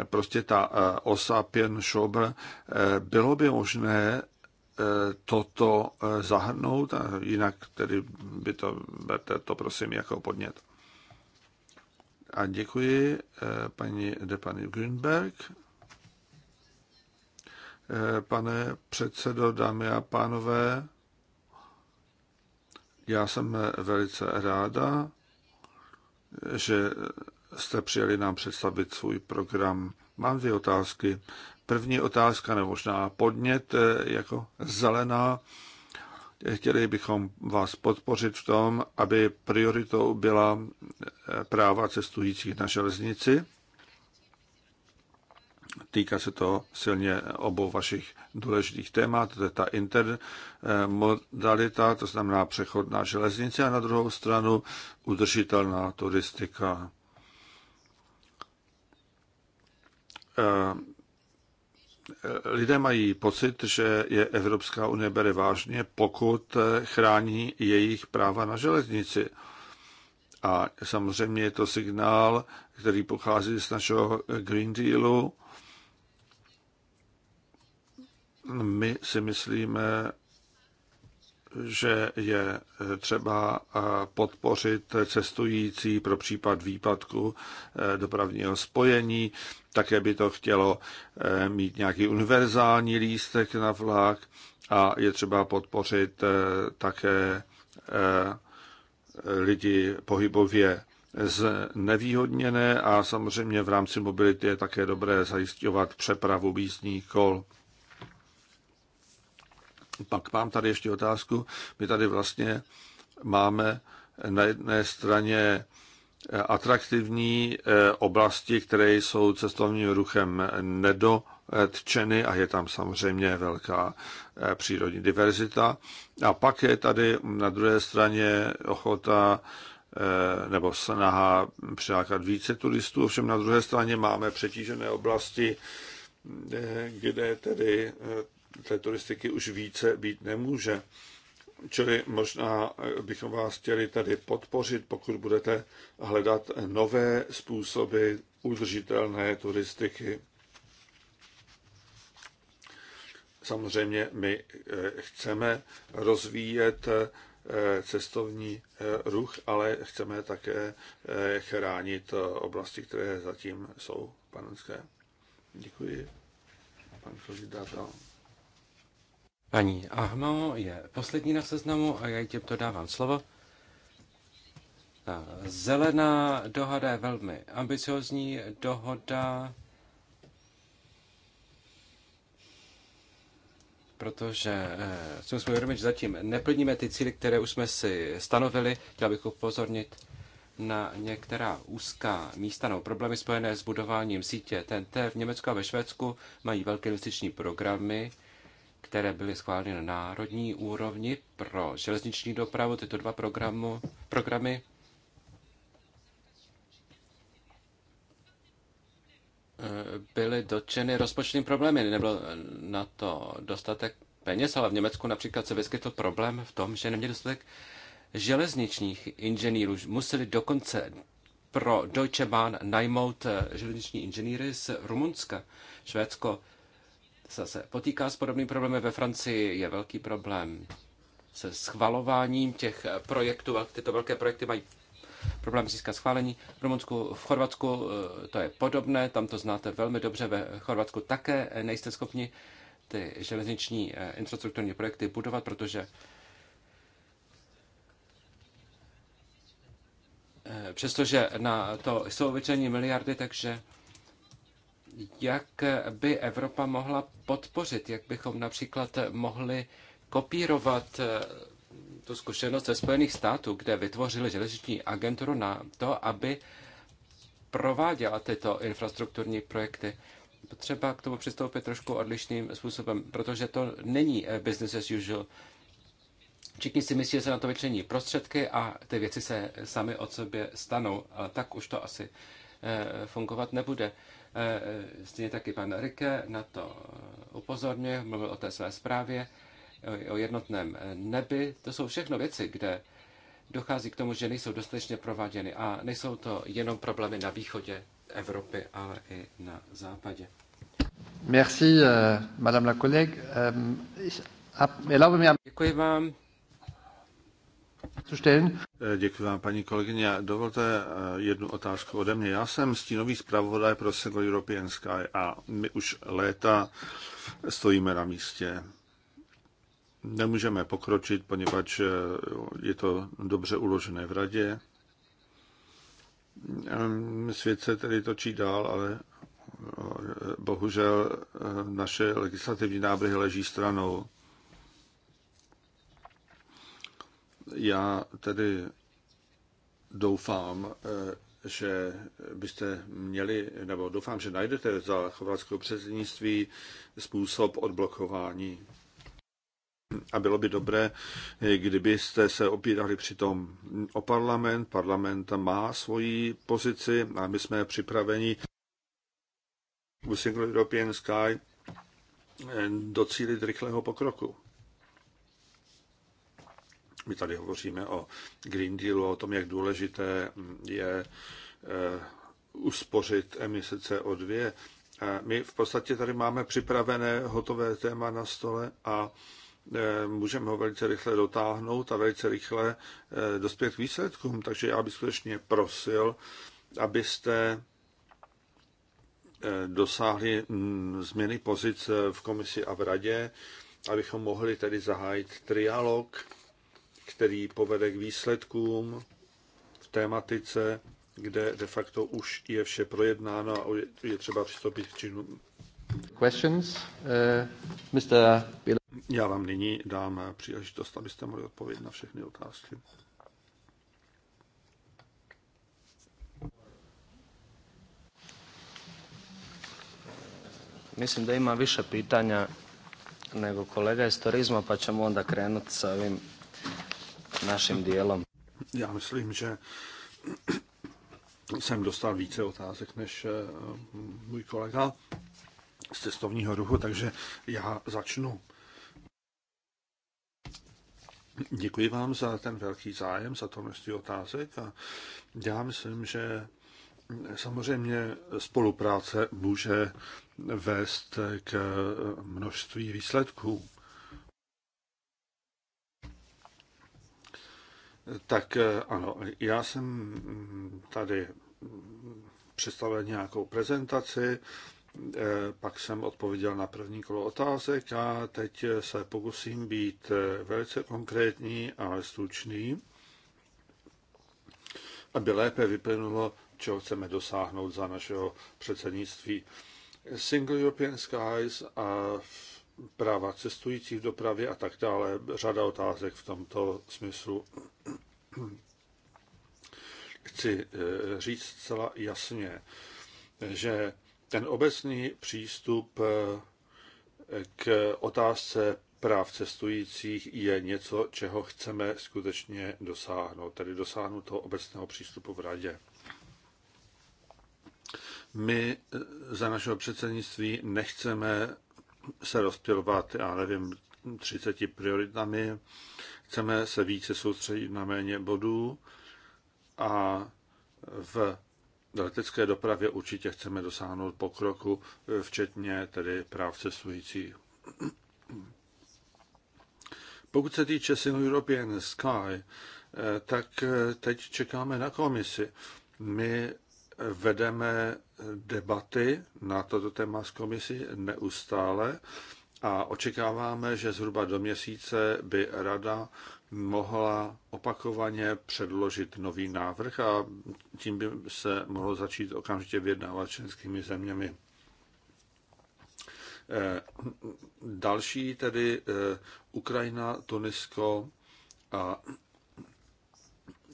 prostě ta eh, osa šobr eh, bylo by možné eh, toto zahrnout a jinak tedy by to, berte to prosím jako podnět. A děkuji paní Depany Grünberg. Pane předsedo, dámy a pánové, já jsem velice ráda, že jste přijeli nám představit svůj program. Mám dvě otázky. První otázka, nebo možná podnět eh, jako zelená. Chtěli bychom vás podpořit v tom, aby prioritou byla eh, práva cestujících na železnici. Týká se to silně obou vašich důležitých témat, to je ta intermodalita, to znamená přechod na železnici a na druhou stranu udržitelná turistika. Eh, lidé mají pocit, že je Evropská unie bere vážně, pokud eh, chrání jejich práva na železnici. A samozřejmě je to signál, který pochází z našeho Green Dealu. My si myslíme, že je eh, třeba podpořit cestující pro případ výpadku dopravního spojení, také by to chtělo eh, mít nějaký univerzální lístek na vlak a je třeba podpořit eh, také eh, lidi pohybově znevýhodněné a samozřejmě v rámci mobility je také dobré zajišťovat přepravu místních kol. Pak mám tady ještě otázku. My tady vlastně máme na jedné straně atraktivní eh, oblasti, které jsou cestovním ruchem nedotčeny a je tam samozřejmě velká eh, přírodní diverzita. A pak je tady na druhé straně ochota eh, nebo snaha přilákat více turistů, ovšem na druhé straně máme přetížené oblasti, kde tedy té turistiky už více být nemůže. Čili možná eh, bychom vás chtěli tady podpořit, pokud budete hledat nové způsoby udržitelné turistiky. Samozřejmě my eh, chceme rozvíjet eh, cestovní ruch, ale chceme také chránit oblasti, které zatím jsou panenské. Děkuji. Pan Kozidáta. Paní Ahmo je poslední na seznamu a já těmto dávám slovo. Ta zelená dohoda je velmi ambiciozní dohoda, protože eh, si uvědomit, že zatím neplníme ty cíly, které už jsme si stanovili. Chtěl bych upozornit na některá úzká místa nebo problémy spojené s budováním sítě TNT v Německu a ve Švédsku mají velké investiční programy, které byly schváleny na národní úrovni pro železniční dopravu, tyto dva programu, programy. Eh, byly dotčeny rozpočtovým problémy. Nebyl na to dostatek peněz, ale v Německu například se vyskytl problém v tom, že neměli dostatek železničních inženýrů. Museli dokonce pro Deutsche Bahn najmout eh, železniční inženýry z Rumunska. Švédsko se potýká s podobným problémem. Ve Francii je velký problém se schvalováním těch projektů, a tyto velké projekty mají problém získat schválení. V Rumunsku, v Chorvatsku eh, to je podobné, tam to znáte velmi dobře, ve Chorvatsku také nejste schopni ty železniční eh, infrastrukturní projekty budovat, protože eh, přestože na to jsou vyčleněny miliardy, takže jak by Evropa mohla podpořit, jak bychom například mohli kopírovat eh, tu zkušenost ze Spojených států, kde vytvořili železniční agenturu na to, aby prováděla tyto infrastrukturní projekty. Třeba k tomu přistoupit trošku odlišným způsobem, protože to není eh, business as usual. Všichni si myslí, že se na to vyčlení prostředky a ty věci se sami od sebe stanou, ale tak už to asi eh, fungovat nebude. Eh, eh, stejně taky pan Rike na to upozorňuje, mluvil o té své zprávě, o jednotném eh, nebi. To jsou všechno věci, kde dochází k tomu, že nejsou dostatečně prováděny. A nejsou to jenom problémy na východě Evropy, ale i na západě. Merci, madame la collègue. Ah, Děkuji vám. Eh, děkuji vám, paní kolegyně. Dovolte eh, jednu otázku ode mě. Já jsem stínový zpravodaj pro Single European Sky a my už léta stojíme na místě. Nemůžeme pokročit, poněvadž eh, je to dobře uložené v radě. Ehm, svět se tedy točí dál, ale bohužel naše legislativní návrhy leží stranou. Já tedy doufám, eh, že byste měli, nebo doufám, že najdete za chovatského předsednictví způsob odblokování. A bylo by dobré, eh, kdybyste se opírali přitom o parlament. Parlament má svoji pozici a my jsme připraveni u Single European Sky eh, docílit rychlého pokroku. My tady hovoříme o Green Dealu, o tom, jak důležité je eh, uspořit emise CO2. My v podstatě tady máme připravené hotové téma na stole a eh, můžeme ho velice rychle dotáhnout a velice rychle eh, dospět k výsledkům. Takže já bych skutečně prosil, abyste dosáhli mm, změny pozic v komisi a v radě, abychom mohli tedy zahájit trialog který povede k výsledkům v tématice, kde de facto už je vše projednáno a je třeba přistoupit k činu. Questions? Uh, eh, Mr. Bill. Já vám nyní dám příležitost, abyste mohli odpovědět na všechny otázky. Myslím, že má više pitanja nego kolega iz turizma, pa ćemo onda krenuti sa ovim naším dílem. Já myslím, že jsem dostal více otázek než eh, můj kolega z cestovního ruchu, takže já začnu. Děkuji vám za ten velký zájem, za to množství otázek a já myslím, že samozřejmě spolupráce může vést k množství výsledků. Tak eh, ano, já jsem mm, tady mm, představil nějakou prezentaci, eh, pak jsem odpověděl na první kolo otázek a teď eh, se pokusím být velice konkrétní a stručný, aby lépe vyplynulo, čeho chceme dosáhnout za našeho předsednictví. Single European Skies a v práva cestujících v dopravě a tak dále. Řada otázek v tomto smyslu. Chci eh, říct zcela jasně, že ten obecný přístup eh, k otázce práv cestujících je něco, čeho chceme skutečně dosáhnout, tedy dosáhnout toho obecného přístupu v radě. My eh, za našeho předsednictví nechceme se rozptilovat, já nevím, 30 prioritami. Chceme se více soustředit na méně bodů a v letecké dopravě určitě chceme dosáhnout pokroku, včetně tedy práv cestujících. Pokud se týče Single European Sky, eh, tak eh, teď čekáme na komisi. My vedeme debaty na toto téma s komisí neustále a očekáváme, že zhruba do měsíce by rada mohla opakovaně předložit nový návrh a tím by se mohlo začít okamžitě vyjednávat členskými zeměmi. Eh, další tedy eh, Ukrajina, Tunisko a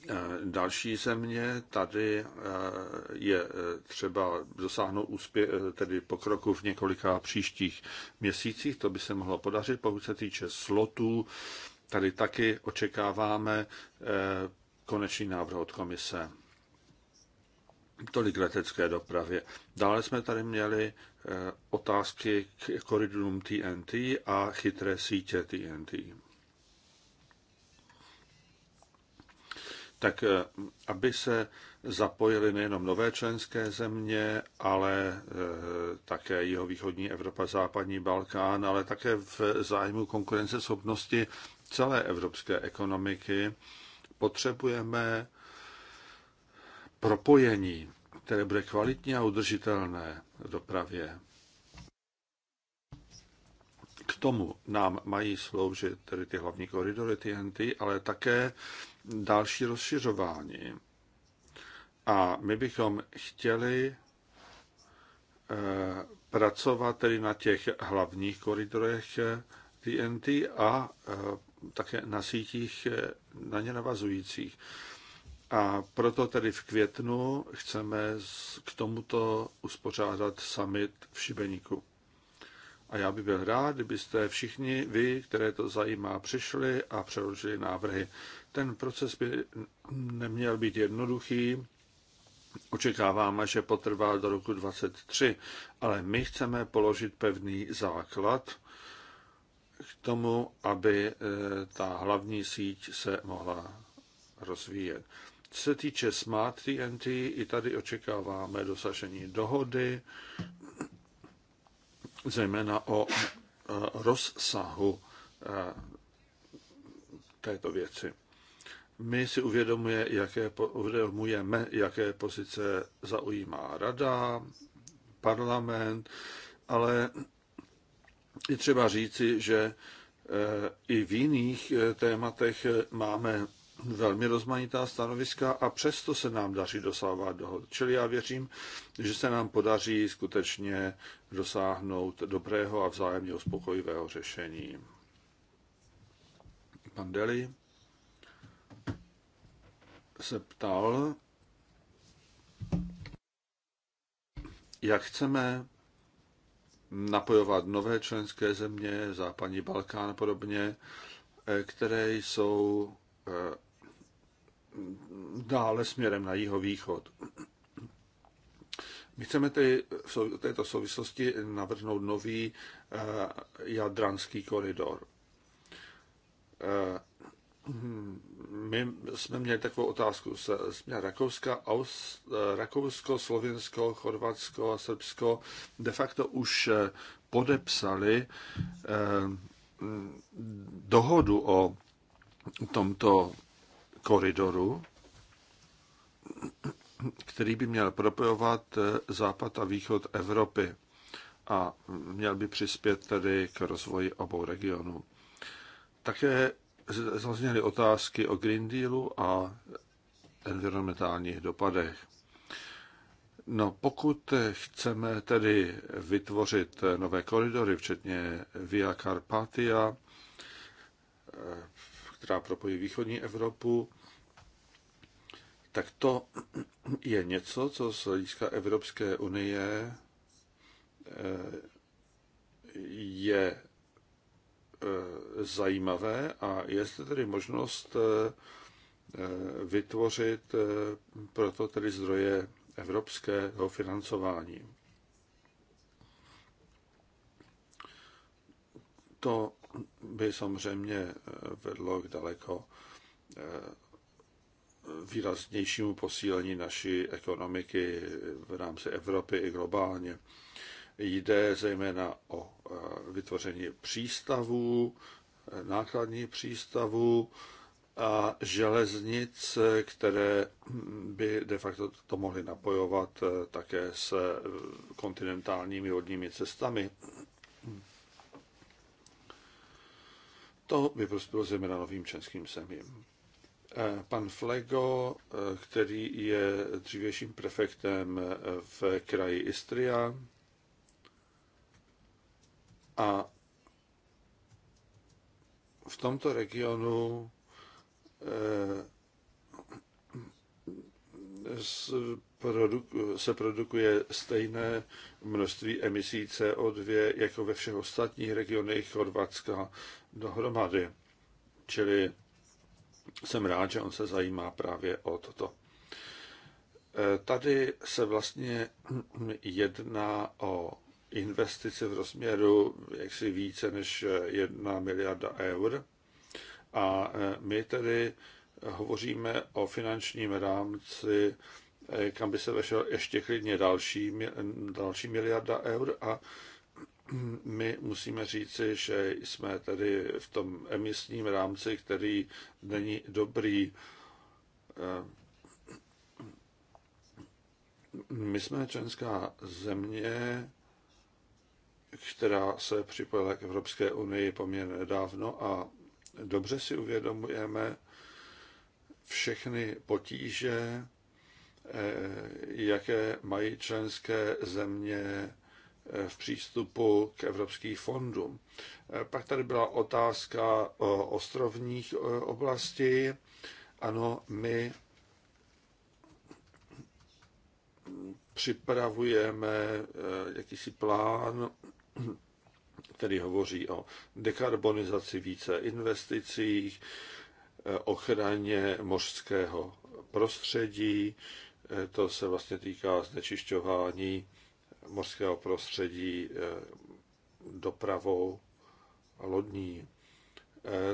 Eh, další země, tady eh, je eh, třeba dosáhnout úspěch, tedy pokroku v několika příštích měsících, to by se mohlo podařit. Pokud se týče slotů, tady taky očekáváme konečný návrh od komise. Tolik letecké dopravě. Dále jsme tady měli otázky k koridorům TNT a chytré sítě TNT. tak eh, aby se zapojily nejenom nové členské země, ale eh, také jeho východní Evropa, západní Balkán, ale také v zájmu konkurenceschopnosti celé evropské ekonomiky potřebujeme propojení, které bude kvalitní a udržitelné v dopravě. K tomu nám mají sloužit tedy ty hlavní koridory TNT, ale také další rozšiřování. A my bychom chtěli eh, pracovat tedy na těch hlavních koridorech TNT eh, a eh, také na sítích na ně navazujících. A proto tedy v květnu chceme k tomuto uspořádat summit v Šibeníku. A já bych byl rád, kdybyste všichni vy, které to zajímá, přišli a přeložili návrhy. Ten proces by neměl být jednoduchý. Očekáváme, že potrvá do roku 2023, ale my chceme položit pevný základ k tomu, aby eh, ta hlavní síť se mohla rozvíjet. Co se týče Smart TNT, i tady očekáváme dosažení dohody, zejména o eh, rozsahu eh, této věci my si uvědomuje, jaké, uvědomujeme, jaké pozice zaujímá rada, parlament, ale je třeba říci, že eh, i v jiných eh, tématech eh, máme velmi rozmanitá stanoviska a přesto se nám daří dosávat dohod. Čili já věřím, že se nám podaří skutečně dosáhnout dobrého a vzájemně uspokojivého řešení. Pan Deli se ptal, jak chceme napojovat nové členské země, západní Balkán a podobně, eh, které jsou eh, dále směrem na jihovýchod. My chceme tedy v této souvislosti navrhnout nový eh, jadranský koridor. Hmm, my jsme měli takovou otázku. Jsme Rakouska, Aus, eh, Rakousko, Slovinsko, Chorvatsko a Srbsko de facto už eh, podepsali eh, dohodu o tomto koridoru, který by měl propojovat západ a východ Evropy a měl by přispět tedy k rozvoji obou regionů. Také zazněly otázky o Green Dealu a environmentálních dopadech. No, pokud chceme tedy vytvořit nové koridory, včetně Via Carpatia, která propojí východní Evropu, tak to je něco, co z hlediska Evropské unie je Eh, zajímavé a je zde tedy možnost eh, eh, vytvořit proto tedy zdroje evropského financování. To by samozřejmě vedlo k daleko výraznějšímu posílení naší ekonomiky v rámci Evropy i globálně. Jde zejména o e, vytvoření přístavů, e, nákladní přístavů a železnic, které by de facto to mohly napojovat e, také s kontinentálními vodními cestami. To by prospělo zejména novým českým zemím. Pan Flego, který je dřívějším prefektem v kraji Istria, a v tomto regionu eh, se produkuje stejné množství emisí CO2 jako ve všech ostatních regionech Chorvatska dohromady. Čili jsem rád, že on se zajímá právě o toto. Eh, tady se vlastně jedná o investice v rozměru jaksi více než jedna miliarda eur. A e, my tedy hovoříme o finančním rámci, e, kam by se vešel ještě klidně další, další miliarda eur a *clears throat* my musíme říci, že jsme tedy v tom emisním rámci, který není dobrý. E, my jsme členská země, která se připojila k Evropské unii poměrně nedávno a dobře si uvědomujeme všechny potíže, eh, jaké mají členské země eh, v přístupu k evropským fondům. Eh, pak tady byla otázka o ostrovních oblastí. Ano, my připravujeme jakýsi plán který hovoří o dekarbonizaci více investicích, eh, ochraně mořského prostředí, eh, to se vlastně týká znečišťování mořského prostředí eh, dopravou lodní.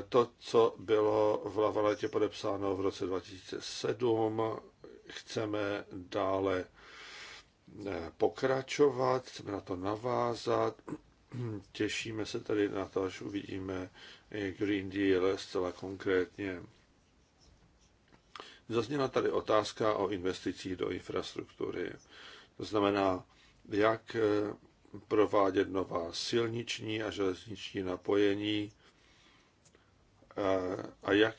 To, co bylo v Lavaletě podepsáno v roce 2007, chceme dále Eh, pokračovat, chceme na to navázat. *clears throat* Těšíme se tady na to, až uvidíme eh, Green Deal zcela konkrétně. Zazněla tady otázka o investicích do infrastruktury. To znamená, jak eh, provádět nová silniční a železniční napojení a jak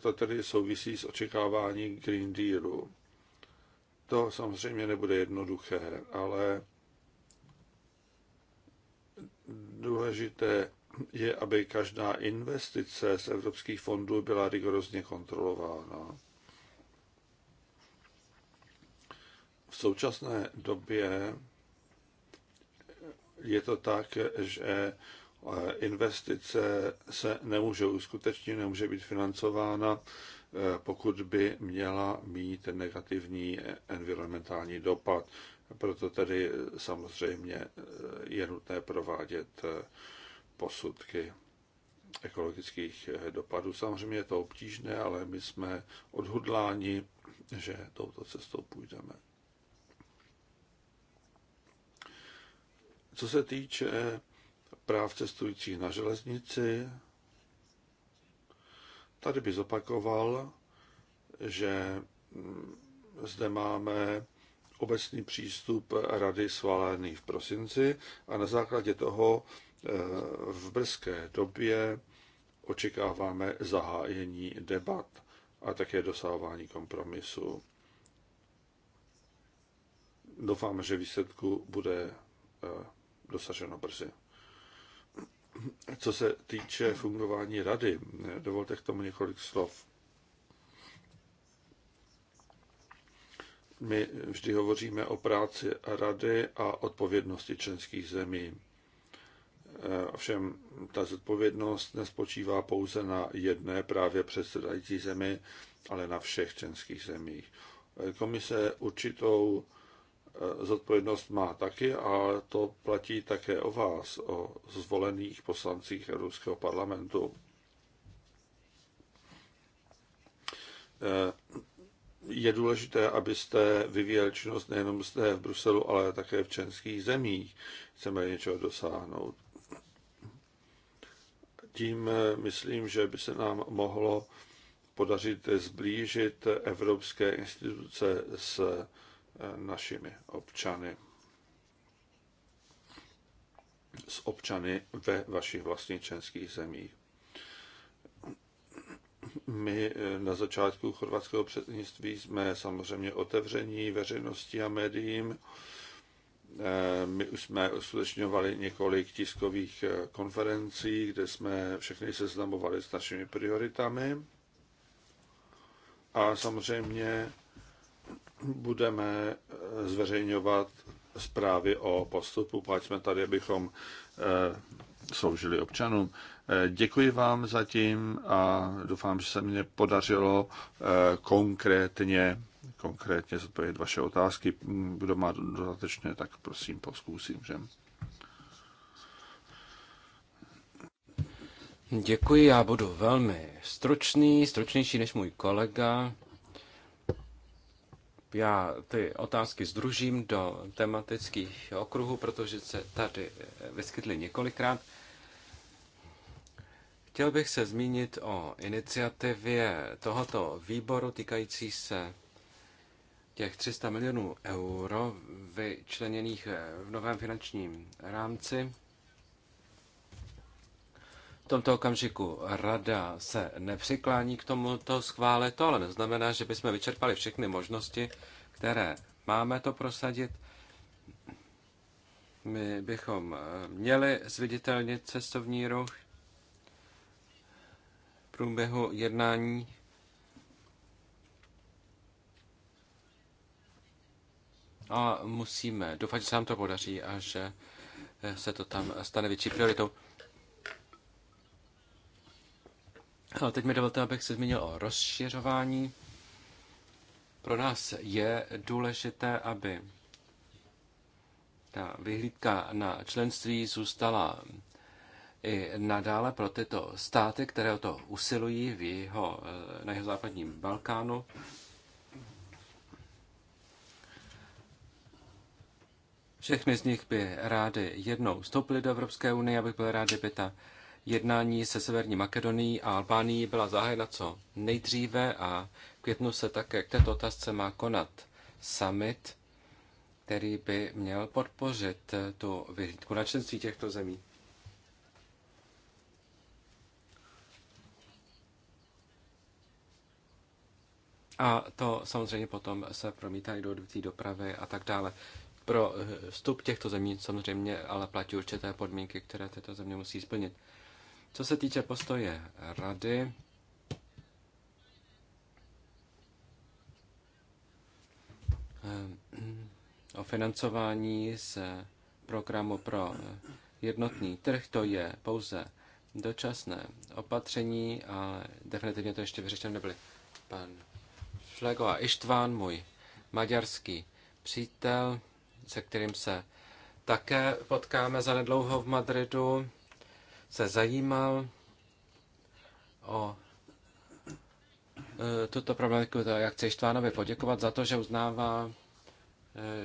to tedy souvisí s očekávání Green Dealu. To samozřejmě nebude jednoduché, ale důležité je, aby každá investice z evropských fondů byla rigorozně kontrolována. V současné době je to tak, že investice se nemůže uskutečnit, nemůže být financována Eh, pokud by měla mít negativní environmentální dopad. Proto tedy eh, samozřejmě eh, je nutné provádět posudky ekologických dopadů. Samozřejmě je to obtížné, ale my jsme odhodláni, že touto cestou půjdeme. Co se týče práv cestujících na železnici, Tady by zopakoval, že mm, zde máme obecný přístup rady schválený v prosinci a na základě toho eh, v brzké době očekáváme zahájení debat a také dosahování kompromisu. Doufám, že výsledku bude eh, dosaženo brzy. Co se týče fungování rady, dovolte k tomu několik slov. My vždy hovoříme o práci rady a odpovědnosti členských zemí. Ovšem, ta zodpovědnost nespočívá pouze na jedné právě předsedající zemi, ale na všech členských zemích. Komise určitou Eh, zodpovědnost má taky a to platí také o vás, o zvolených poslancích Evropského parlamentu. Eh, je důležité, abyste vyvíjeli činnost nejenom zde v Bruselu, ale také v členských zemích. Chceme něčeho dosáhnout. Tím eh, myslím, že by se nám mohlo podařit zblížit evropské instituce s našimi občany. S občany ve vašich vlastních členských zemích. My eh, na začátku chorvatského předsednictví jsme samozřejmě otevření veřejnosti a médiím. Eh, my už jsme uskutečňovali několik tiskových eh, konferencí, kde jsme všechny seznamovali s našimi prioritami. A samozřejmě budeme eh, zveřejňovat zprávy o postupu, Pojď jsme tady, abychom eh, sloužili občanům. Eh, děkuji vám zatím a doufám, že se mě podařilo konkrétně konkrétně zodpovědět vaše otázky. Mm, kdo má dodatečné, tak prosím, poskusím, že? Děkuji, já budu velmi stručný, stručnější než můj kolega. Já ty otázky združím do tematických okruhů, protože se tady vyskytly několikrát. Chtěl bych se zmínit o iniciativě tohoto výboru týkající se těch 300 milionů euro vyčleněných v novém finančním rámci tomto okamžiku rada se nepřiklání k tomuto schvále, to ale neznamená, že bychom vyčerpali všechny možnosti, které máme to prosadit. My bychom měli zviditelnit cestovní ruch v průběhu jednání. A musíme doufat, že se nám to podaří a že se to tam stane větší prioritou. Ale teď mi dovolte, abych se zmínil o rozšiřování. Pro nás je důležité, aby ta vyhlídka na členství zůstala i nadále pro tyto státy, které o to usilují v jeho, eh, na jeho západním Balkánu. Všechny z nich by rádi jednou vstoupili do Evropské unie, abych byl rád, kdyby ta jednání se Severní Makedonií a Albánií byla zahájena co nejdříve a v květnu se také k této otázce má konat summit, který by měl podpořit eh, tu vyhlídku na členství těchto zemí. A to samozřejmě potom se promítá i do odvětví dopravy a tak dále. Pro eh, vstup těchto zemí samozřejmě ale platí určité podmínky, které tyto země musí splnit. Co se týče postoje rady, eh, o financování z programu pro jednotný trh, to je pouze dočasné opatření a definitivně to ještě vyřešeno nebyly. Pan Flego a Ištván, můj maďarský přítel, se kterým se také potkáme zanedlouho v Madridu se zajímal o e, tuto problematiku. Já chci Štvánovi poděkovat za to, že uznává,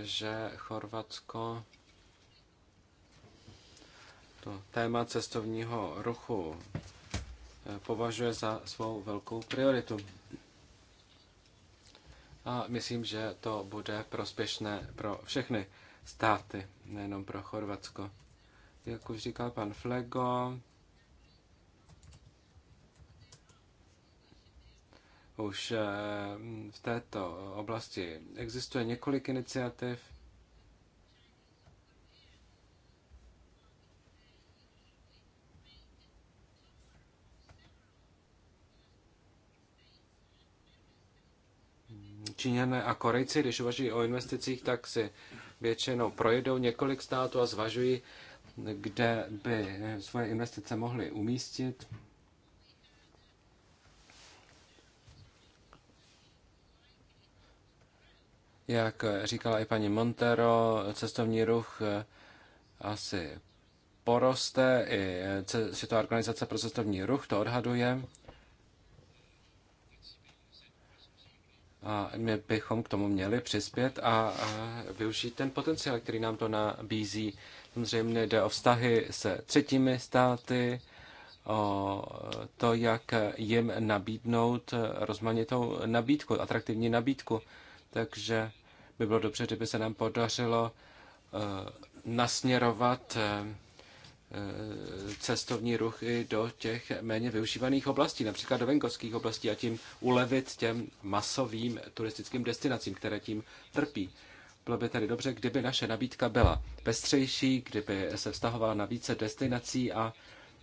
e, že Chorvatsko to téma cestovního ruchu e, považuje za svou velkou prioritu. A myslím, že to bude prospěšné pro všechny státy, nejenom pro Chorvatsko jak už říkal pan Flego, už eh, v této oblasti existuje několik iniciativ. Číňané a Korejci, když uvažují o investicích, tak si většinou projedou několik států a zvažují, kde by svoje investice mohli umístit. Jak říkala i paní Montero, cestovní ruch asi poroste, i Světová organizace pro cestovní ruch to odhaduje. A my bychom k tomu měli přispět a využít ten potenciál, který nám to nabízí. Samozřejmě jde o vztahy se třetími státy, o to, jak jim nabídnout rozmanitou nabídku, atraktivní nabídku. Takže by bylo dobře, kdyby se nám podařilo eh, nasměrovat eh, eh, cestovní ruch i do těch méně využívaných oblastí, například do venkovských oblastí a tím ulevit těm masovým turistickým destinacím, které tím trpí. Bylo by tedy dobře, kdyby naše nabídka byla pestřejší, kdyby se vztahovala na více destinací a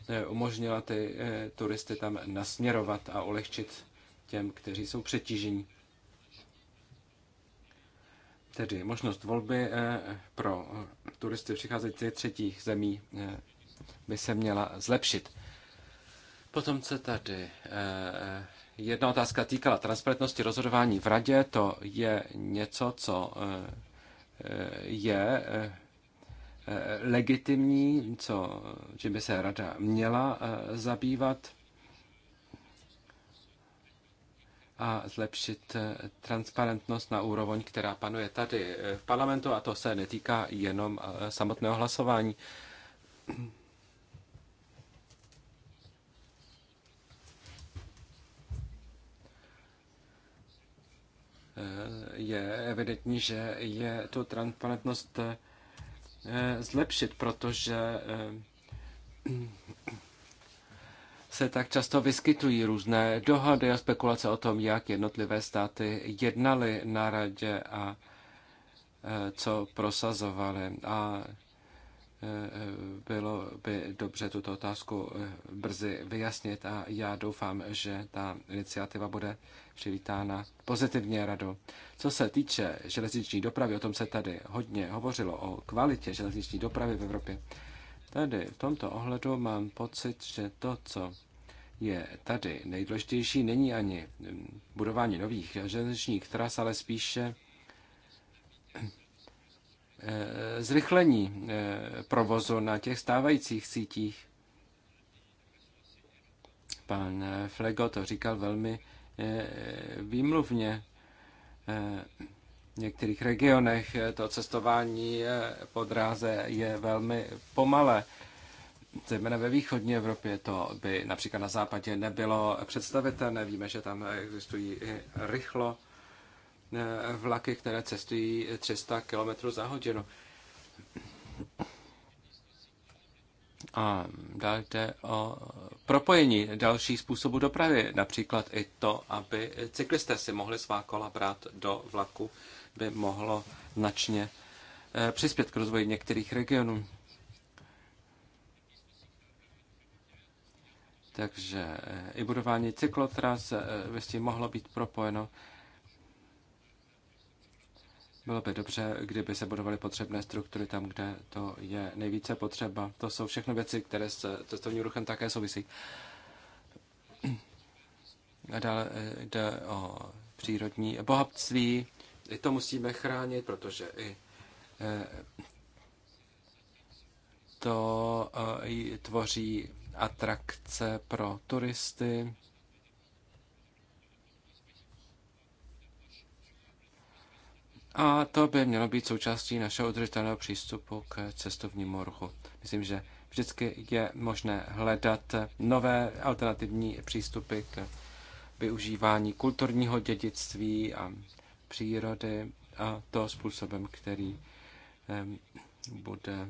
e, umožnila ty e, turisty tam nasměrovat a ulehčit těm, kteří jsou přetížení. Tedy možnost volby e, pro turisty přicházející třetích zemí by se měla zlepšit. Potom se tady jedna otázka týkala transparentnosti rozhodování v radě. To je něco, co je eh, legitimní, co, čím by se rada měla eh, zabývat a zlepšit eh, transparentnost na úroveň, která panuje tady v parlamentu a to se netýká jenom samotného hlasování. je evidentní, že je tu transparentnost eh, zlepšit, protože eh, se tak často vyskytují různé dohady a spekulace o tom, jak jednotlivé státy jednaly na radě a eh, co prosazovali. A bylo by dobře tuto otázku eh, brzy vyjasnit a já doufám, že ta iniciativa bude přivítána pozitivně radou. Co se týče železniční dopravy, o tom se tady hodně hovořilo, o kvalitě železniční dopravy v Evropě. Tady v tomto ohledu mám pocit, že to, co je tady nejdůležitější, není ani budování nových železničních tras, ale spíše Eh, zrychlení eh, provozu na těch stávajících sítích. Pan eh, Flego to říkal velmi výmluvně. V některých regionech to cestování po dráze je velmi pomalé. Zejména ve východní Evropě to by například na západě nebylo představitelné. Víme, že tam existují rychlo Eh, vlaky, které cestují 300 km za hodinu. A dále jde o propojení dalších způsobů dopravy, například i to, aby cyklisté si mohli svá kola brát do vlaku, by mohlo značně eh, přispět k rozvoji některých regionů. Takže eh, i budování cyklotras by s tím mohlo být propojeno. Bylo by dobře, kdyby se budovaly potřebné struktury tam, kde to je nejvíce potřeba. To jsou všechno věci, které s cestovním ruchem také souvisí. A dále eh, jde o přírodní bohatství. I to musíme chránit, protože i eh, to eh, tvoří atrakce pro turisty. A to by mělo být součástí našeho udržitelného přístupu k cestovnímu ruchu. Myslím, že vždycky je možné hledat nové alternativní přístupy k využívání kulturního dědictví a přírody a to způsobem, který bude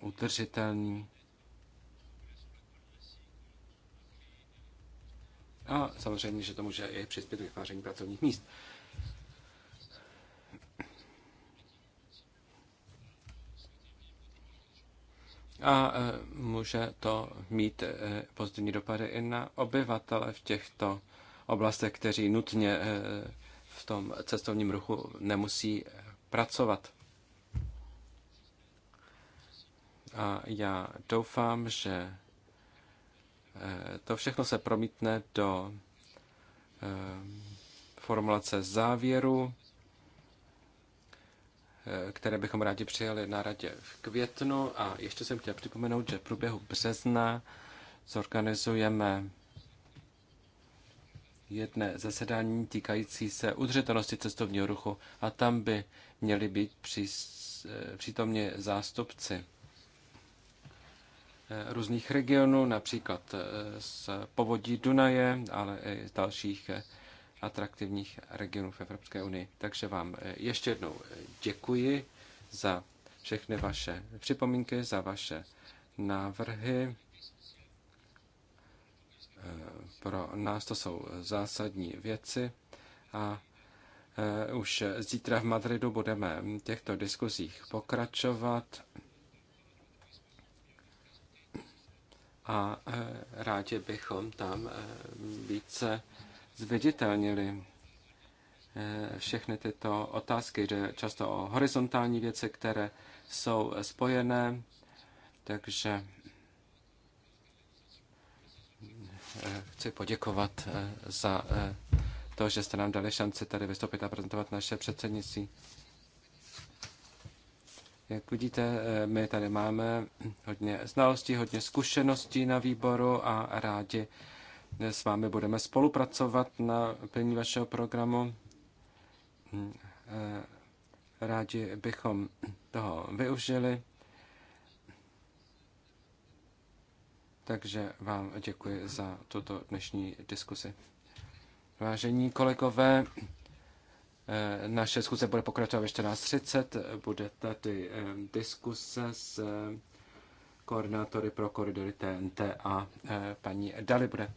udržitelný. A samozřejmě, že to může i přispět k vytváření pracovních míst. a e, může to mít e, pozitivní dopady i na obyvatele v těchto oblastech, kteří nutně e, v tom cestovním ruchu nemusí pracovat. A já doufám, že to všechno se promítne do formulace závěru Eh, které bychom rádi přijali na radě v květnu. A ještě jsem chtěl připomenout, že v průběhu března zorganizujeme jedné zasedání týkající se udržitelnosti cestovního ruchu a tam by měli být při, eh, přítomně zástupci eh, různých regionů, například z povodí Dunaje, ale i z dalších atraktivních regionů v Evropské unii. Takže vám eh, ještě jednou eh, děkuji za všechny vaše připomínky, za vaše návrhy. Eh, pro nás to jsou zásadní věci a už zítra v Madridu budeme v těchto diskuzích pokračovat a rádi bychom tam více zveditelnili eh, všechny tyto otázky. že často o horizontální věci, které jsou spojené, takže eh, chci poděkovat eh, za to, že jste nám dali šanci tady vystoupit a prezentovat naše předsednictví. Jak vidíte, my tady máme hodně znalostí, hodně zkušeností na výboru a rádi s vámi budeme spolupracovat na plní vašeho programu. Eh, rádi bychom toho využili. Takže vám děkuji za tuto dnešní diskusi. Vážení kolegové, eh, naše schůze bude pokračovat ve 14.30. Bude tady eh, diskuse s koordinátory pro koridory TNT a paní Dali bude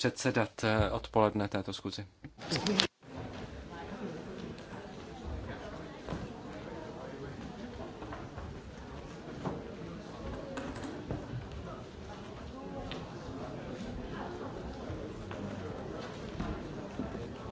předsedat eh, odpoledne této schůzi.